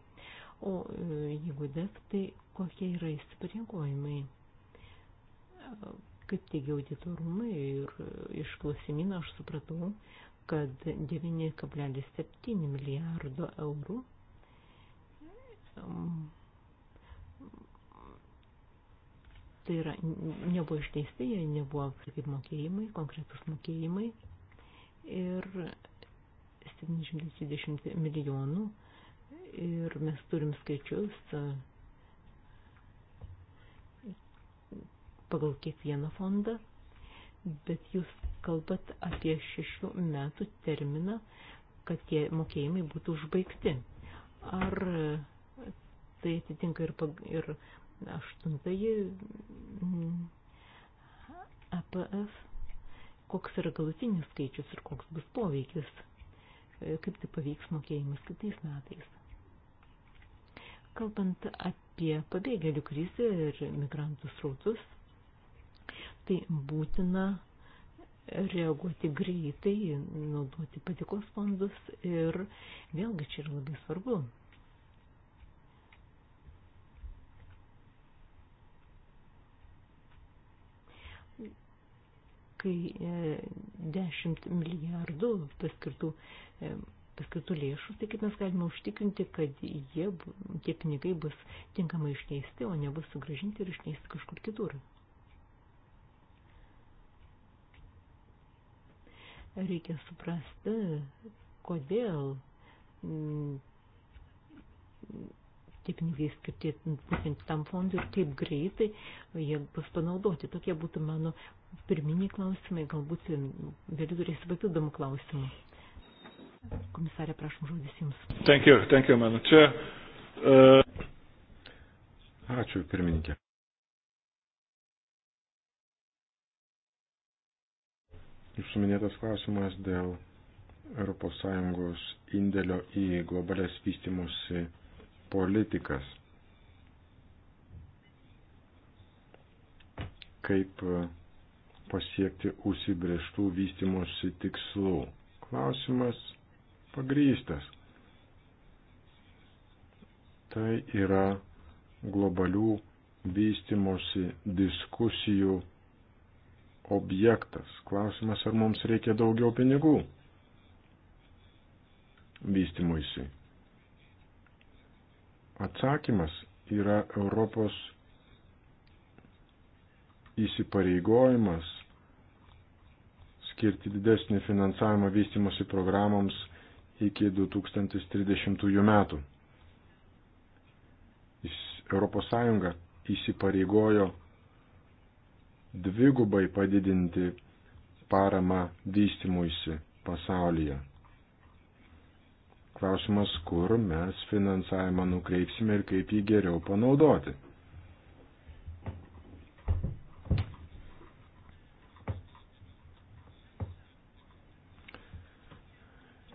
O e, jeigu def, tai kokie yra įsipareigojimai? Kaip teigia auditorumai ir iš klausimino aš supratau, kad 9,7 milijardo eurų tai yra, nebuvo išteisti, jie nebuvo kaip mokėjimai, konkretus mokėjimai. Ir 720 milijonų. Ir mes turim skaičius pagal kiekvieną fondą, bet jūs kalbat apie šešių metų terminą, kad tie mokėjimai būtų užbaigti. Ar tai atitinka ir, ir aštuntąjį APF, mm, e koks yra galutinis skaičius ir koks bus poveikis, e, kaip tai paveiks mokėjimus kitais metais. Kalbant apie pabėgėlių krizę ir migrantų srautus, tai būtina reaguoti greitai, naudoti patikos fondus ir vėlgi čia yra labai svarbu kai 10 e, milijardų paskirtų, e, paskirtų lėšų, tai kaip mes galime užtikrinti, kad jie, tie pinigai bus tinkamai išneisti, o nebus sugražinti ir išneisti kažkur kitur. Reikia suprasti, kodėl mm, tie pinigai skirti būtent tam fondui ir kaip greitai jie bus panaudoti. Tokie būtų mano pirminiai klausimai, galbūt vėliau turėsiu papildomų klausimų. Komisarė, prašom žodis Jums. Thank you, thank you, man. Čia. Uh... Ačiū, pirmininkė. Jūsų minėtas klausimas dėl ES indėlio į globalės vystimusi politikas. Kaip uh, pasiekti užsibrieštų vystimosi tikslų. Klausimas pagrystas. Tai yra globalių vystimosi diskusijų objektas. Klausimas, ar mums reikia daugiau pinigų vystimuisi. Atsakymas yra Europos įsipareigojimas skirti didesnį finansavimą vystimosi programoms iki 2030 metų. ES įsipareigojo dvigubai padidinti paramą vystimuisi pasaulyje. Klausimas, kur mes finansavimą nukreipsime ir kaip jį geriau panaudoti.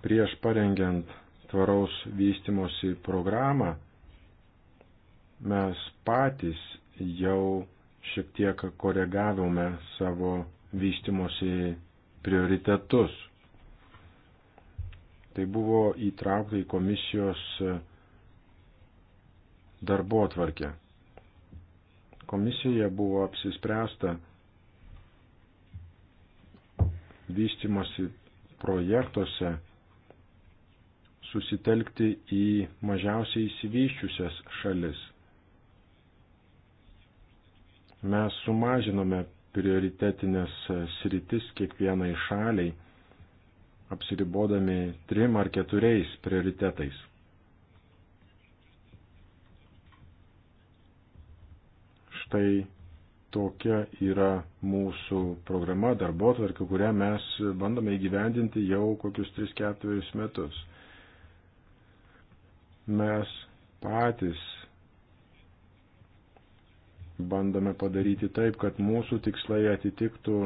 prieš parengiant tvaraus vystimosi programą mes patys jau šiek tiek koregavome savo vystimosi prioritetus. Tai buvo įtraukta į komisijos darbo atvarkę. Komisijoje buvo apsispręsta vystimosi projektuose susitelkti į mažiausiai įsivyščiusias šalis. Mes sumažinome prioritetinės sritis kiekvienai šaliai, apsiribodami trim ar keturiais prioritetais. Štai tokia yra mūsų programa darbo tvarkių, kurią mes bandome įgyvendinti jau kokius 3-4 metus mes patys bandome padaryti taip, kad mūsų tikslai atitiktų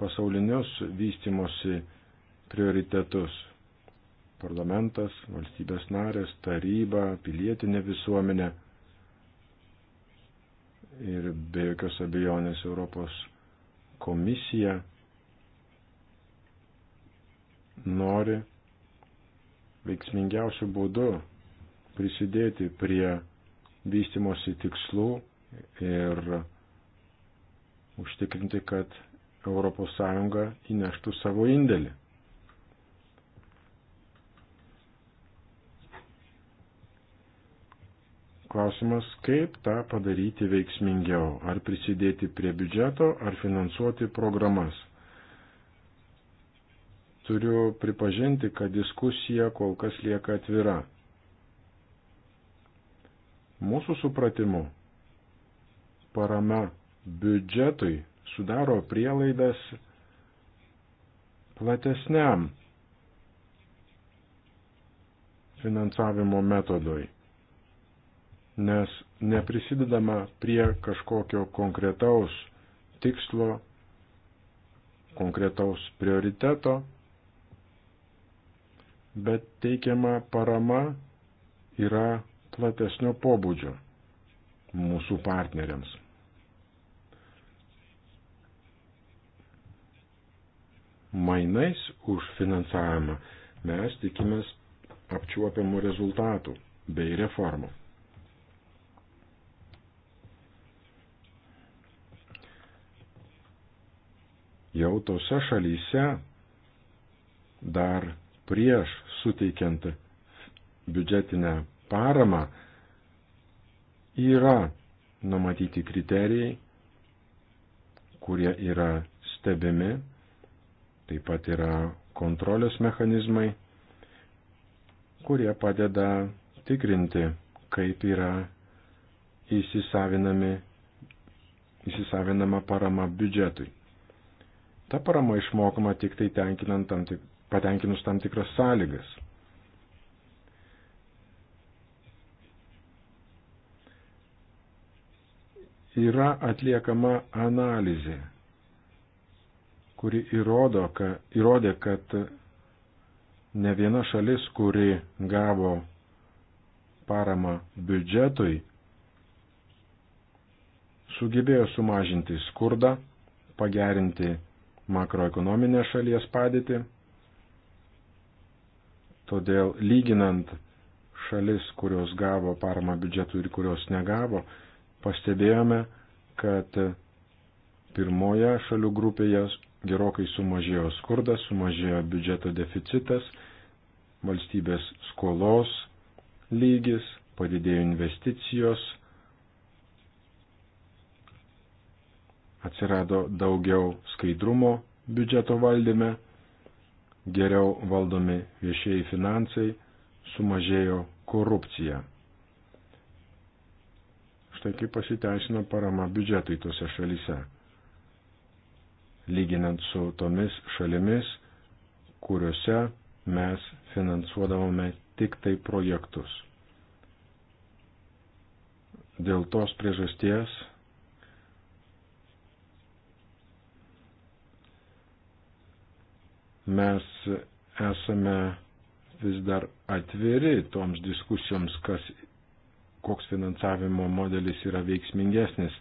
pasaulinius vystimosi prioritetus. Parlamentas, valstybės narės, taryba, pilietinė visuomenė ir be jokios abejonės Europos komisija nori veiksmingiausių būdų prisidėti prie vystimosi tikslų ir užtikrinti, kad ES įneštų savo indėlį. Klausimas, kaip tą padaryti veiksmingiau, ar prisidėti prie biudžeto, ar finansuoti programas. Turiu pripažinti, kad diskusija kol kas lieka atvira. Mūsų supratimu, parama biudžetui sudaro prielaidas platesniam finansavimo metodui, nes neprisidedama prie kažkokio konkretaus tikslo, konkretaus prioriteto, bet teikiama parama yra platesnio pobūdžio mūsų partneriams. Mainais už finansavimą mes tikimės apčiuopiamų rezultatų bei reformų. Jau tose šalyse dar prieš suteikiant biudžetinę paramą yra numatyti kriterijai, kurie yra stebimi, taip pat yra kontrolės mechanizmai, kurie padeda tikrinti, kaip yra įsisavinama parama biudžetui. Ta parama išmokama tik tai tenkinant tam tik, patenkinus tam tikras sąlygas. yra atliekama analizė, kuri įrodo, ka, įrodė, kad ne viena šalis, kuri gavo paramą biudžetui, sugebėjo sumažinti skurdą, pagerinti makroekonominę šalies padėtį. Todėl lyginant šalis, kurios gavo paramą biudžetų ir kurios negavo, pastebėjome, kad pirmoje šalių grupėje gerokai sumažėjo skurdas, sumažėjo biudžeto deficitas, valstybės skolos lygis, padidėjo investicijos, atsirado daugiau skaidrumo biudžeto valdyme, geriau valdomi viešieji finansai, sumažėjo korupcija štai kaip pasiteisina parama biudžetui tose šalyse, lyginant su tomis šalimis, kuriuose mes finansuodavome tik tai projektus. Dėl tos priežasties mes esame vis dar atviri toms diskusijoms, kas koks finansavimo modelis yra veiksmingesnis.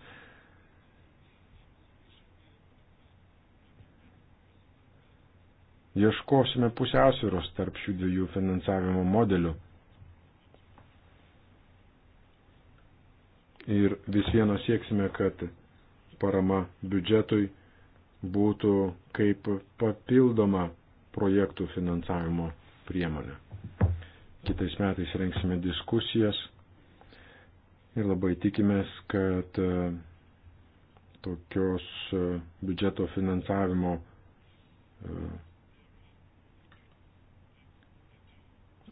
Ieškosime pusiausvyros tarp šių dviejų finansavimo modelių. Ir vis vieno sieksime, kad parama biudžetui būtų kaip papildoma projektų finansavimo priemonė. Kitais metais rengsime diskusijas ir labai tikimės, kad e, tokios e, biudžeto finansavimo e,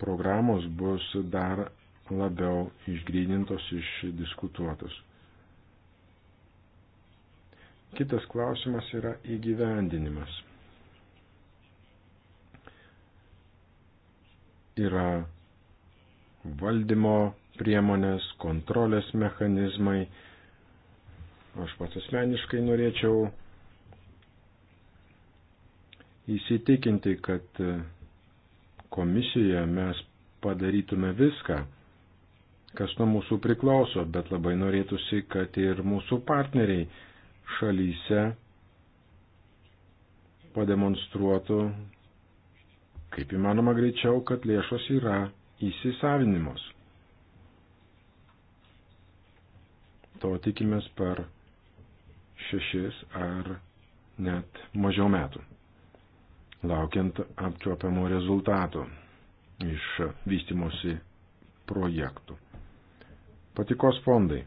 programos bus dar labiau išgrydintos, išdiskutuotos. Kitas klausimas yra įgyvendinimas. Yra valdymo priemonės, kontrolės mechanizmai. Aš pats asmeniškai norėčiau įsitikinti, kad komisijoje mes padarytume viską, kas nuo mūsų priklauso, bet labai norėtųsi, kad ir mūsų partneriai šalyse pademonstruotų, kaip įmanoma greičiau, kad lėšos yra įsisavinimos. To tikimės per šešis ar net mažiau metų, laukiant apčiuopiamų rezultatų iš vystimosi projektų. Patikos fondai.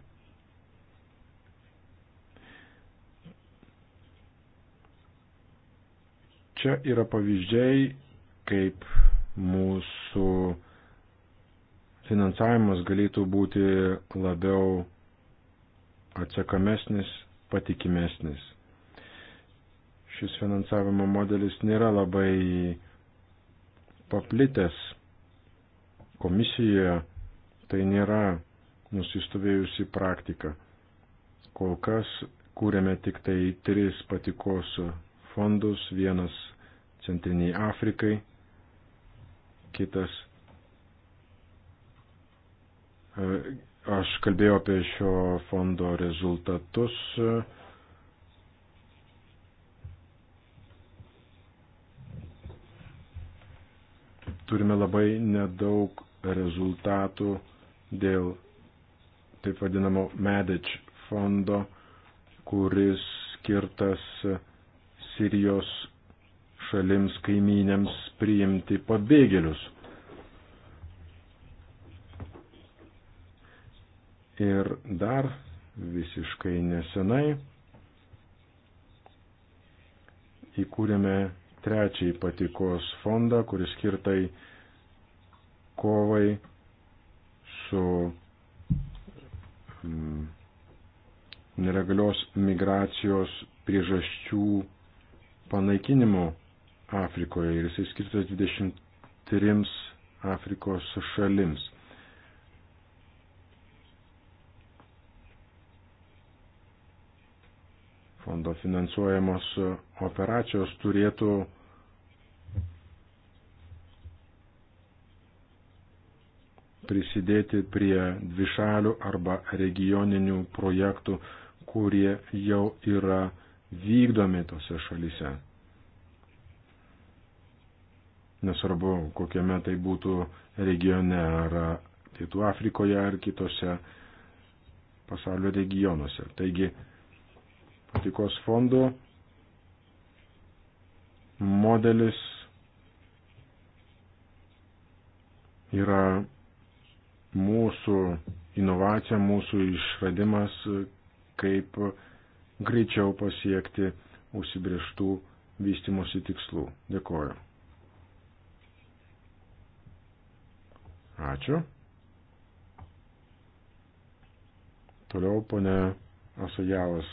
Čia yra pavyzdžiai, kaip mūsų finansavimas galėtų būti labiau atsakamesnis, patikimesnis. Šis finansavimo modelis nėra labai paplitęs komisijoje, tai nėra nusistovėjusi praktika. Kol kas kūrėme tik tai tris patikos fondus, vienas Centriniai Afrikai, kitas e, Aš kalbėjau apie šio fondo rezultatus. Turime labai nedaug rezultatų dėl taip vadinamo Medage fondo, kuris skirtas Sirijos šalims kaimynėms priimti pabėgėlius. Ir dar visiškai nesenai įkūrėme trečiąjį patikos fondą, kuris skirtai kovai su mm, nelegalios migracijos priežasčių panaikinimu Afrikoje ir jisai skirtas 23 Afrikos šalims. fondo finansuojamos operacijos turėtų prisidėti prie dvišalių arba regioninių projektų, kurie jau yra vykdomi tose šalise. Nesvarbu, kokiame tai būtų regione ar Pietų Afrikoje ar kitose pasaulio regionuose. Taigi patikos fondo modelis yra mūsų inovacija, mūsų išradimas, kaip greičiau pasiekti užsibrieštų vystimosi tikslų. Dėkoju. Ačiū. Toliau ponė Asajavas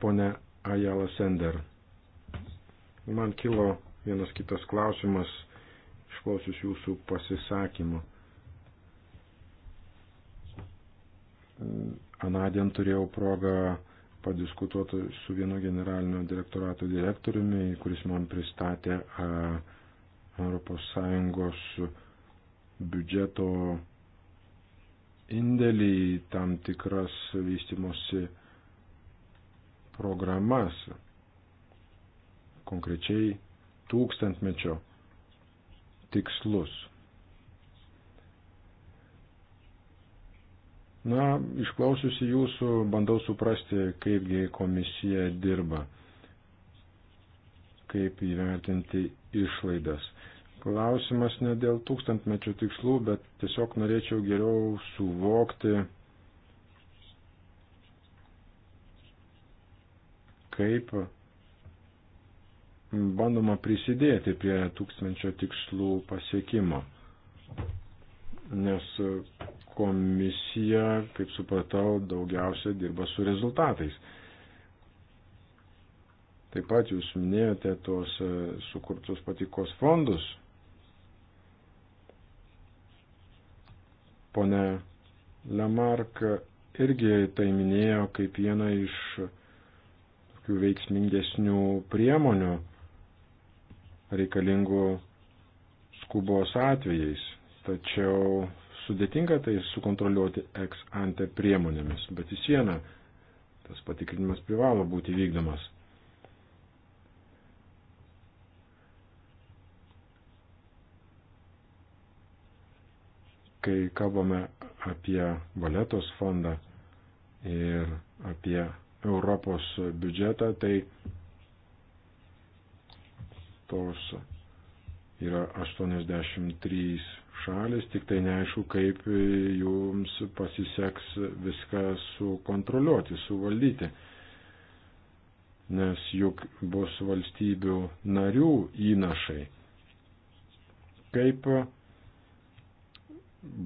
ponė Ajala Sender. Man kilo vienas kitas klausimas išklausius jūsų pasisakymų. Anadien turėjau progą padiskutuoti su vienu generalinio direktorato direktoriumi, kuris man pristatė ES biudžeto indėlį į tam tikras vystimosi programas, konkrečiai tūkstantmečio tikslus. Na, išklausiusi jūsų, bandau suprasti, kaipgi komisija dirba, kaip įvertinti išlaidas. Klausimas ne dėl tūkstantmečio tikslų, bet tiesiog norėčiau geriau suvokti kaip bandoma prisidėti prie tūkstančio tikslų pasiekimo. Nes komisija, kaip supratau, daugiausia dirba su rezultatais. Taip pat jūs minėjote tuos sukurtus patikos fondus. Pone Lamark irgi tai minėjo kaip vieną iš kažkokių veiksmingesnių priemonių reikalingų skubos atvejais. Tačiau sudėtinga tai sukontroliuoti ex ante priemonėmis, bet į sieną tas patikrinimas privalo būti vykdomas. Kai kalbame apie valetos fondą ir apie Europos biudžetą, tai tos yra 83 šalis, tik tai neaišku, kaip jums pasiseks viską sukontroliuoti, suvaldyti. Nes juk bus valstybių narių įnašai. Kaip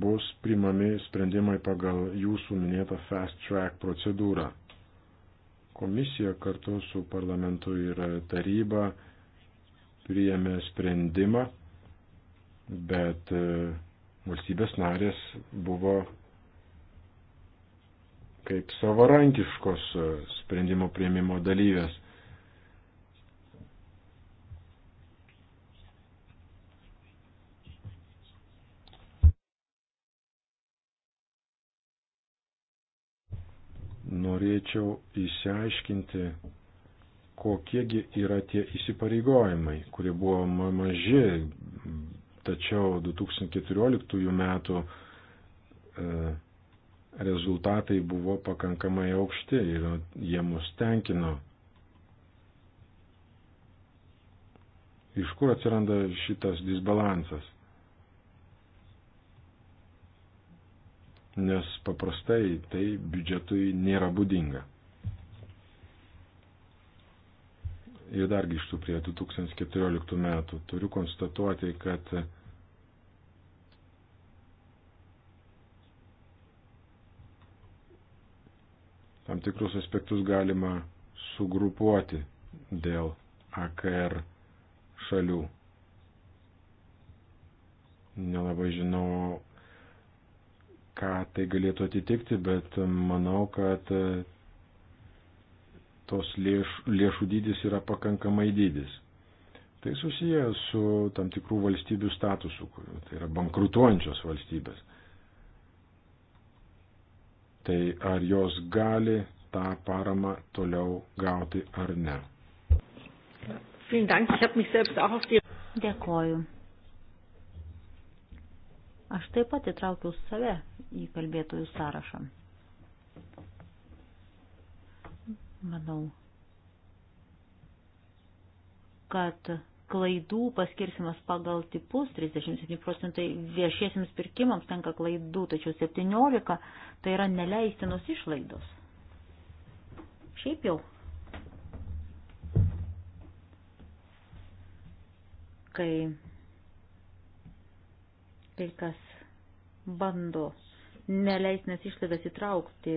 bus primami sprendimai pagal jūsų minėtą fast track procedūrą. Komisija kartu su parlamentu ir taryba priėmė sprendimą, bet e, valstybės narės buvo kaip savarankiškos e, sprendimo prieimimo dalyvės. norėčiau įsiaiškinti, kokiegi yra tie įsipareigojimai, kurie buvo maži, tačiau 2014 metų e, rezultatai buvo pakankamai aukšti ir jie mus tenkino. Iš kur atsiranda šitas disbalansas? nes paprastai tai biudžetui nėra būdinga. Ir dar grįžtų prie 2014 metų. Turiu konstatuoti, kad tam tikrus aspektus galima sugrupuoti dėl AKR šalių. Nelabai žinau, ką tai galėtų atitikti, bet manau, kad e, tos lėš, lėšų dydis yra pakankamai dydis. Tai susiję su tam tikrų valstybių statusu, tai yra bankrutuojančios valstybės. Tai ar jos gali tą paramą toliau gauti ar ne. Dėkoju. Aš taip pat įtraukiau save į kalbėtojų sąrašą. Manau, kad klaidų paskirsimas pagal tipus 37 procentai viešiesiams pirkimams tenka klaidų, tačiau 17 tai yra neleistinos išlaidos. Šiaip jau. Kai kai kas bando neleisnės išlaidas įtraukti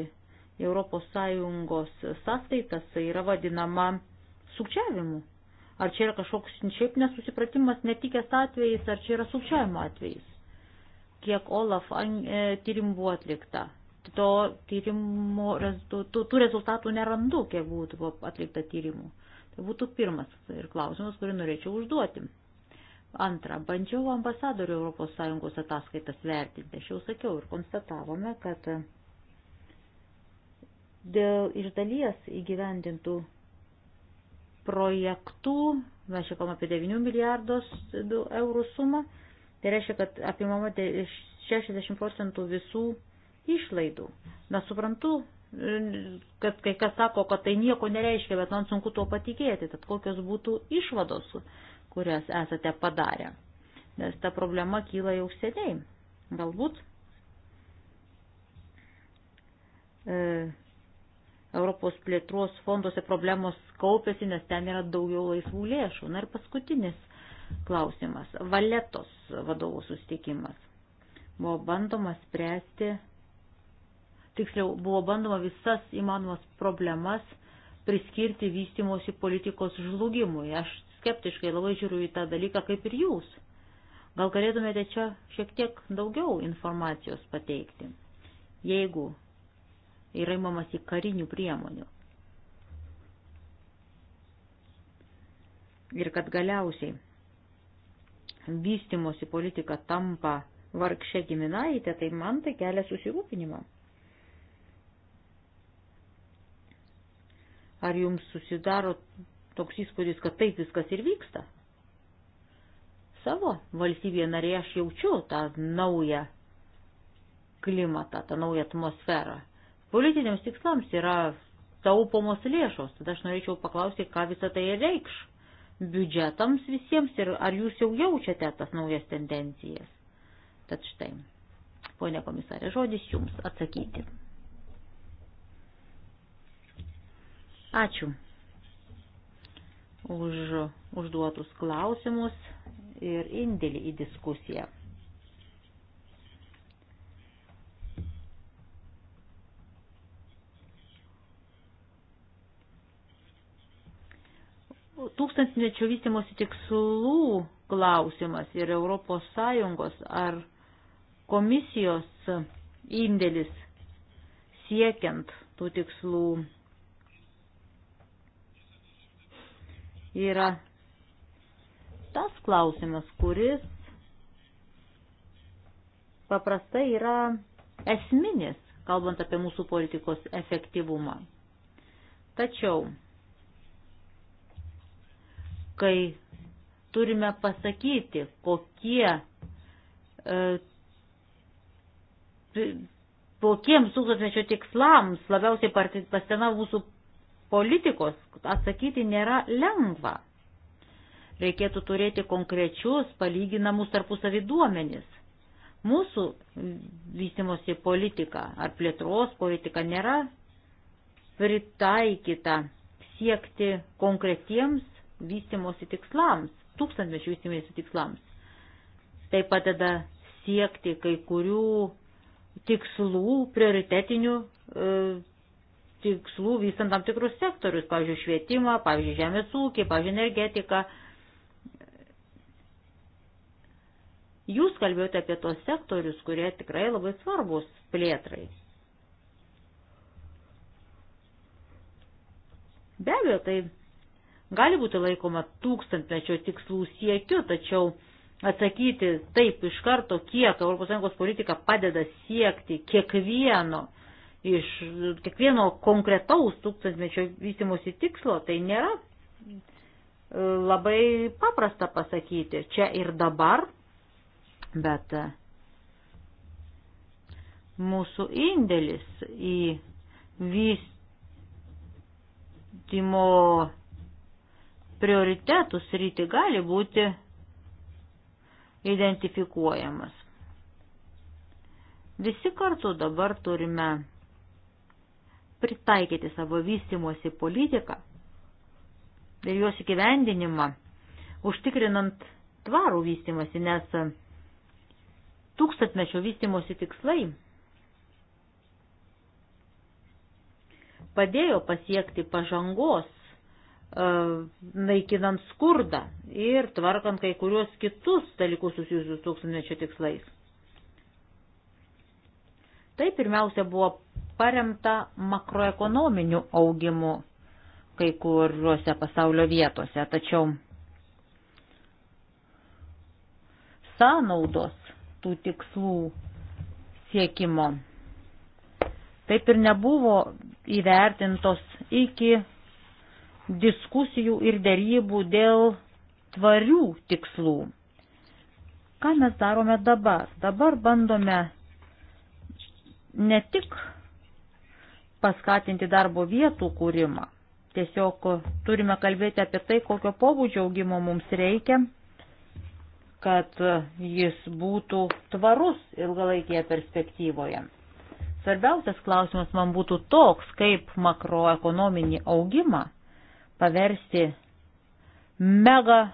į ES sąskaitas, tai yra vadinama sukčiavimu. Ar čia yra kažkoks šiaip nesusipratimas, netikės atvejais, ar čia yra sukčiavimo atvejais? Kiek OLAF e, tyrimų buvo atlikta? To tyrimo, tų, tų rezultatų nerandu, kiek būtų atlikta tyrimų. Tai būtų pirmas ir klausimas, kurį norėčiau užduoti. Antra, bandžiau ambasadorių ES ataskaitas vertinti. Aš jau sakiau ir konstatavome, kad dėl iš dalies įgyvendintų projektų, mes čia kalbame apie 9 milijardus eurų sumą, tai reiškia, kad apimama 60 procentų visų išlaidų. Mes suprantu, kad kai kas sako, kad tai nieko nereiškia, bet man sunku tuo patikėti, tad kokios būtų išvados, kurias esate padarę. Nes ta problema kyla jau seniai. Galbūt e, Europos plėtros fonduose problemos kaupėsi, nes ten yra daugiau laisvų lėšų. Na ir paskutinis klausimas. Valetos vadovų sustikimas. Buvo bandoma spręsti, tiksliau, buvo bandoma visas įmanomas problemas priskirti vystimosi politikos žlugimui. Aš skeptiškai labai žiūriu į tą dalyką kaip ir jūs. Gal galėtumėte čia šiek tiek daugiau informacijos pateikti, jeigu yra įmamas į karinių priemonių. Ir kad galiausiai vystimosi politika tampa vargšė giminaitė, tai man tai kelia susirūpinimą. Ar jums susidaro toks įspūdis, kad taip viskas ir vyksta. Savo valstybėje narėje aš jaučiu tą naują klimatą, tą naują atmosferą. Politiniams tikslams yra taupomos lėšos, tad aš norėčiau paklausti, ką visą tai reikš biudžetams visiems ir ar jūs jau jaučiate tas naujas tendencijas. Tad štai, ponė komisarė, žodis jums atsakyti. Ačiū už užduotus klausimus ir indėlį į diskusiją. Tūkstantmečio vystimosi tikslų klausimas ir ES ar komisijos indėlis siekiant tų tikslų yra tas klausimas, kuris paprastai yra esminis, kalbant apie mūsų politikos efektyvumą. Tačiau, kai turime pasakyti, kokie, e, kokiems tūkstantmečio tikslams labiausiai pasitarnavo mūsų politikos atsakyti nėra lengva. Reikėtų turėti konkrečius palyginamus tarpusavį duomenis. Mūsų vystimosi politika ar plėtros politika nėra pritaikyta siekti konkretiems vystimosi tikslams, tūkstantmečių vystimosi tikslams. Tai padeda siekti kai kurių tikslų prioritetinių e, tikslų vystant tam tikrus sektorius, pavyzdžiui, švietimą, pavyzdžiui, žemės ūkį, pavyzdžiui, energetiką. Jūs kalbėjote apie tos sektorius, kurie tikrai labai svarbus plėtrai. Be abejo, tai gali būti laikoma tūkstantmečio tikslų siekiu, tačiau atsakyti taip iš karto, kiek ES politika padeda siekti kiekvieno iš kiekvieno konkretaus tūkstantmečio vystimosi tikslo, tai nėra e, labai paprasta pasakyti čia ir dabar, bet e, mūsų indėlis į vystymo prioritetų sritį gali būti identifikuojamas. Visi kartu dabar turime pritaikyti savo vystimosi politiką ir jos įgyvendinimą, užtikrinant tvarų vystimasi, nes tūkstantmečio vystimosi tikslai padėjo pasiekti pažangos, e, naikinant skurdą ir tvarkant kai kurios kitus dalykus susijusius tūkstantmečio tikslais. Tai pirmiausia buvo paremta makroekonominiu augimu kai kuriuose pasaulio vietose. Tačiau sąnaudos tų tikslų siekimo taip ir nebuvo įvertintos iki diskusijų ir dėrybų dėl tvarių tikslų. Ką mes darome dabar? Dabar bandome ne tik paskatinti darbo vietų kūrimą. Tiesiog turime kalbėti apie tai, kokio pobūdžio augimo mums reikia, kad jis būtų tvarus ilgalaikėje perspektyvoje. Svarbiausias klausimas man būtų toks, kaip makroekonominį augimą paversti mega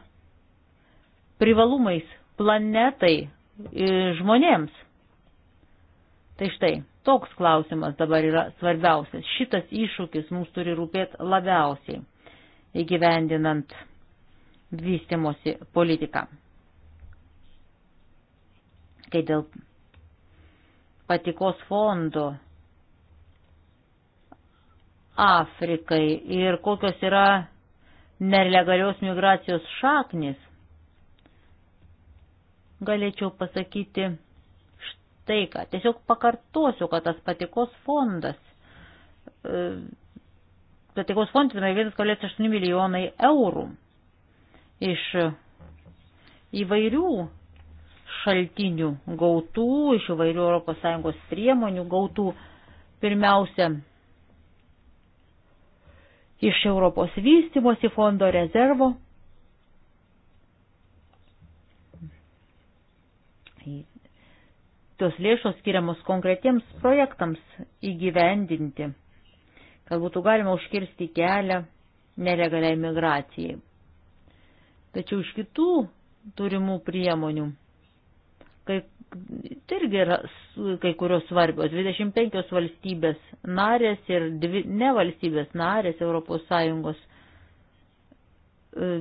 privalumais planetai e, žmonėms. Tai štai, Toks klausimas dabar yra svarbiausias. Šitas iššūkis mums turi rūpėti labiausiai įgyvendinant vystimosi politiką. Kai dėl patikos fondo Afrikai ir kokios yra nelegalios migracijos šaknis, galėčiau pasakyti tai, ką tiesiog pakartosiu, kad tas patikos fondas, e, patikos fondas yra 1,8 milijonai eurų iš įvairių šaltinių gautų, iš įvairių ES priemonių gautų, pirmiausia, iš Europos vystimosi fondo rezervo tos lėšos skiriamos konkretiems projektams įgyvendinti, kad būtų galima užkirsti kelią nelegaliai migracijai. Tačiau iš kitų turimų priemonių, kai, tai irgi yra kai kurios svarbios, 25 valstybės narės ir dvi, ne valstybės narės Europos Sąjungos e,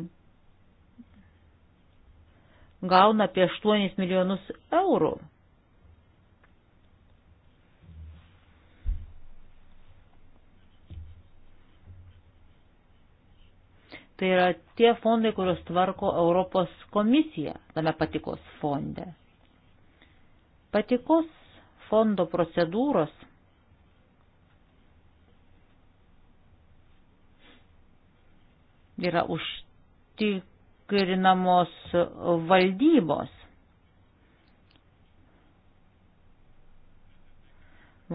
gauna apie 8 milijonus eurų Tai yra tie fondai, kuriuos tvarko Europos komisija tame patikos fonde. Patikos fondo procedūros yra užtikrinamos valdybos.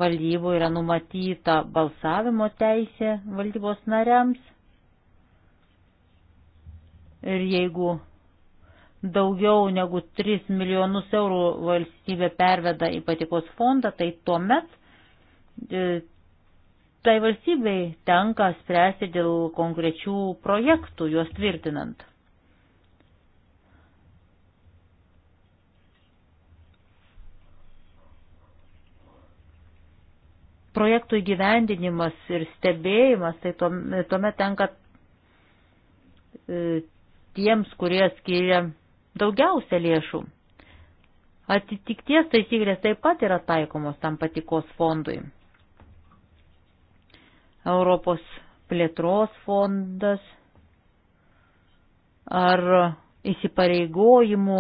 Valdybo yra numatyta balsavimo teisė valdybos nariams Ir jeigu daugiau negu 3 milijonus eurų valstybė perveda į patikos fondą, tai tuomet e, tai valstybei tenka spręsti dėl konkrečių projektų, juos tvirtinant. projektų įgyvendinimas ir stebėjimas, tai tuomet tenka e, tiems, kurie skiria daugiausia lėšų. Atitikties taisyklės taip pat yra taikomos tam patikos fondui. Europos plėtros fondas ar įsipareigojimų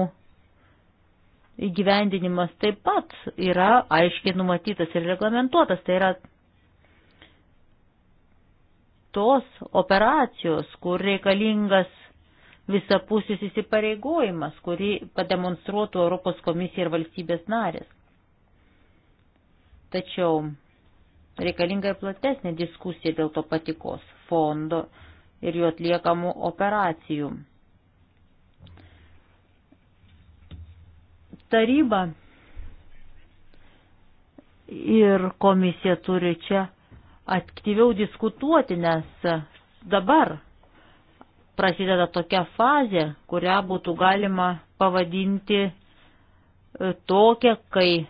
įgyvendinimas taip pat yra aiškiai numatytas ir reglamentuotas. Tai yra tos operacijos, kur reikalingas visapusis įsipareigojimas, kurį pademonstruotų Europos komisija ir valstybės narės. Tačiau reikalinga ir platesnė diskusija dėl to patikos fondo ir jų atliekamų operacijų. Taryba ir komisija turi čia aktyviau diskutuoti, nes dabar prasideda tokia fazė, kurią būtų galima pavadinti e, tokia, kai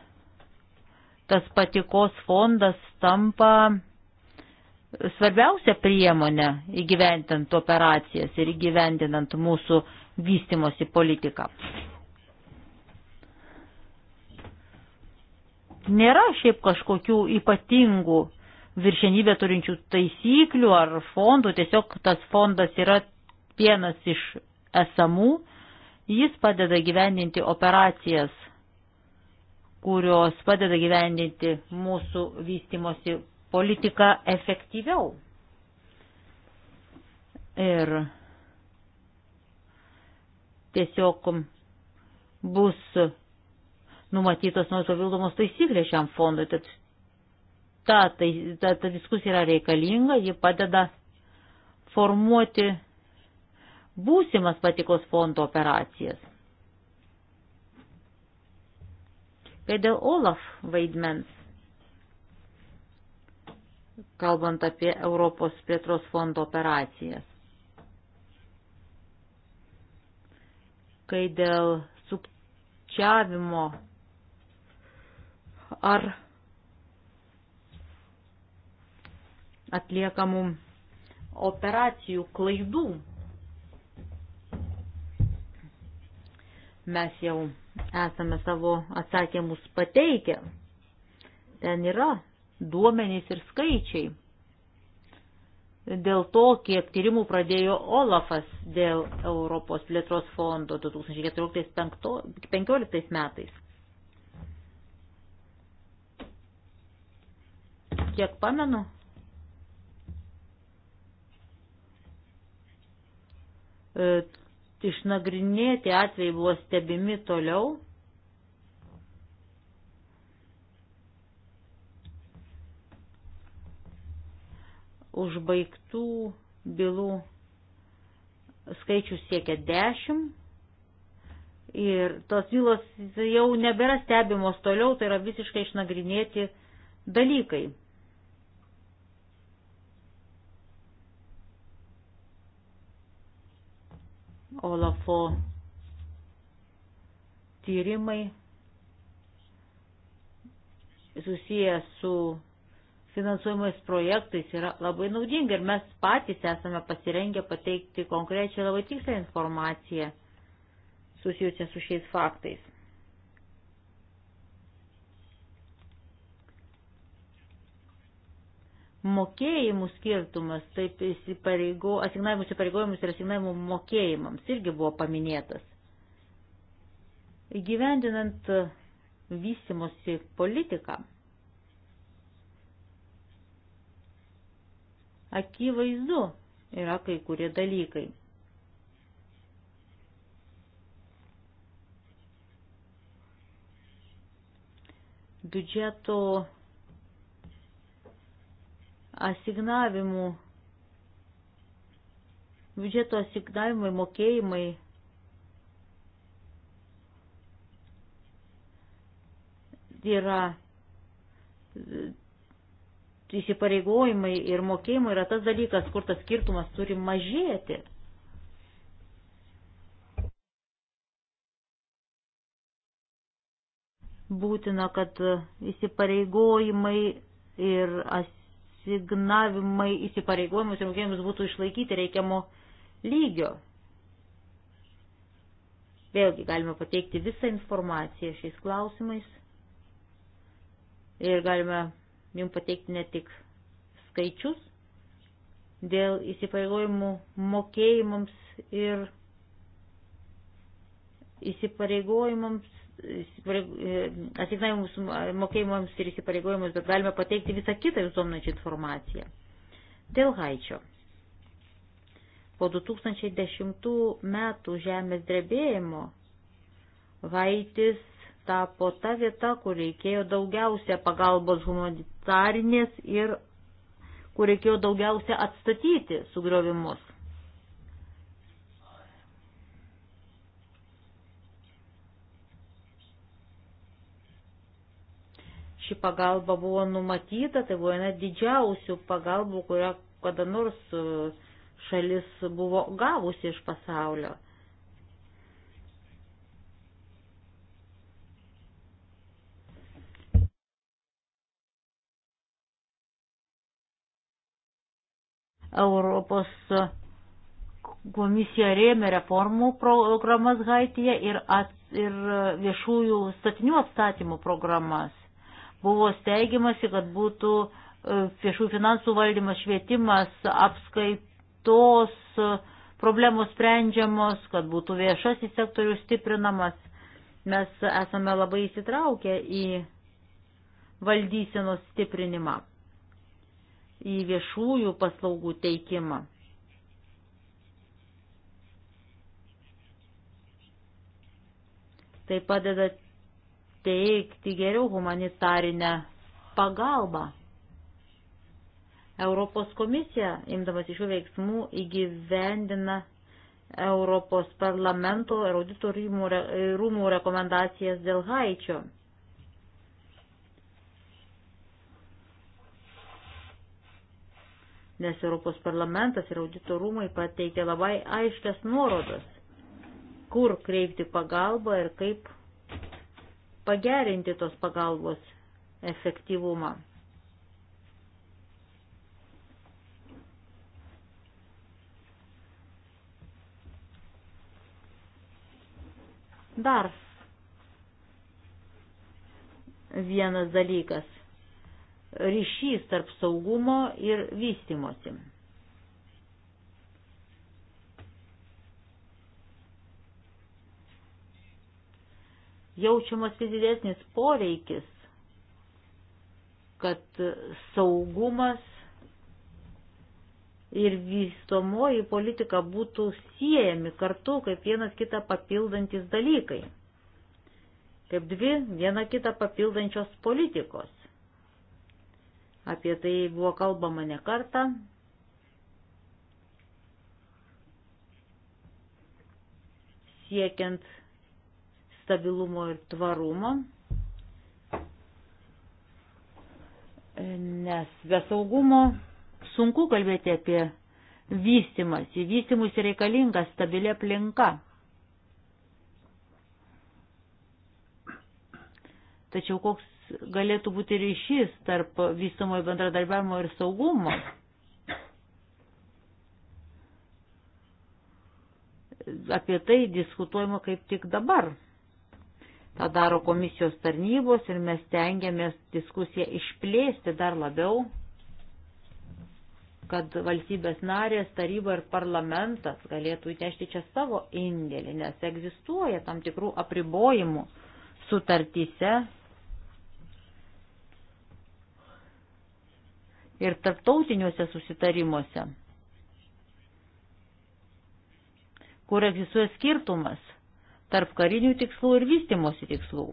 tas patikos fondas tampa e, svarbiausia priemonė įgyventinant operacijas ir įgyvendinant mūsų vystimosi politiką. Nėra šiaip kažkokių ypatingų viršenybę turinčių taisyklių ar fondų, tiesiog tas fondas yra vienas iš esamų, jis padeda gyveninti operacijas, kurios padeda gyveninti mūsų vystimosi politiką efektyviau. Ir tiesiog bus numatytos nuo papildomos taisyklės šiam fondui. Tad ta, tai, ta, ta diskusija yra reikalinga, ji padeda formuoti būsimas patikos fondo operacijas. Kai dėl Olaf vaidmens, kalbant apie Europos plėtros fondo operacijas, kai dėl sukčiavimo ar atliekamų operacijų klaidų Mes jau esame savo atsakymus pateikę. Ten yra duomenys ir skaičiai. Dėl to, kiek tyrimų pradėjo Olafas dėl Europos plėtros fondo 2014-2015 metais. Kiek pamenu, išnagrinėti atvejai buvo stebimi toliau. Užbaigtų bylų skaičius siekia 10 ir tos bylos jau nebėra stebimos toliau, tai yra visiškai išnagrinėti dalykai. Olafo tyrimai susiję su finansuojamais projektais yra labai naudingi ir mes patys esame pasirengę pateikti konkrečią labai tikslę informaciją susijusią su šiais faktais. mokėjimų skirtumas, taip įsipareigo, asignavimų įsipareigojimus ir asignavimų mokėjimams irgi buvo paminėtas. Įgyvendinant vystimosi politiką, akivaizdu yra kai kurie dalykai. Biudžeto asignavimų, biudžeto asignavimai, mokėjimai. Yra įsipareigojimai ir mokėjimai yra tas dalykas, kur tas skirtumas turi mažėti. Būtina, kad įsipareigojimai ir as, asignavimai įsipareigojimus ir mokėjimus būtų išlaikyti reikiamo lygio. Vėlgi galime pateikti visą informaciją šiais klausimais ir galime jums pateikti ne tik skaičius dėl įsipareigojimų mokėjimams ir įsipareigojimams E, asignavimus mokėjimams ir įsipareigojimus, bet galime pateikti visą kitą visuomenčią informaciją. Dėl haičio. Po 2010 metų žemės drebėjimo Haitis tapo ta vieta, kur reikėjo daugiausia pagalbos humanitarinės ir kur reikėjo daugiausia atstatyti sugriovimus. ši pagalba buvo numatyta, tai buvo viena didžiausių pagalbų, kurią kada nors e, šalis buvo gavusi iš pasaulio. Europos komisija rėmė reformų programas Haityje ir, at, ir viešųjų statinių atstatymų programas. Buvo steigiamasi, kad būtų e, viešų finansų valdymas, švietimas, apskaitos e, problemos sprendžiamos, kad būtų viešasis sektorius stiprinamas. Mes esame labai įsitraukę į valdysenos stiprinimą, į viešųjų paslaugų teikimą. Tai padeda teikti geriau humanitarinę pagalbą. Europos komisija, imdamas iš jų veiksmų, įgyvendina Europos parlamento ir audito rūmų, rūmų rekomendacijas dėl haičio. Nes Europos parlamentas ir audito rūmai pateikė labai aiškias nuorodas, kur kreipti pagalbą ir kaip pagerinti tos pagalbos efektyvumą. Dar vienas dalykas - ryšys tarp saugumo ir vystimosi. jaučiamas vis didesnis poreikis, kad saugumas ir vystomoji politika būtų siejami kartu kaip vienas kitą papildantis dalykai, kaip dvi vieną kitą papildančios politikos. Apie tai buvo kalbama ne kartą. Siekiant stabilumo ir tvarumo, nes be saugumo sunku kalbėti apie vystimas. Į vystimus reikalinga stabilė aplinka. Tačiau koks galėtų būti ryšys tarp vystumojo bendradarbiavimo ir saugumo? Apie tai diskutuojama kaip tik dabar tą daro komisijos tarnybos ir mes tengiamės diskusiją išplėsti dar labiau, kad valstybės narės, taryba ir parlamentas galėtų įnešti čia savo indėlį, nes egzistuoja tam tikrų apribojimų sutartyse. Ir tarptautiniuose susitarimuose, kur egzistuoja skirtumas tarp karinių tikslų ir vystimosi tikslų.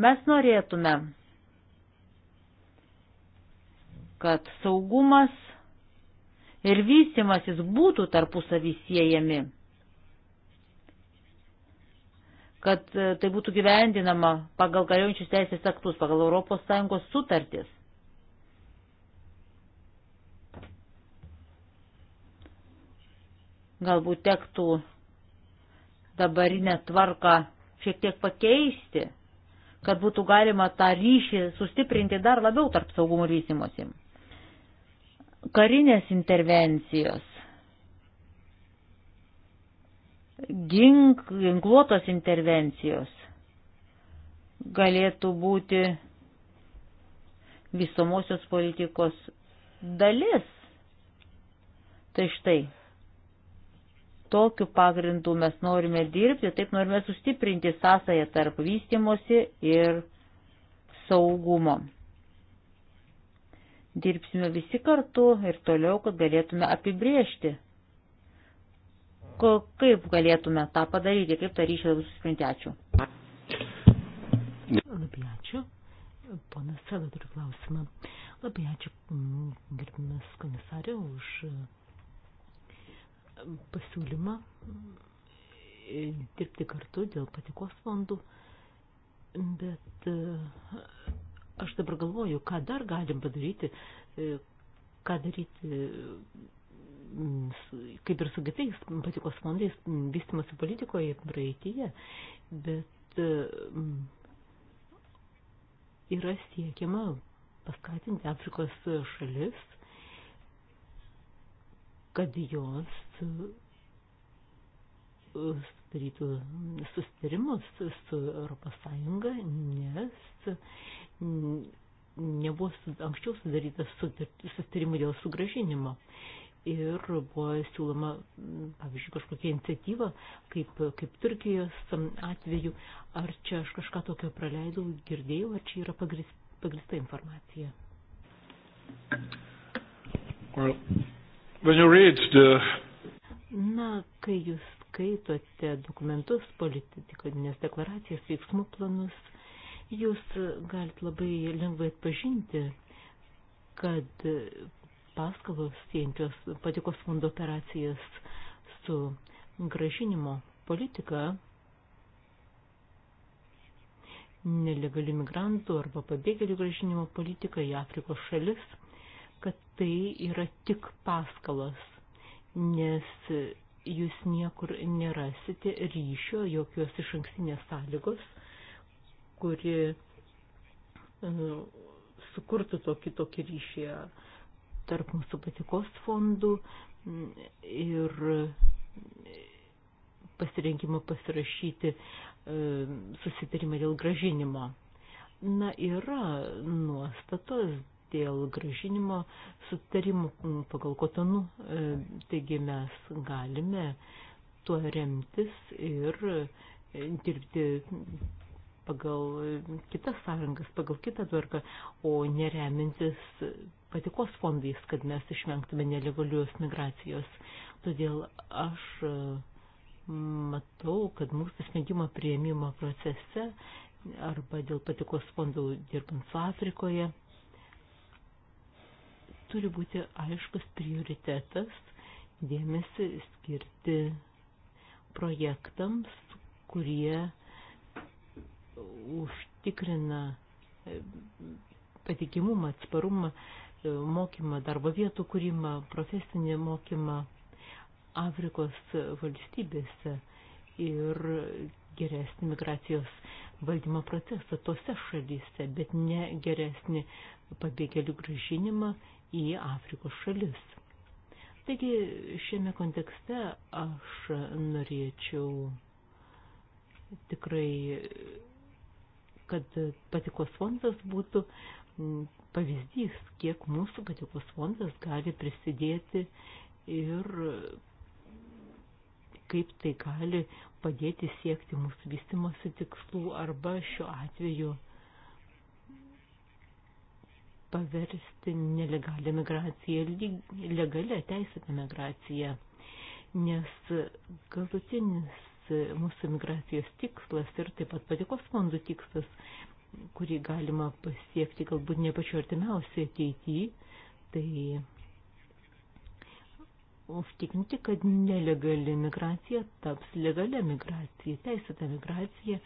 Mes norėtume, kad saugumas ir vystimasis būtų tarpusavį siejami, kad e, tai būtų gyvendinama pagal galiojančius teisės aktus, pagal ES sutartis. Galbūt tektų dabarinę tvarką šiek tiek pakeisti, kad būtų galima tą ryšį sustiprinti dar labiau tarp saugumo ir vystimosi. Karinės intervencijos, gink, ginkluotos intervencijos galėtų būti visomosios politikos dalis. Tai štai, tokiu pagrindu mes norime dirbti, taip norime sustiprinti sąsąją tarp vystimosi ir saugumo. Dirbsime visi kartu ir toliau, kad galėtume apibriežti, ko, kaip galėtume tą padaryti, kaip tą ryšį sustiprinti. Ačiū. Labai ačiū. Ponas Sela turi klausimą. Labai ačiū, gerbimas komisarė, už pasiūlymą e, dirbti kartu dėl patikos fondų, bet e, aš dabar galvoju, ką dar galim padaryti, e, ką daryti kaip ir su kitais patikos fondais vystimosi politikoje praeityje, bet yra siekiama paskatinti Afrikos šalis, kad jos sudarytų sustarimus su Europos Sąjunga, nes nebuvo anksčiau sudarytas sustarimų dėl sugražinimo. Ir buvo siūloma, pavyzdžiui, kažkokia iniciatyva, kaip, kaip Turkijos atveju, ar čia aš kažką tokio praleidau, girdėjau, ar čia yra pagrist, pagrista informacija. Well, when you read the Na, kai jūs skaitote dokumentus, politikinės deklaracijas, veiksmų planus, jūs galite labai lengvai atpažinti, kad paskalos siejančios patikos fondo operacijas su gražinimo politika nelegalių migrantų arba pabėgėlių gražinimo politiką į Afrikos šalis, kad tai yra tik paskalas nes jūs niekur nerasite ryšio, jokios iš ankstinės sąlygos, kuri e, sukurtų tokį tokį ryšį tarp mūsų patikos fondų ir pasirinkimo pasirašyti e, susitarimą dėl gražinimo. Na, yra nuostatos dėl gražinimo sutarimų pagal kotonų, e, taigi mes galime tuo remtis ir e, dirbti pagal kitas sąrangas, pagal kitą tvarką, o neremintis patikos fondais, kad mes išvengtume nelegalios migracijos. Todėl aš e, matau, kad mūsų sprendimo prieimimo procese arba dėl patikos fondų dirbant su Afrikoje turi būti aiškus prioritetas dėmesį skirti projektams, kurie užtikrina e, patikimumą, atsparumą, e, mokymą, darbo vietų kūrimą, profesinį mokymą Afrikos valstybėse ir geresnį migracijos valdymo procesą tose šalyse, bet ne geresnį pabėgėlių gražinimą į Afrikos šalis. Taigi šiame kontekste aš norėčiau tikrai, kad patikos fondas būtų pavyzdys, kiek mūsų patikos fondas gali prisidėti ir kaip tai gali padėti siekti mūsų vystimosi tikslų arba šiuo atveju paversti nelegalią migraciją legalę teisėtą migraciją, nes galutinis mūsų migracijos tikslas ir taip pat patikos fondų tikslas, kurį galima pasiekti galbūt ne pačiu artimiausiai ateityje, tai užtikrinti, kad nelegali migracija taps legalia migracija, teisėta migracija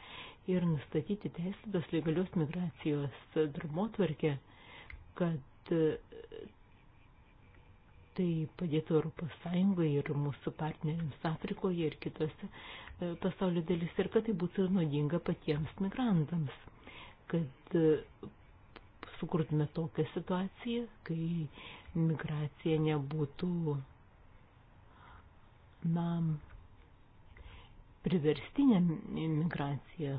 ir nustatyti teisėtos legalios migracijos darbotvarkę kad e, tai padėtų Europos Sąjungai ir mūsų partneriams Afrikoje ir kitose e, pasaulio dalis ir kad tai būtų naudinga patiems migrantams, kad e, sukurtume tokią situaciją, kai migracija nebūtų na, priverstinė migracija,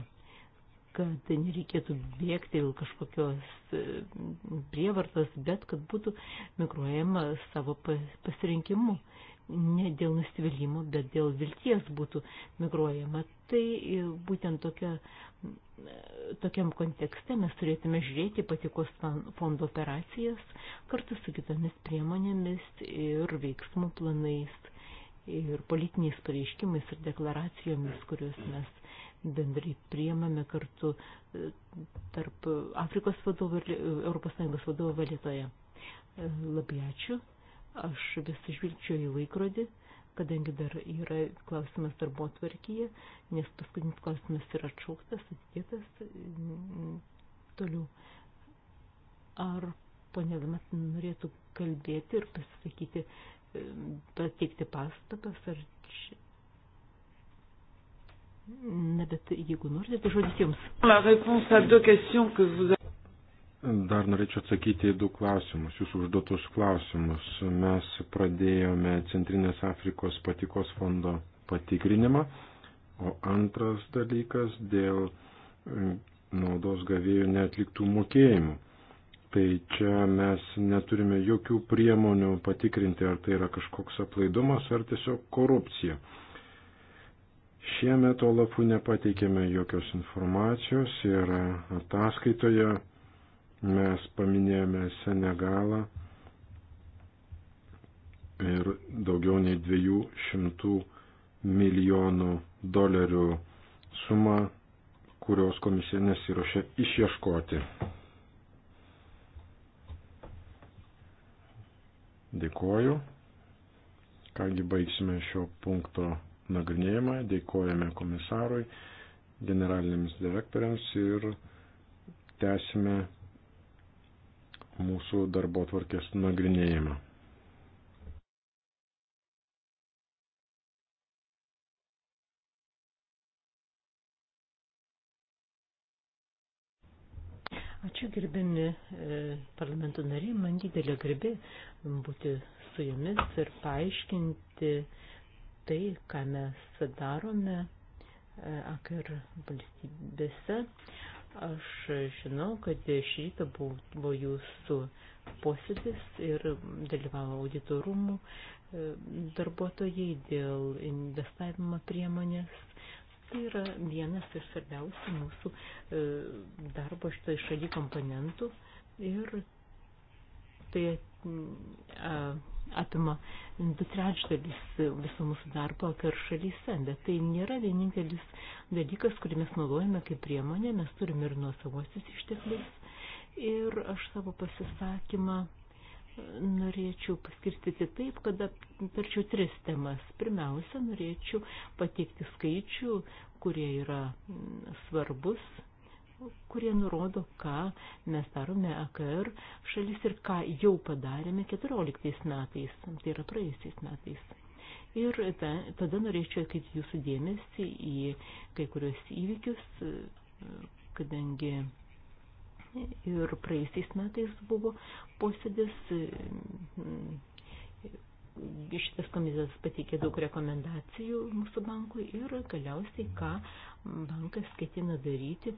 kad tai nereikėtų bėgti dėl kažkokios e, prievartos, bet kad būtų migruojama savo pasirinkimu. Ne dėl nusivylimų, bet dėl vilties būtų migruojama. Tai e, būtent tokia, e, tokiam kontekste mes turėtume žiūrėti patikos fondo operacijas kartu su kitomis priemonėmis ir veiksmų planais ir politiniais pareiškimais ir deklaracijomis, kuriuos mes bendrai priemame kartu e, tarp Afrikos vadovų ir ES vadovų valytoje. E, labai ačiū. Aš vis žvilgčiau į laikrodį, kadangi dar yra klausimas darbo tvarkyje, nes paskutinis klausimas yra atšauktas, atidėtas. Toliau. Ar ponė Damas norėtų kalbėti ir pasisakyti, e, pateikti pastabas, ar čia negalime, bet jeigu norite, tai žodis jums. Dar norėčiau atsakyti į du klausimus, jūsų užduotus klausimus. Mes pradėjome Centrinės Afrikos patikos fondo patikrinimą, o antras dalykas dėl e, naudos gavėjų neatliktų mokėjimų. Tai čia mes neturime jokių priemonių patikrinti, ar tai yra kažkoks aplaidumas, ar tiesiog korupcija. Šiemet Olafu nepateikėme jokios informacijos ir ataskaitoje mes paminėjome Senegalą ir daugiau nei 200 milijonų dolerių sumą, kurios komisija nesiuošia išieškoti. Dėkoju. Kągi baigsime šio punkto nagrinėjimą. Dėkojame komisarui, generaliniams direktoriams ir tęsime mūsų darbo tvarkės nagrinėjimą. Ačiū gerbiami e, parlamento nariai, man didelė garbė būti su jumis ir paaiškinti tai, ką mes darome e, AKR valstybėse. Aš žinau, kad šį rytą buvo, buvo jūsų posėdis ir dalyvavo auditorumų e, darbuotojai dėl investavimo priemonės. Tai yra vienas iš svarbiausių mūsų e, darbo šitoj šaly komponentų ir tai a, apima du trečdalis viso mūsų darbo per šalyse, bet tai nėra vienintelis dalykas, kurį mes naudojame kaip priemonė, mes turime ir nuosavosius išteklius. Ir aš savo pasisakymą norėčiau paskirstyti taip, kad aptarčiau tris temas. Pirmiausia, norėčiau pateikti skaičių, kurie yra svarbus kurie nurodo, ką mes darome AKR šalis ir ką jau padarėme 14 metais, tai yra praėjusiais metais. Ir ta, tada norėčiau atkreipti jūsų dėmesį į kai kurios įvykius, kadangi ir praeisiais metais buvo posėdis, e, šitas komitetas pateikė daug rekomendacijų mūsų bankui ir galiausiai, ką bankas ketina daryti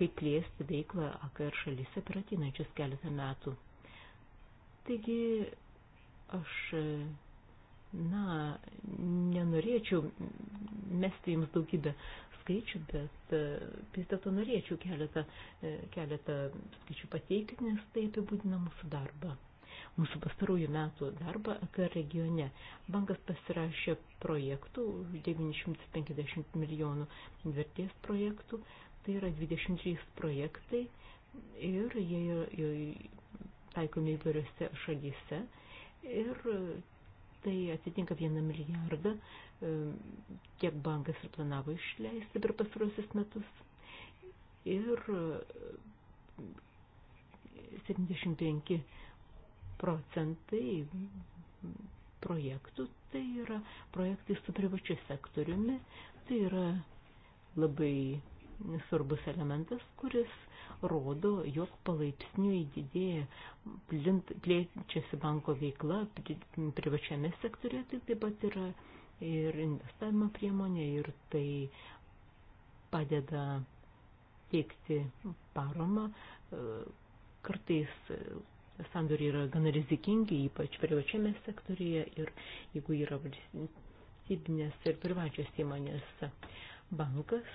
kaip plėsti veiklą AKR šalyse per ateinančius keletą metų. Taigi aš, na, nenorėčiau mesti jums daugybę skaičių, bet vis dėlto norėčiau keletą, keletą skaičių pateikti, nes tai apibūdina mūsų darbą. Mūsų pastarųjų metų darbą AKR regione. Bankas pasirašė projektų, 950 milijonų vertės projektų, Tai yra 23 projektai ir jie yra taikomi įvairiose šalyse ir tai atitinka vieną milijardą, e, kiek bankas ir planavo išleisti per pastarosius metus. Ir 75 e, procentai projektų, tai yra projektai su privačiu sektoriumi, tai yra labai svarbus elementas, kuris rodo, jog palaipsniui didėja, plėčiasi banko veikla privačiame sektorėje, tai taip pat yra ir investavimo priemonė ir tai padeda teikti paramą. Kartais sandoriai yra gana rizikingi, ypač privačiame sektorėje ir jeigu yra valstybinės ir privačios įmonės. Bankas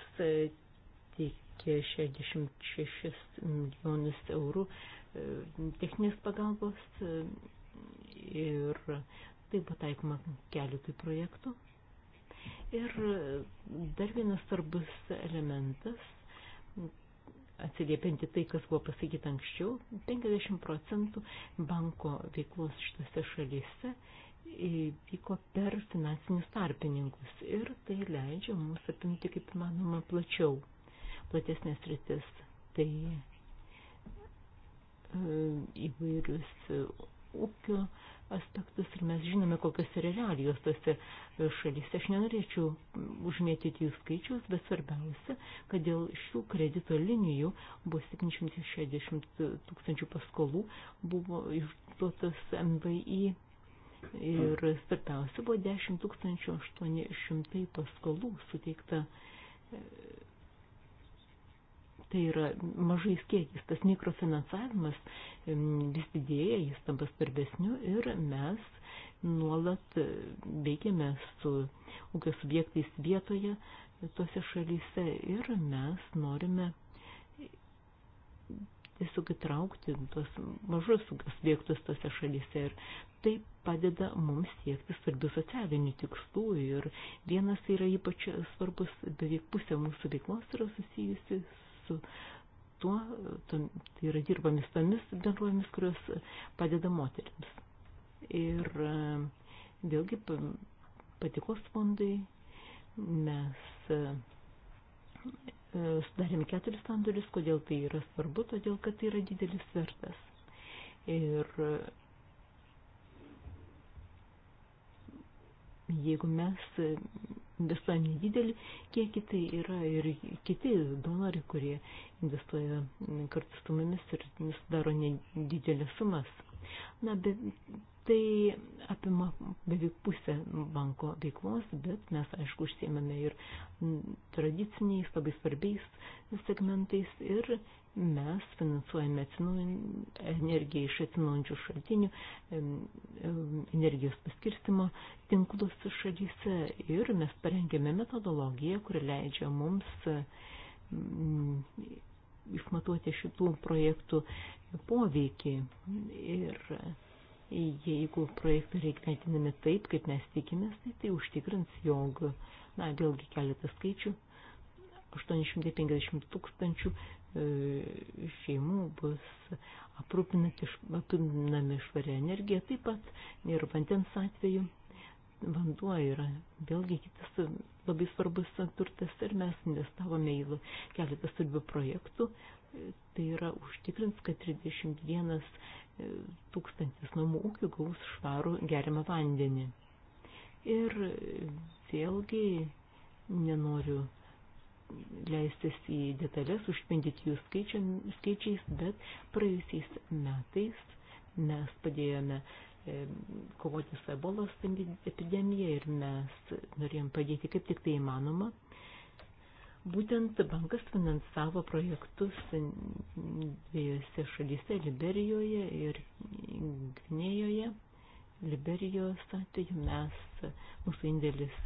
teikė 66 milijonus eurų e, techninės pagalbos e, ir tai buvo taikoma keletui projektų. Ir e, dar vienas svarbus elementas, atsiliepinti tai, kas buvo pasakyta anksčiau, 50 procentų banko veiklos šitose šalyse vyko per finansinius tarpininkus ir tai leidžia mums apimti kaip manoma plačiau platesnės rytis, tai e, įvairius ūkio aspektus ir mes žinome, kokios yra realijos tose šalyse. Aš nenorėčiau užmėtyti jų skaičius, bet svarbiausia, kad dėl šių kredito linijų buvo 760 tūkstančių paskolų, buvo išduotas MVI ir svarbiausia buvo 10 800 paskolų suteikta e, tai yra mažais kiekis, tas mikrofinansavimas vis didėja, jis tampa svarbesniu ir mes nuolat e, veikiame su ūkio subjektais vietoje tose šalyse ir mes norime tiesiog įtraukti tuos mažus ūkio subjektus tose šalyse ir tai padeda mums siekti svarbių socialinių tikslų ir vienas yra ypač svarbus, beveik pusė mūsų veiklos yra susijusi su tuo, tai yra dirbamis tomis bendrovėmis, kurios padeda moteriams. Ir e, vėlgi patikos fondai mes e, e, sudarėme keturis sandorius, kodėl tai yra svarbu, todėl kad tai yra didelis svertas. Ir jeigu mes investuoja nedidelį kiekį, tai yra ir kiti donorai, kurie investuoja kartu su mumis ir sudaro nedidelės sumas. Na, bet tai apima beveik pusę banko veiklos, bet mes, aišku, užsiemame ir tradiciniais, labai svarbiais segmentais ir mes finansuojame energiją iš atsinaujančių šaltinių, energijos paskirstimo tinklus šalyse ir mes parengėme metodologiją, kuri leidžia mums išmatuoti šitų projektų poveikį ir jeigu projektai reikmetinami taip, kaip mes tikimės, tai tai užtikrins, jog, na, vėlgi keletą skaičių, 850 tūkstančių E, šeimų bus aprūpinami švaria energija taip pat ir vandens atveju. Vanduo yra vėlgi kitas labai svarbus turtas ir mes investavome į keletą svarbių projektų. Tai yra užtikrins, kad 31 e, tūkstantis namų ūkių gaus švarų geriamą vandenį. Ir vėlgi nenoriu leistis į detalės, užpildyti jų skaičiais, bet praėjusiais metais mes padėjome e, kovoti su ebolos epidemija ir mes norėjom padėti kaip tik tai įmanoma. Būtent bankas finansavo projektus dviejose šalyse, Liberijoje ir Gvinėjoje. Liberijos atveju mes, mūsų indėlis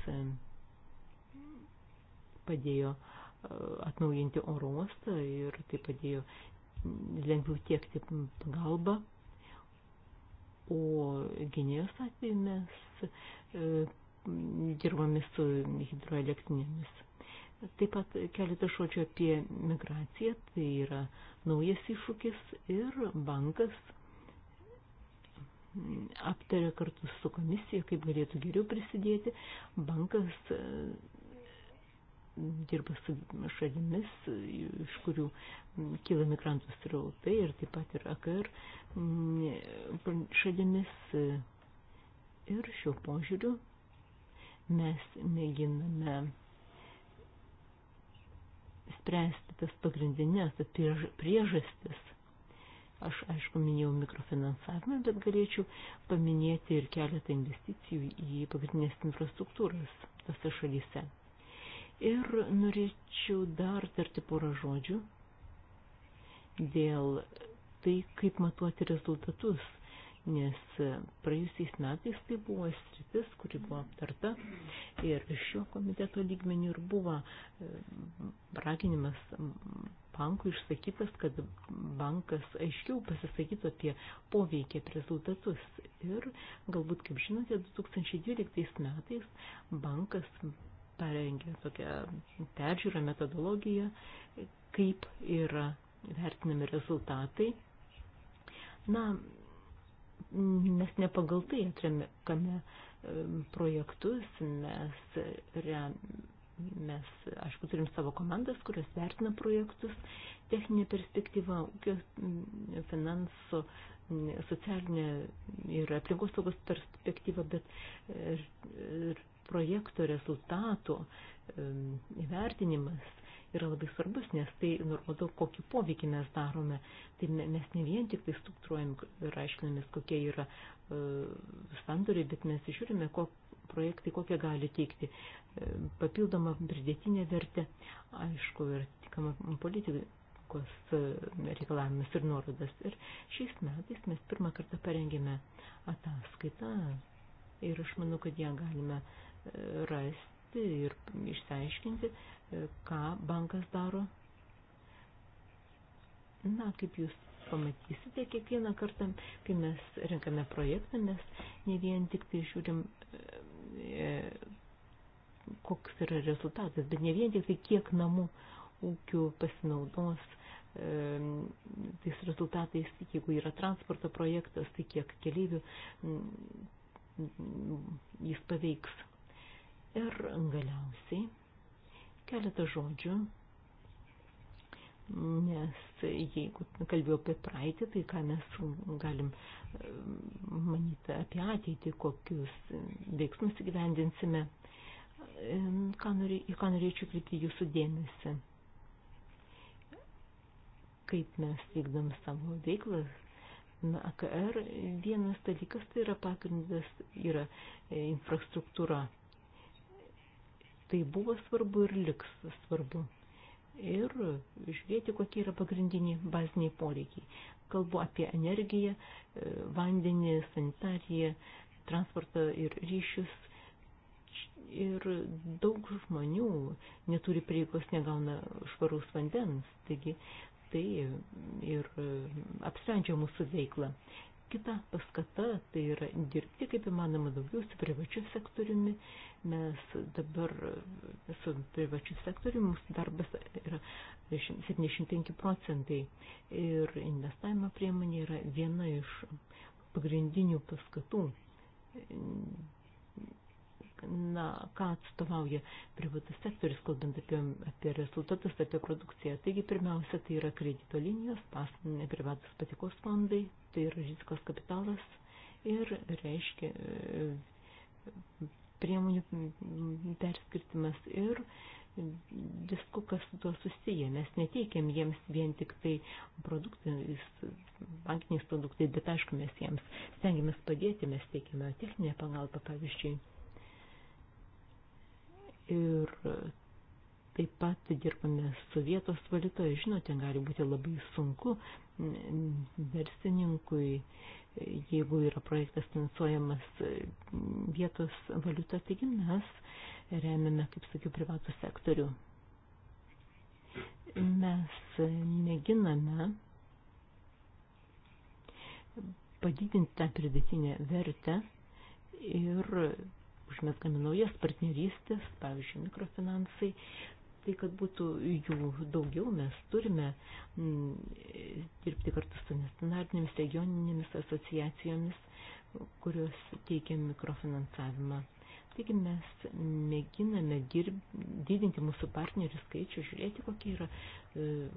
padėjo uh, atnaujinti oro uostą ir tai padėjo lengviau tiekti pagalbą. O gynėjos atveju mes e, dirbame su hidroelektrinėmis. Taip pat keletą žodžių apie migraciją, tai yra naujas iššūkis ir bankas aptarė kartu su komisija, kaip galėtų geriau prisidėti. Bankas dirba su šalimis, iš kurių kyla migrantų srautai ir taip pat ir AKR šalimis. Ir šiuo požiūriu mes mėginame spręsti tas pagrindinės priežastis. Aš, aišku, minėjau mikrofinansavimą, bet galėčiau paminėti ir keletą investicijų į pagrindinės infrastruktūras tose šalyse. Ir norėčiau dar tarti porą žodžių dėl tai, kaip matuoti rezultatus, nes praėjusiais metais tai buvo sritis, kuri buvo aptarta ir šio komiteto lygmenių ir buvo e, raginimas bankų išsakytas, kad bankas aiškiau pasisakytų apie poveikį apie rezultatus. Ir galbūt, kaip žinote, 2012 metais bankas parengė tokią peržiūrą, metodologiją, kaip yra vertinami rezultatai. Na, mes ne pagal tai atremkame e, projektus, mes, re, mes, aišku, turim savo komandas, kurios vertina projektus, techninė perspektyva, ūkio finansų, socialinė ir aplinkosaugos perspektyva, bet ir, e, ir projekto rezultato įvertinimas yra labai svarbus, nes tai nurodo, kokį poveikį mes darome. Tai mes ne vien tik tai struktūruojam ir aiškinamės, kokie yra e, sandoriai, bet mes žiūrime, kokie projektai kokią gali teikti e, papildomą pridėtinę vertę, aišku, ir tikama politikos e, reikalavimas ir nuorodas. Ir šiais metais mes pirmą kartą parengėme ataskaitą ir aš manau, kad ją galime uh, rasti ir išsiaiškinti, e, ką bankas daro. Na, kaip jūs pamatysite kiekvieną kartą, kai mes renkame projektą, mes ne vien tik tai žiūrim, e, koks yra rezultatas, bet ne vien tik tai kiek namų ūkių pasinaudos e, tais rezultatais, jeigu yra transporto projektas, tai kiek keliaivių jis paveiks Ir galiausiai keletą žodžių, nes jeigu kalbėjau apie praeitį, tai ką mes galim e, manyti apie ateitį, kokius veiksmus įgyvendinsime, e, ką norė, į ką norėčiau kreipti jūsų dėmesį, kaip mes vykdom savo veiklą, AKR vienas dalykas tai yra pagrindas, yra e, infrastruktūra tai buvo svarbu ir liks svarbu. Ir žiūrėti, kokie yra pagrindiniai baziniai poreikiai. Kalbu apie energiją, e, vandenį, sanitariją, transportą ir ryšius. Ir daug žmonių neturi prieigos, negauna švaraus vandens. Taigi tai ir e, apsprendžia mūsų veiklą kita paskata tai yra dirbti kaip įmanoma daugiau su privačiu sektoriumi. Mes dabar su privačiu sektoriumi mūsų darbas yra 75 procentai ir investavimo priemonė yra viena iš pagrindinių paskatų na, ką atstovauja privatus sektorius, kalbant apie, apie rezultatus, apie produkciją. Taigi, pirmiausia, tai yra kredito linijos, pas, privatus patikos fondai, tai yra rizikos kapitalas ir reiškia priemonių perskirtimas ir visku, kas su tuo susiję. Mes neteikiam jiems vien tik tai produktais, bankiniais produktais, bet aišku, mes jiems stengiamės padėti, mes teikiame techninę pagalbą, pavyzdžiui ir taip pat dirbame su vietos valytoje. Žinote, gali būti labai sunku versininkui, jeigu yra projektas finansuojamas vietos valiuta, taigi mes remiame, kaip sakiau, privatų sektorių. Mes mėginame padidinti tą pridėtinę vertę ir užmeskame naujas partnerystės, pavyzdžiui, mikrofinansai, tai kad būtų jų daugiau, mes turime mm, dirbti kartu su nacionalinėmis regioninėmis asociacijomis, kurios teikia mikrofinansavimą. Taigi mes mėginame dirb, didinti mūsų partnerių skaičių, žiūrėti, kokie yra, e,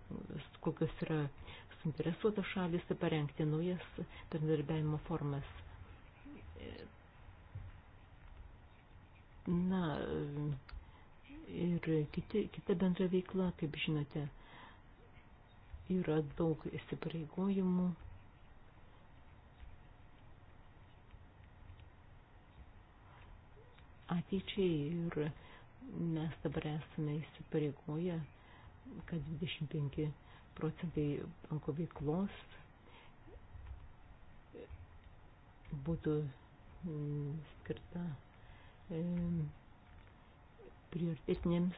kokios yra suinteresuotos šalis ir parengti naujas bendradarbiavimo formas. E, Na, ir kiti, kita bendra veikla, kaip žinote, yra daug įsipareigojimų. Ateičiai ir mes dabar esame įsipareigoję, kad 25 procentai banko veiklos būtų mm, skirta prioritetiniams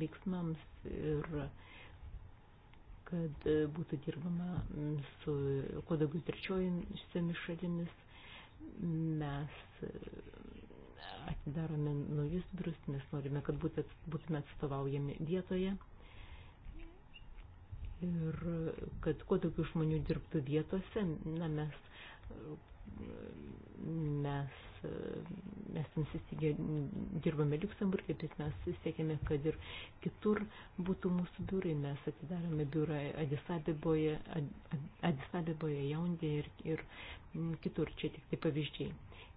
veiksmams ir kad būtų dirbama su kuo daugiau trečiojomis šalimis. Mes atidarome naujus biurus, mes norime, kad būtume atstovaujami vietoje ir kad kuo daugiau žmonių dirbtų vietose, na mes, mes mes insistygė dirbame Liuksemburgė, bet mes siekėme, kad ir kitur būtų mūsų biurai. Mes atidarėme biurą Adisabeboje, Adisabeboje Jaundė ir, ir kitur. Čia tik tai pavyzdžiai.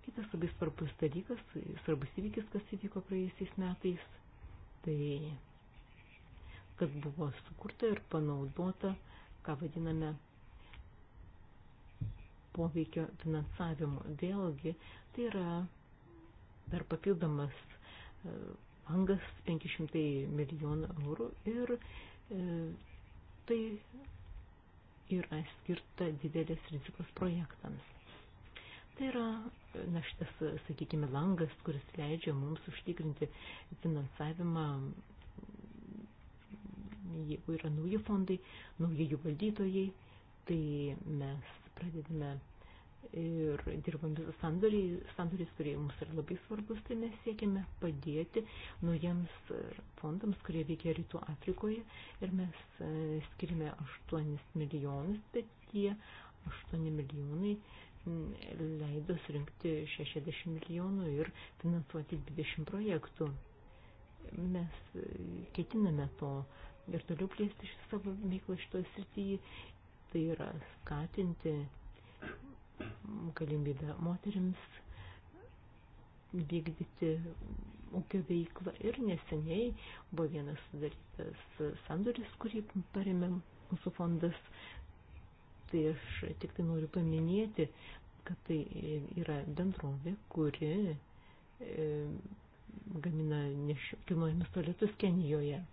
Kitas labai svarbus dalykas, svarbus įvykis, kas įvyko praėjusiais metais, tai kas buvo sukurta ir panaudota, ką vadiname poveikio finansavimu. Vėlgi Tai yra dar papildomas e, bangas 500 milijonų eurų ir e, tai yra skirta didelės rizikos projektams. Tai yra, na, šitas, sakykime, langas, kuris leidžia mums užtikrinti finansavimą, jeigu yra nauji fondai, nauji jų valdytojai, tai mes pradedame ir dirbam sandoriais, kurie mums yra labai svarbus, tai mes siekiame padėti naujiems e, fondams, kurie veikia Rytų Afrikoje ir mes e, skirime 8 milijonus, bet tie 8 milijonai leido surinkti 60 milijonų ir finansuoti 20 projektų. Mes e, ketiname to ir toliau plėsti savo veiklą šitoje srityje, tai yra skatinti galimybę moteriams vykdyti ūkio veiklą ir neseniai buvo vienas sudarytas sandoris, kurį paremė mūsų fondas. Tai aš tik tai noriu paminėti, kad tai yra bendrovė, kuri e, gamina kilnojimus tualetus Kenijoje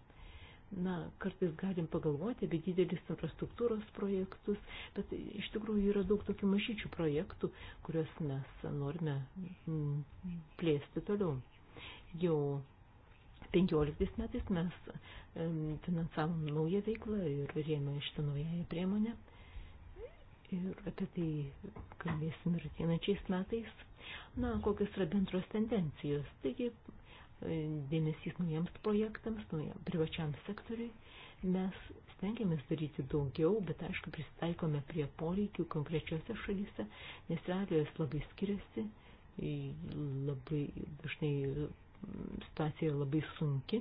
na, kartais galim pagalvoti apie didelis infrastruktūros projektus, bet iš tikrųjų yra daug tokių mažyčių projektų, kuriuos mes norime mm, plėsti toliau. Jau 15 metais mes finansavom naują veiklą ir rėmė šitą naująją priemonę. Ir apie tai kalbėsim ir ateinančiais metais. Na, kokios yra bendros tendencijos. Taigi, dėmesys naujiems projektams, naujam privačiam sektoriui. Mes stengiamės daryti daugiau, bet aišku pristaikome prie poreikių konkrečiose šalyse, nes realijos labai skiriasi, labai dažnai mm, situacija labai sunki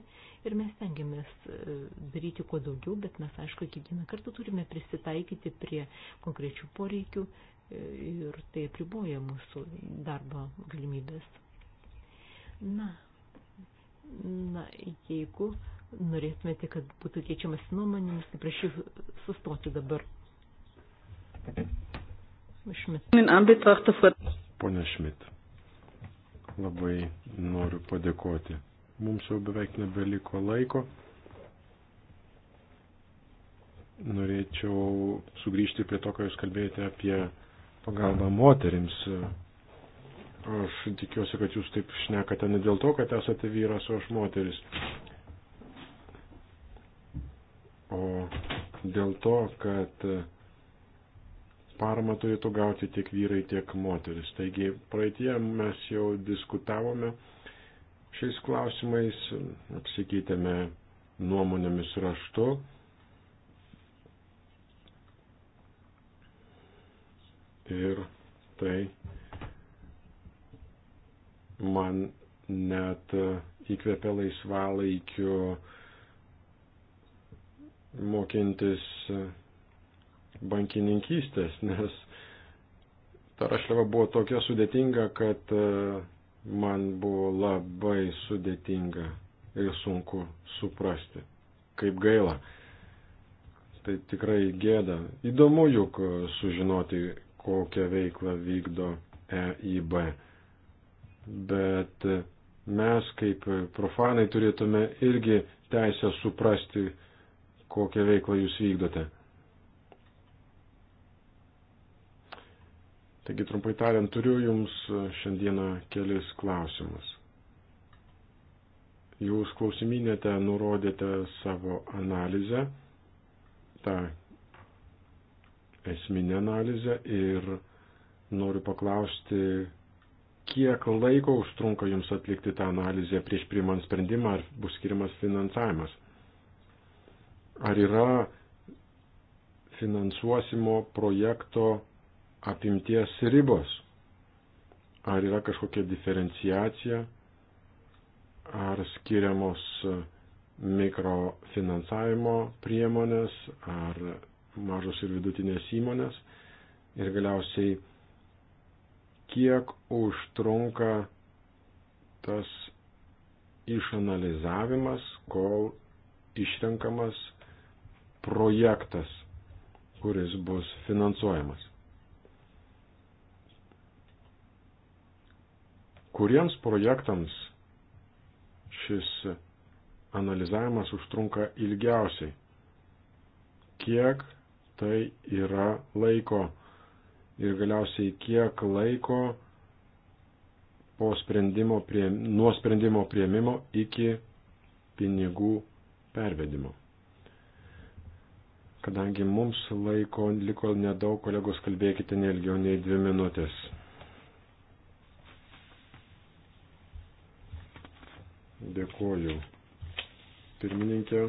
ir mes stengiamės e, daryti kuo daugiau, bet mes aišku kiekvieną kartą turime prisitaikyti prie konkrečių poreikių e, ir tai priboja mūsų darbo galimybės. Na, Na, jeigu norėtumėte, kad būtų keičiamas nuomonėmis, tai prašau sustoti dabar. Šmit. Pone Šmit, labai noriu padėkoti. Mums jau beveik nebeliko laiko. Norėčiau sugrįžti prie to, ką Jūs kalbėjote apie pagalbą moterims Aš tikiuosi, kad jūs taip šnekate ne dėl to, kad esate vyras, o aš moteris. O dėl to, kad paramą turėtų gauti tiek vyrai, tiek moteris. Taigi praeitie mes jau diskutavome šiais klausimais, apsikeitėme nuomonėmis raštu. Ir tai man net įkvėpia laisvalaikiu mokintis bankininkystės, nes ta rašliava buvo tokia sudėtinga, kad e, man buvo labai sudėtinga ir sunku suprasti. Kaip gaila. Tai tikrai gėda. Įdomu juk sužinoti, kokią veiklą vykdo EIB bet mes kaip profanai turėtume irgi teisę suprasti, kokią veiklą jūs vykdote. Taigi, trumpai tariant, turiu Jums šiandieną kelis klausimus. Jūs klausiminėte, nurodėte savo analizę, tą esminę analizę ir noriu paklausti, kiek laiko užtrunka jums atlikti tą analizę prieš priimant sprendimą, ar bus skirimas finansavimas. Ar yra finansuosimo projekto apimties ribos? Ar yra kažkokia diferenciacija? Ar skiriamos mikrofinansavimo priemonės, ar mažos ir vidutinės įmonės? Ir galiausiai kiek užtrunka tas išanalizavimas, kol išrenkamas projektas, kuris bus finansuojamas. Kuriems projektams šis analizavimas užtrunka ilgiausiai? Kiek tai yra laiko ir galiausiai kiek laiko po sprendimo prie, nuo sprendimo prieimimo iki pinigų pervedimo. Kadangi mums laiko liko nedaug, kolegos kalbėkite nelgiau nei dvi minutės. Dėkuoju. Pirmininkė,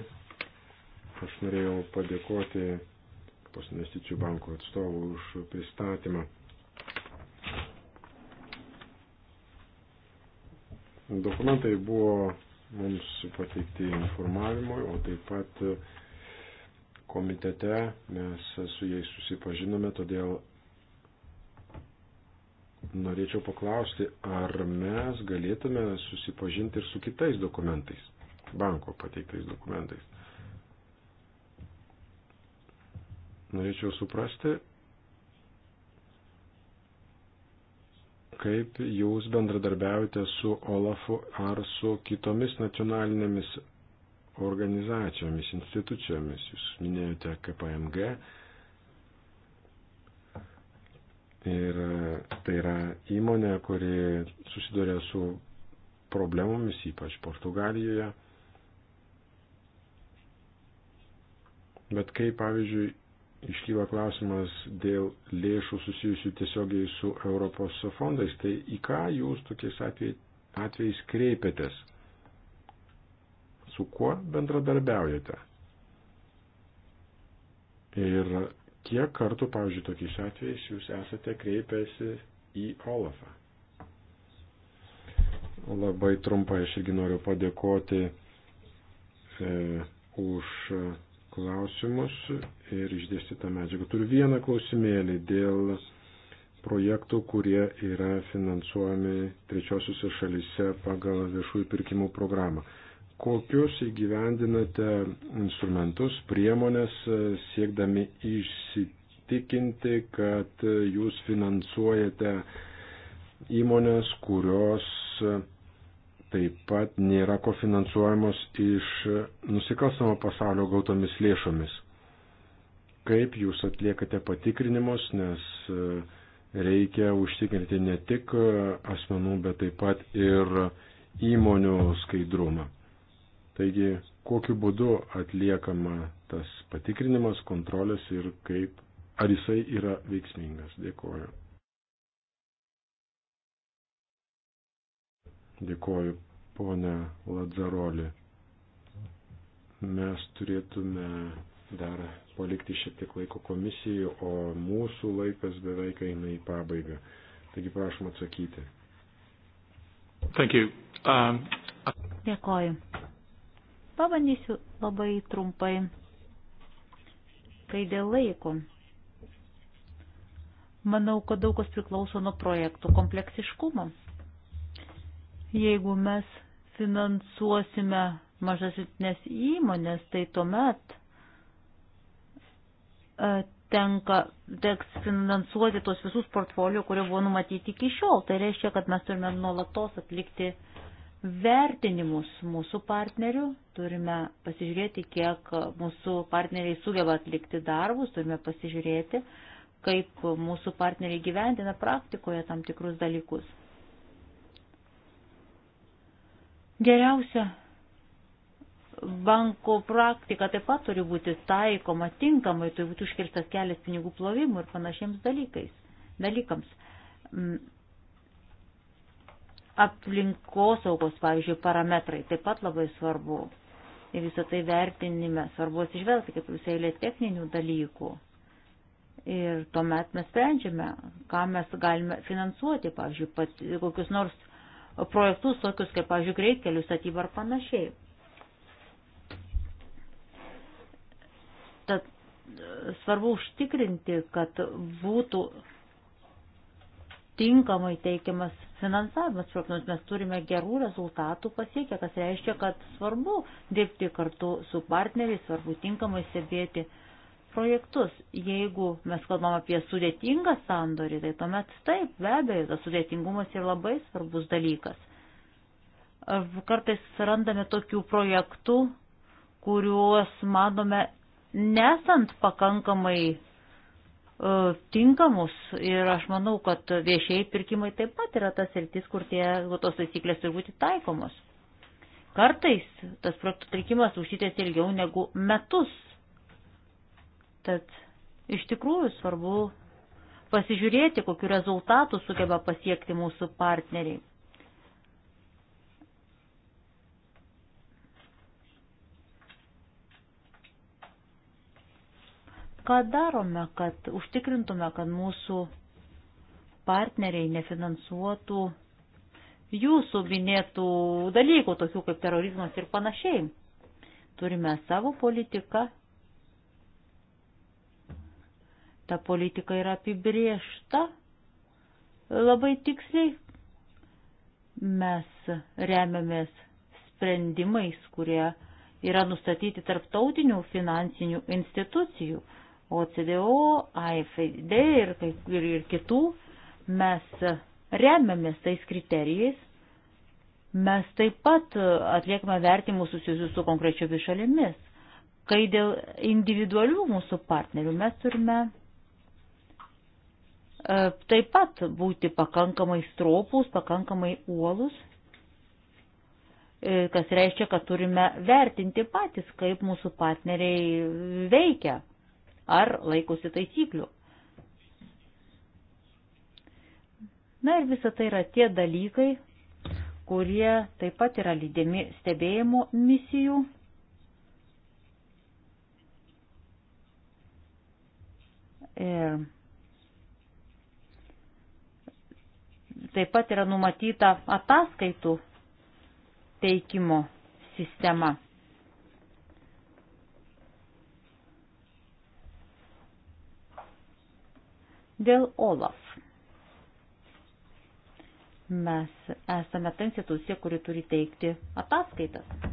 aš norėjau padėkoti Europos investicijų banko atstovų už pristatymą. Dokumentai buvo mums pateikti informavimui, o taip pat komitete mes su jais susipažinome, todėl norėčiau paklausti, ar mes galėtume susipažinti ir su kitais dokumentais, banko pateiktais dokumentais. Norėčiau suprasti, kaip jūs bendradarbiaujate su Olafu ar su kitomis nacionalinėmis organizacijomis, institucijomis. Jūs minėjote KPMG. Ir tai yra įmonė, kuri susiduria su problemomis, ypač Portugalijoje. Bet kaip, pavyzdžiui, iškyla klausimas dėl lėšų susijusių tiesiogiai su Europos fondais, tai į ką jūs tokiais atvej, atvejais kreipiatės? Su kuo bendradarbiaujate? Ir kiek kartų, pavyzdžiui, tokiais atvejais jūs esate kreipęsi į Olafą? Labai trumpai aš irgi noriu padėkoti e, už. E, klausimus ir išdėstytą medžiagą. Turiu vieną klausimėlį dėl projektų, kurie yra finansuojami trečiosiuose šalise pagal viešųjų pirkimų programą. Kokius įgyvendinate instrumentus, priemonės, siekdami išsitikinti, kad jūs finansuojate įmonės, kurios taip pat nėra kofinansuojamos iš nusikalstamo pasaulio gautomis lėšomis. Kaip jūs atliekate patikrinimus, nes e, reikia užtikrinti ne tik e, asmenų, bet taip pat ir įmonių skaidrumą. Taigi, kokiu būdu atliekama tas patikrinimas, kontrolės ir kaip, ar jisai yra veiksmingas. Dėkuoju. Dėkoju, ponia Ladzaroli. Mes turėtume dar palikti šiek tiek laiko komisijai, o mūsų laikas beveik eina į pabaigą. Taigi prašom atsakyti. Um... Dėkoju. Pabandysiu labai trumpai, kai dėl laiko. Manau, kad daug kas priklauso nuo projektų kompleksiškumo. Jeigu mes finansuosime mažas silpnes įmonės, tai tuomet e, tenka, teks finansuoti tos visus portfolio, kurie buvo numatyti iki šiol. Tai reiškia, kad mes turime nuolatos atlikti vertinimus mūsų partnerių, turime pasižiūrėti, kiek mūsų partneriai sugeba atlikti darbus, turime pasižiūrėti, kaip mūsų partneriai gyvendina praktikoje tam tikrus dalykus. Geriausia banko praktika taip pat turi būti taikoma tinkamai, turi būti užkirstas kelias pinigų plovimų ir panašiems dalykais, dalykams. Mm. Aplinkosaugos, pavyzdžiui, parametrai taip pat labai svarbu. Ir visą tai vertinime svarbu atsižvelgti kaip visai eilė techninių dalykų. Ir tuomet mes sprendžiame, ką mes galime finansuoti, pavyzdžiui, pat, kokius nors projektus, tokius kaip, pavyzdžiui, greitkelių statybą ar panašiai. Tad e, svarbu užtikrinti, kad būtų tinkamai teikiamas finansavimas projektams. Mes turime gerų rezultatų pasiekę, kas reiškia, kad svarbu dirbti kartu su partneriais, svarbu tinkamai stebėti uh, projektus. Jeigu mes kalbam apie sudėtingą sandorį, tai tuomet taip, be abejo, tas sudėtingumas yra labai svarbus dalykas. Kartais randame tokių projektų, kuriuos manome nesant pakankamai e, tinkamus ir aš manau, kad viešiai pirkimai taip pat yra tas rytis, kur tie, tos taisyklės turi būti taikomos. Kartais tas projektų trikimas užsitęs ilgiau negu metus Tad iš tikrųjų svarbu pasižiūrėti, kokiu rezultatu sugeba pasiekti mūsų partneriai. Ką darome, kad užtikrintume, kad mūsų partneriai nefinansuotų jūsų minėtų dalykų, tokių kaip terorizmas ir panašiai. Turime savo politiką, Ta politika yra apibriešta labai tiksliai. Mes remiamės sprendimais, kurie yra nustatyti tarptautinių finansinių institucijų, OCDO, AFD ir, ir, ir kitų. Mes remiamės tais kriterijais. Mes taip pat atliekame vertimus susijusius su konkrečiomis šalimis. Kai dėl individualių mūsų partnerių mes turime E, taip pat būti pakankamai stropūs, pakankamai uolus, e, kas reiškia, kad turime vertinti patys, kaip mūsų partneriai veikia ar laikosi taisyklių. Na ir visa tai yra tie dalykai, kurie taip pat yra lydimi stebėjimo misijų. Ir e, Taip pat yra numatyta ataskaitų teikimo sistema. Dėl OLAF. Mes esame ta institucija, kuri turi teikti ataskaitas.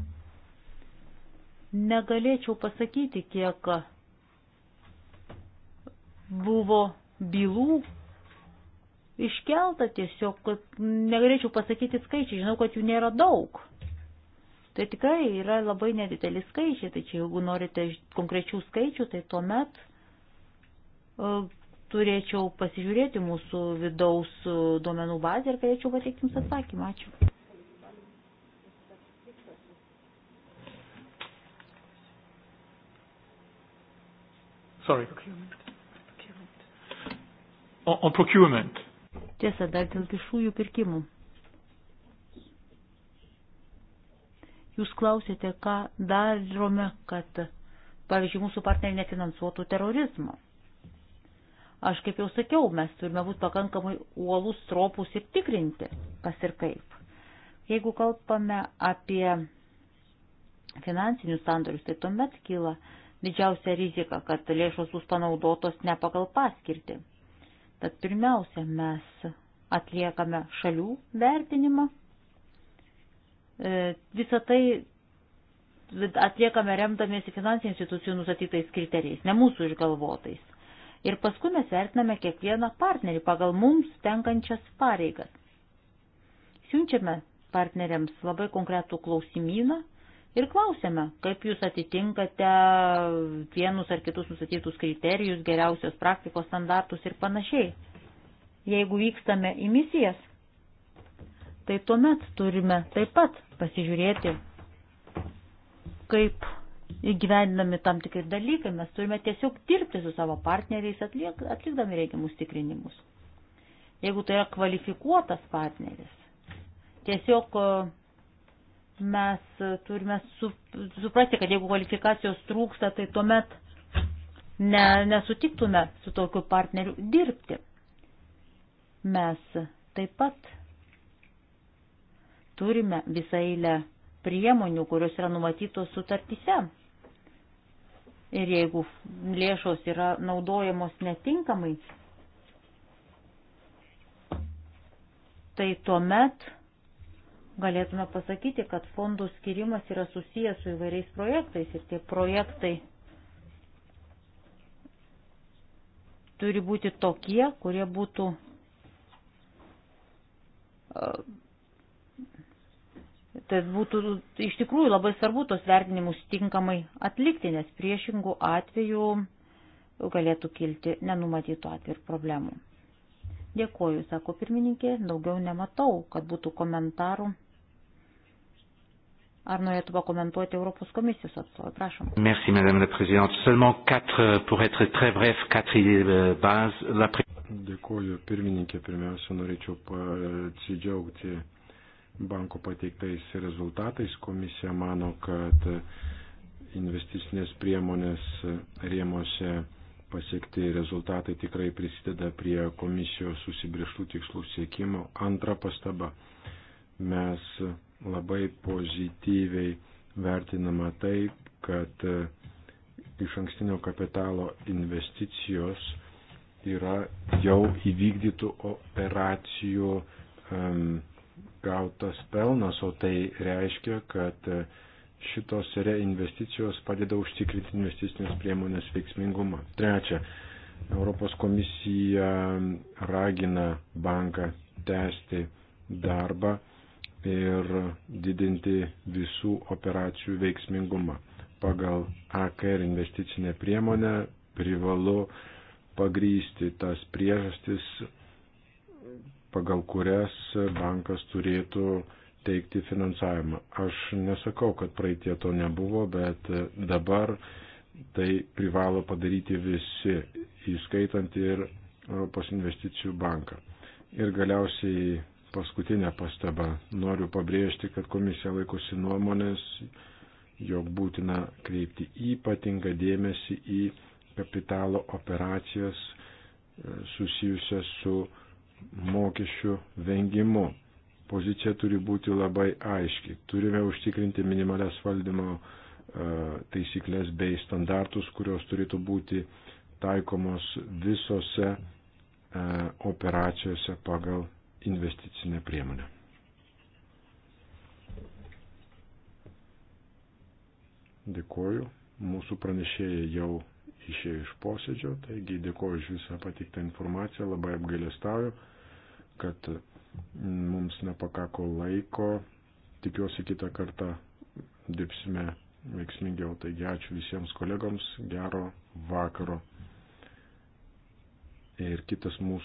Negalėčiau pasakyti, kiek buvo bylų iškelta tiesiog, kad negalėčiau pasakyti skaičiai, žinau, kad jų nėra daug. Tai tikrai yra labai nedideli skaičiai, tačiau jeigu norite konkrečių skaičių, tai tuomet uh, turėčiau pasižiūrėti mūsų vidaus e, duomenų bazę ir galėčiau pateikti jums atsakymą. Ačiū. Sorry. Procurement. On, on procurement. Tiesa, dar dėl viešųjų pirkimų. Jūs klausėte, ką darome, kad, pavyzdžiui, mūsų partneriai nefinansuotų terorizmo. Aš kaip jau sakiau, mes turime būti pakankamai uolus, tropus ir tikrinti, kas ir kaip. Jeigu kalbame apie finansinius sandorius, tai tuomet kyla didžiausia rizika, kad lėšos bus panaudotos ne pagal paskirtį. Tad pirmiausia, mes atliekame šalių vertinimą. E, Visą tai atliekame remdamiesi finansinių institucijų nusatytais kriterijais, ne mūsų išgalvotais. Ir paskui mes vertiname kiekvieną partnerį pagal mums tenkančias pareigas. Siunčiame partneriams labai konkretų klausimyną, ir klausėme, kaip jūs atitinkate vienus ar kitus nusatytus kriterijus, geriausios praktikos standartus ir panašiai. Jeigu vykstame į misijas, tai tuomet turime taip pat pasižiūrėti, kaip įgyvendinami tam tikri dalykai, mes turime tiesiog dirbti su savo partneriais, atliek, atlikdami reikiamus tikrinimus. Jeigu tai yra kvalifikuotas partneris, tiesiog Mes turime su, suprasti, kad jeigu kvalifikacijos trūksta, tai tuomet ne, nesutiktume su tokiu partneriu dirbti. Mes taip pat turime visą eilę priemonių, kurios yra numatytos sutartyse. Ir jeigu lėšos yra naudojamos netinkamai, tai tuomet galėtume pasakyti, kad fondų skirimas yra susijęs su įvairiais projektais ir tie projektai turi būti tokie, kurie būtų Tai būtų iš tikrųjų labai svarbu tos vertinimus tinkamai atlikti, nes priešingų atvejų galėtų kilti nenumatytų atvejų ir problemų. Dėkoju, sako pirmininkė, daugiau nematau, kad būtų komentarų Ar norėtų pakomentuoti Europos komisijos atstovai? Prašom. Merci, madame la présidente. Seulement quatre, euh, pour être très bref, quatre idées euh, bases. La... Dėkuoju, pirmininkė. Pirmiausia, norėčiau atsidžiaugti banko pateiktais rezultatais. Komisija mano, kad investicinės priemonės rėmose pasiekti rezultatai tikrai prisideda prie komisijos susibrieštų tikslų siekimo. Antra pastaba. Mes labai pozityviai vertinama tai, kad e, iš ankstinio kapitalo investicijos yra jau įvykdytų operacijų um, gautas pelnas, o tai reiškia, kad e, šitos reinvesticijos padeda užtikrinti investicinės priemonės veiksmingumą. Trečia, Europos komisija ragina banką tęsti darbą ir didinti visų operacijų veiksmingumą. Pagal AKR investicinę priemonę privalu pagrysti tas priežastis, pagal kurias bankas turėtų teikti finansavimą. Aš nesakau, kad praeitie to nebuvo, bet dabar tai privalo padaryti visi, įskaitant ir Europos investicijų banką. Ir galiausiai paskutinė pastaba. Noriu pabrėžti, kad komisija laikosi nuomonės, jog būtina kreipti ypatingą dėmesį į kapitalo operacijas e, susijusias su mokesčių vengimu. Pozicija turi būti labai aiški. Turime užtikrinti minimalias valdymo e, taisyklės bei standartus, kurios turėtų būti taikomos visose e, operacijose pagal investicinę priemonę. Dėkuoju. Mūsų pranešėjai jau išėjo iš posėdžio, taigi dėkuoju iš visą patiktą informaciją, labai apgailestauju, kad mums nepakako laiko. Tikiuosi kitą kartą dirbsime veiksmingiau. Taigi ačiū visiems kolegoms, gero vakaro. Ir kitas mūsų.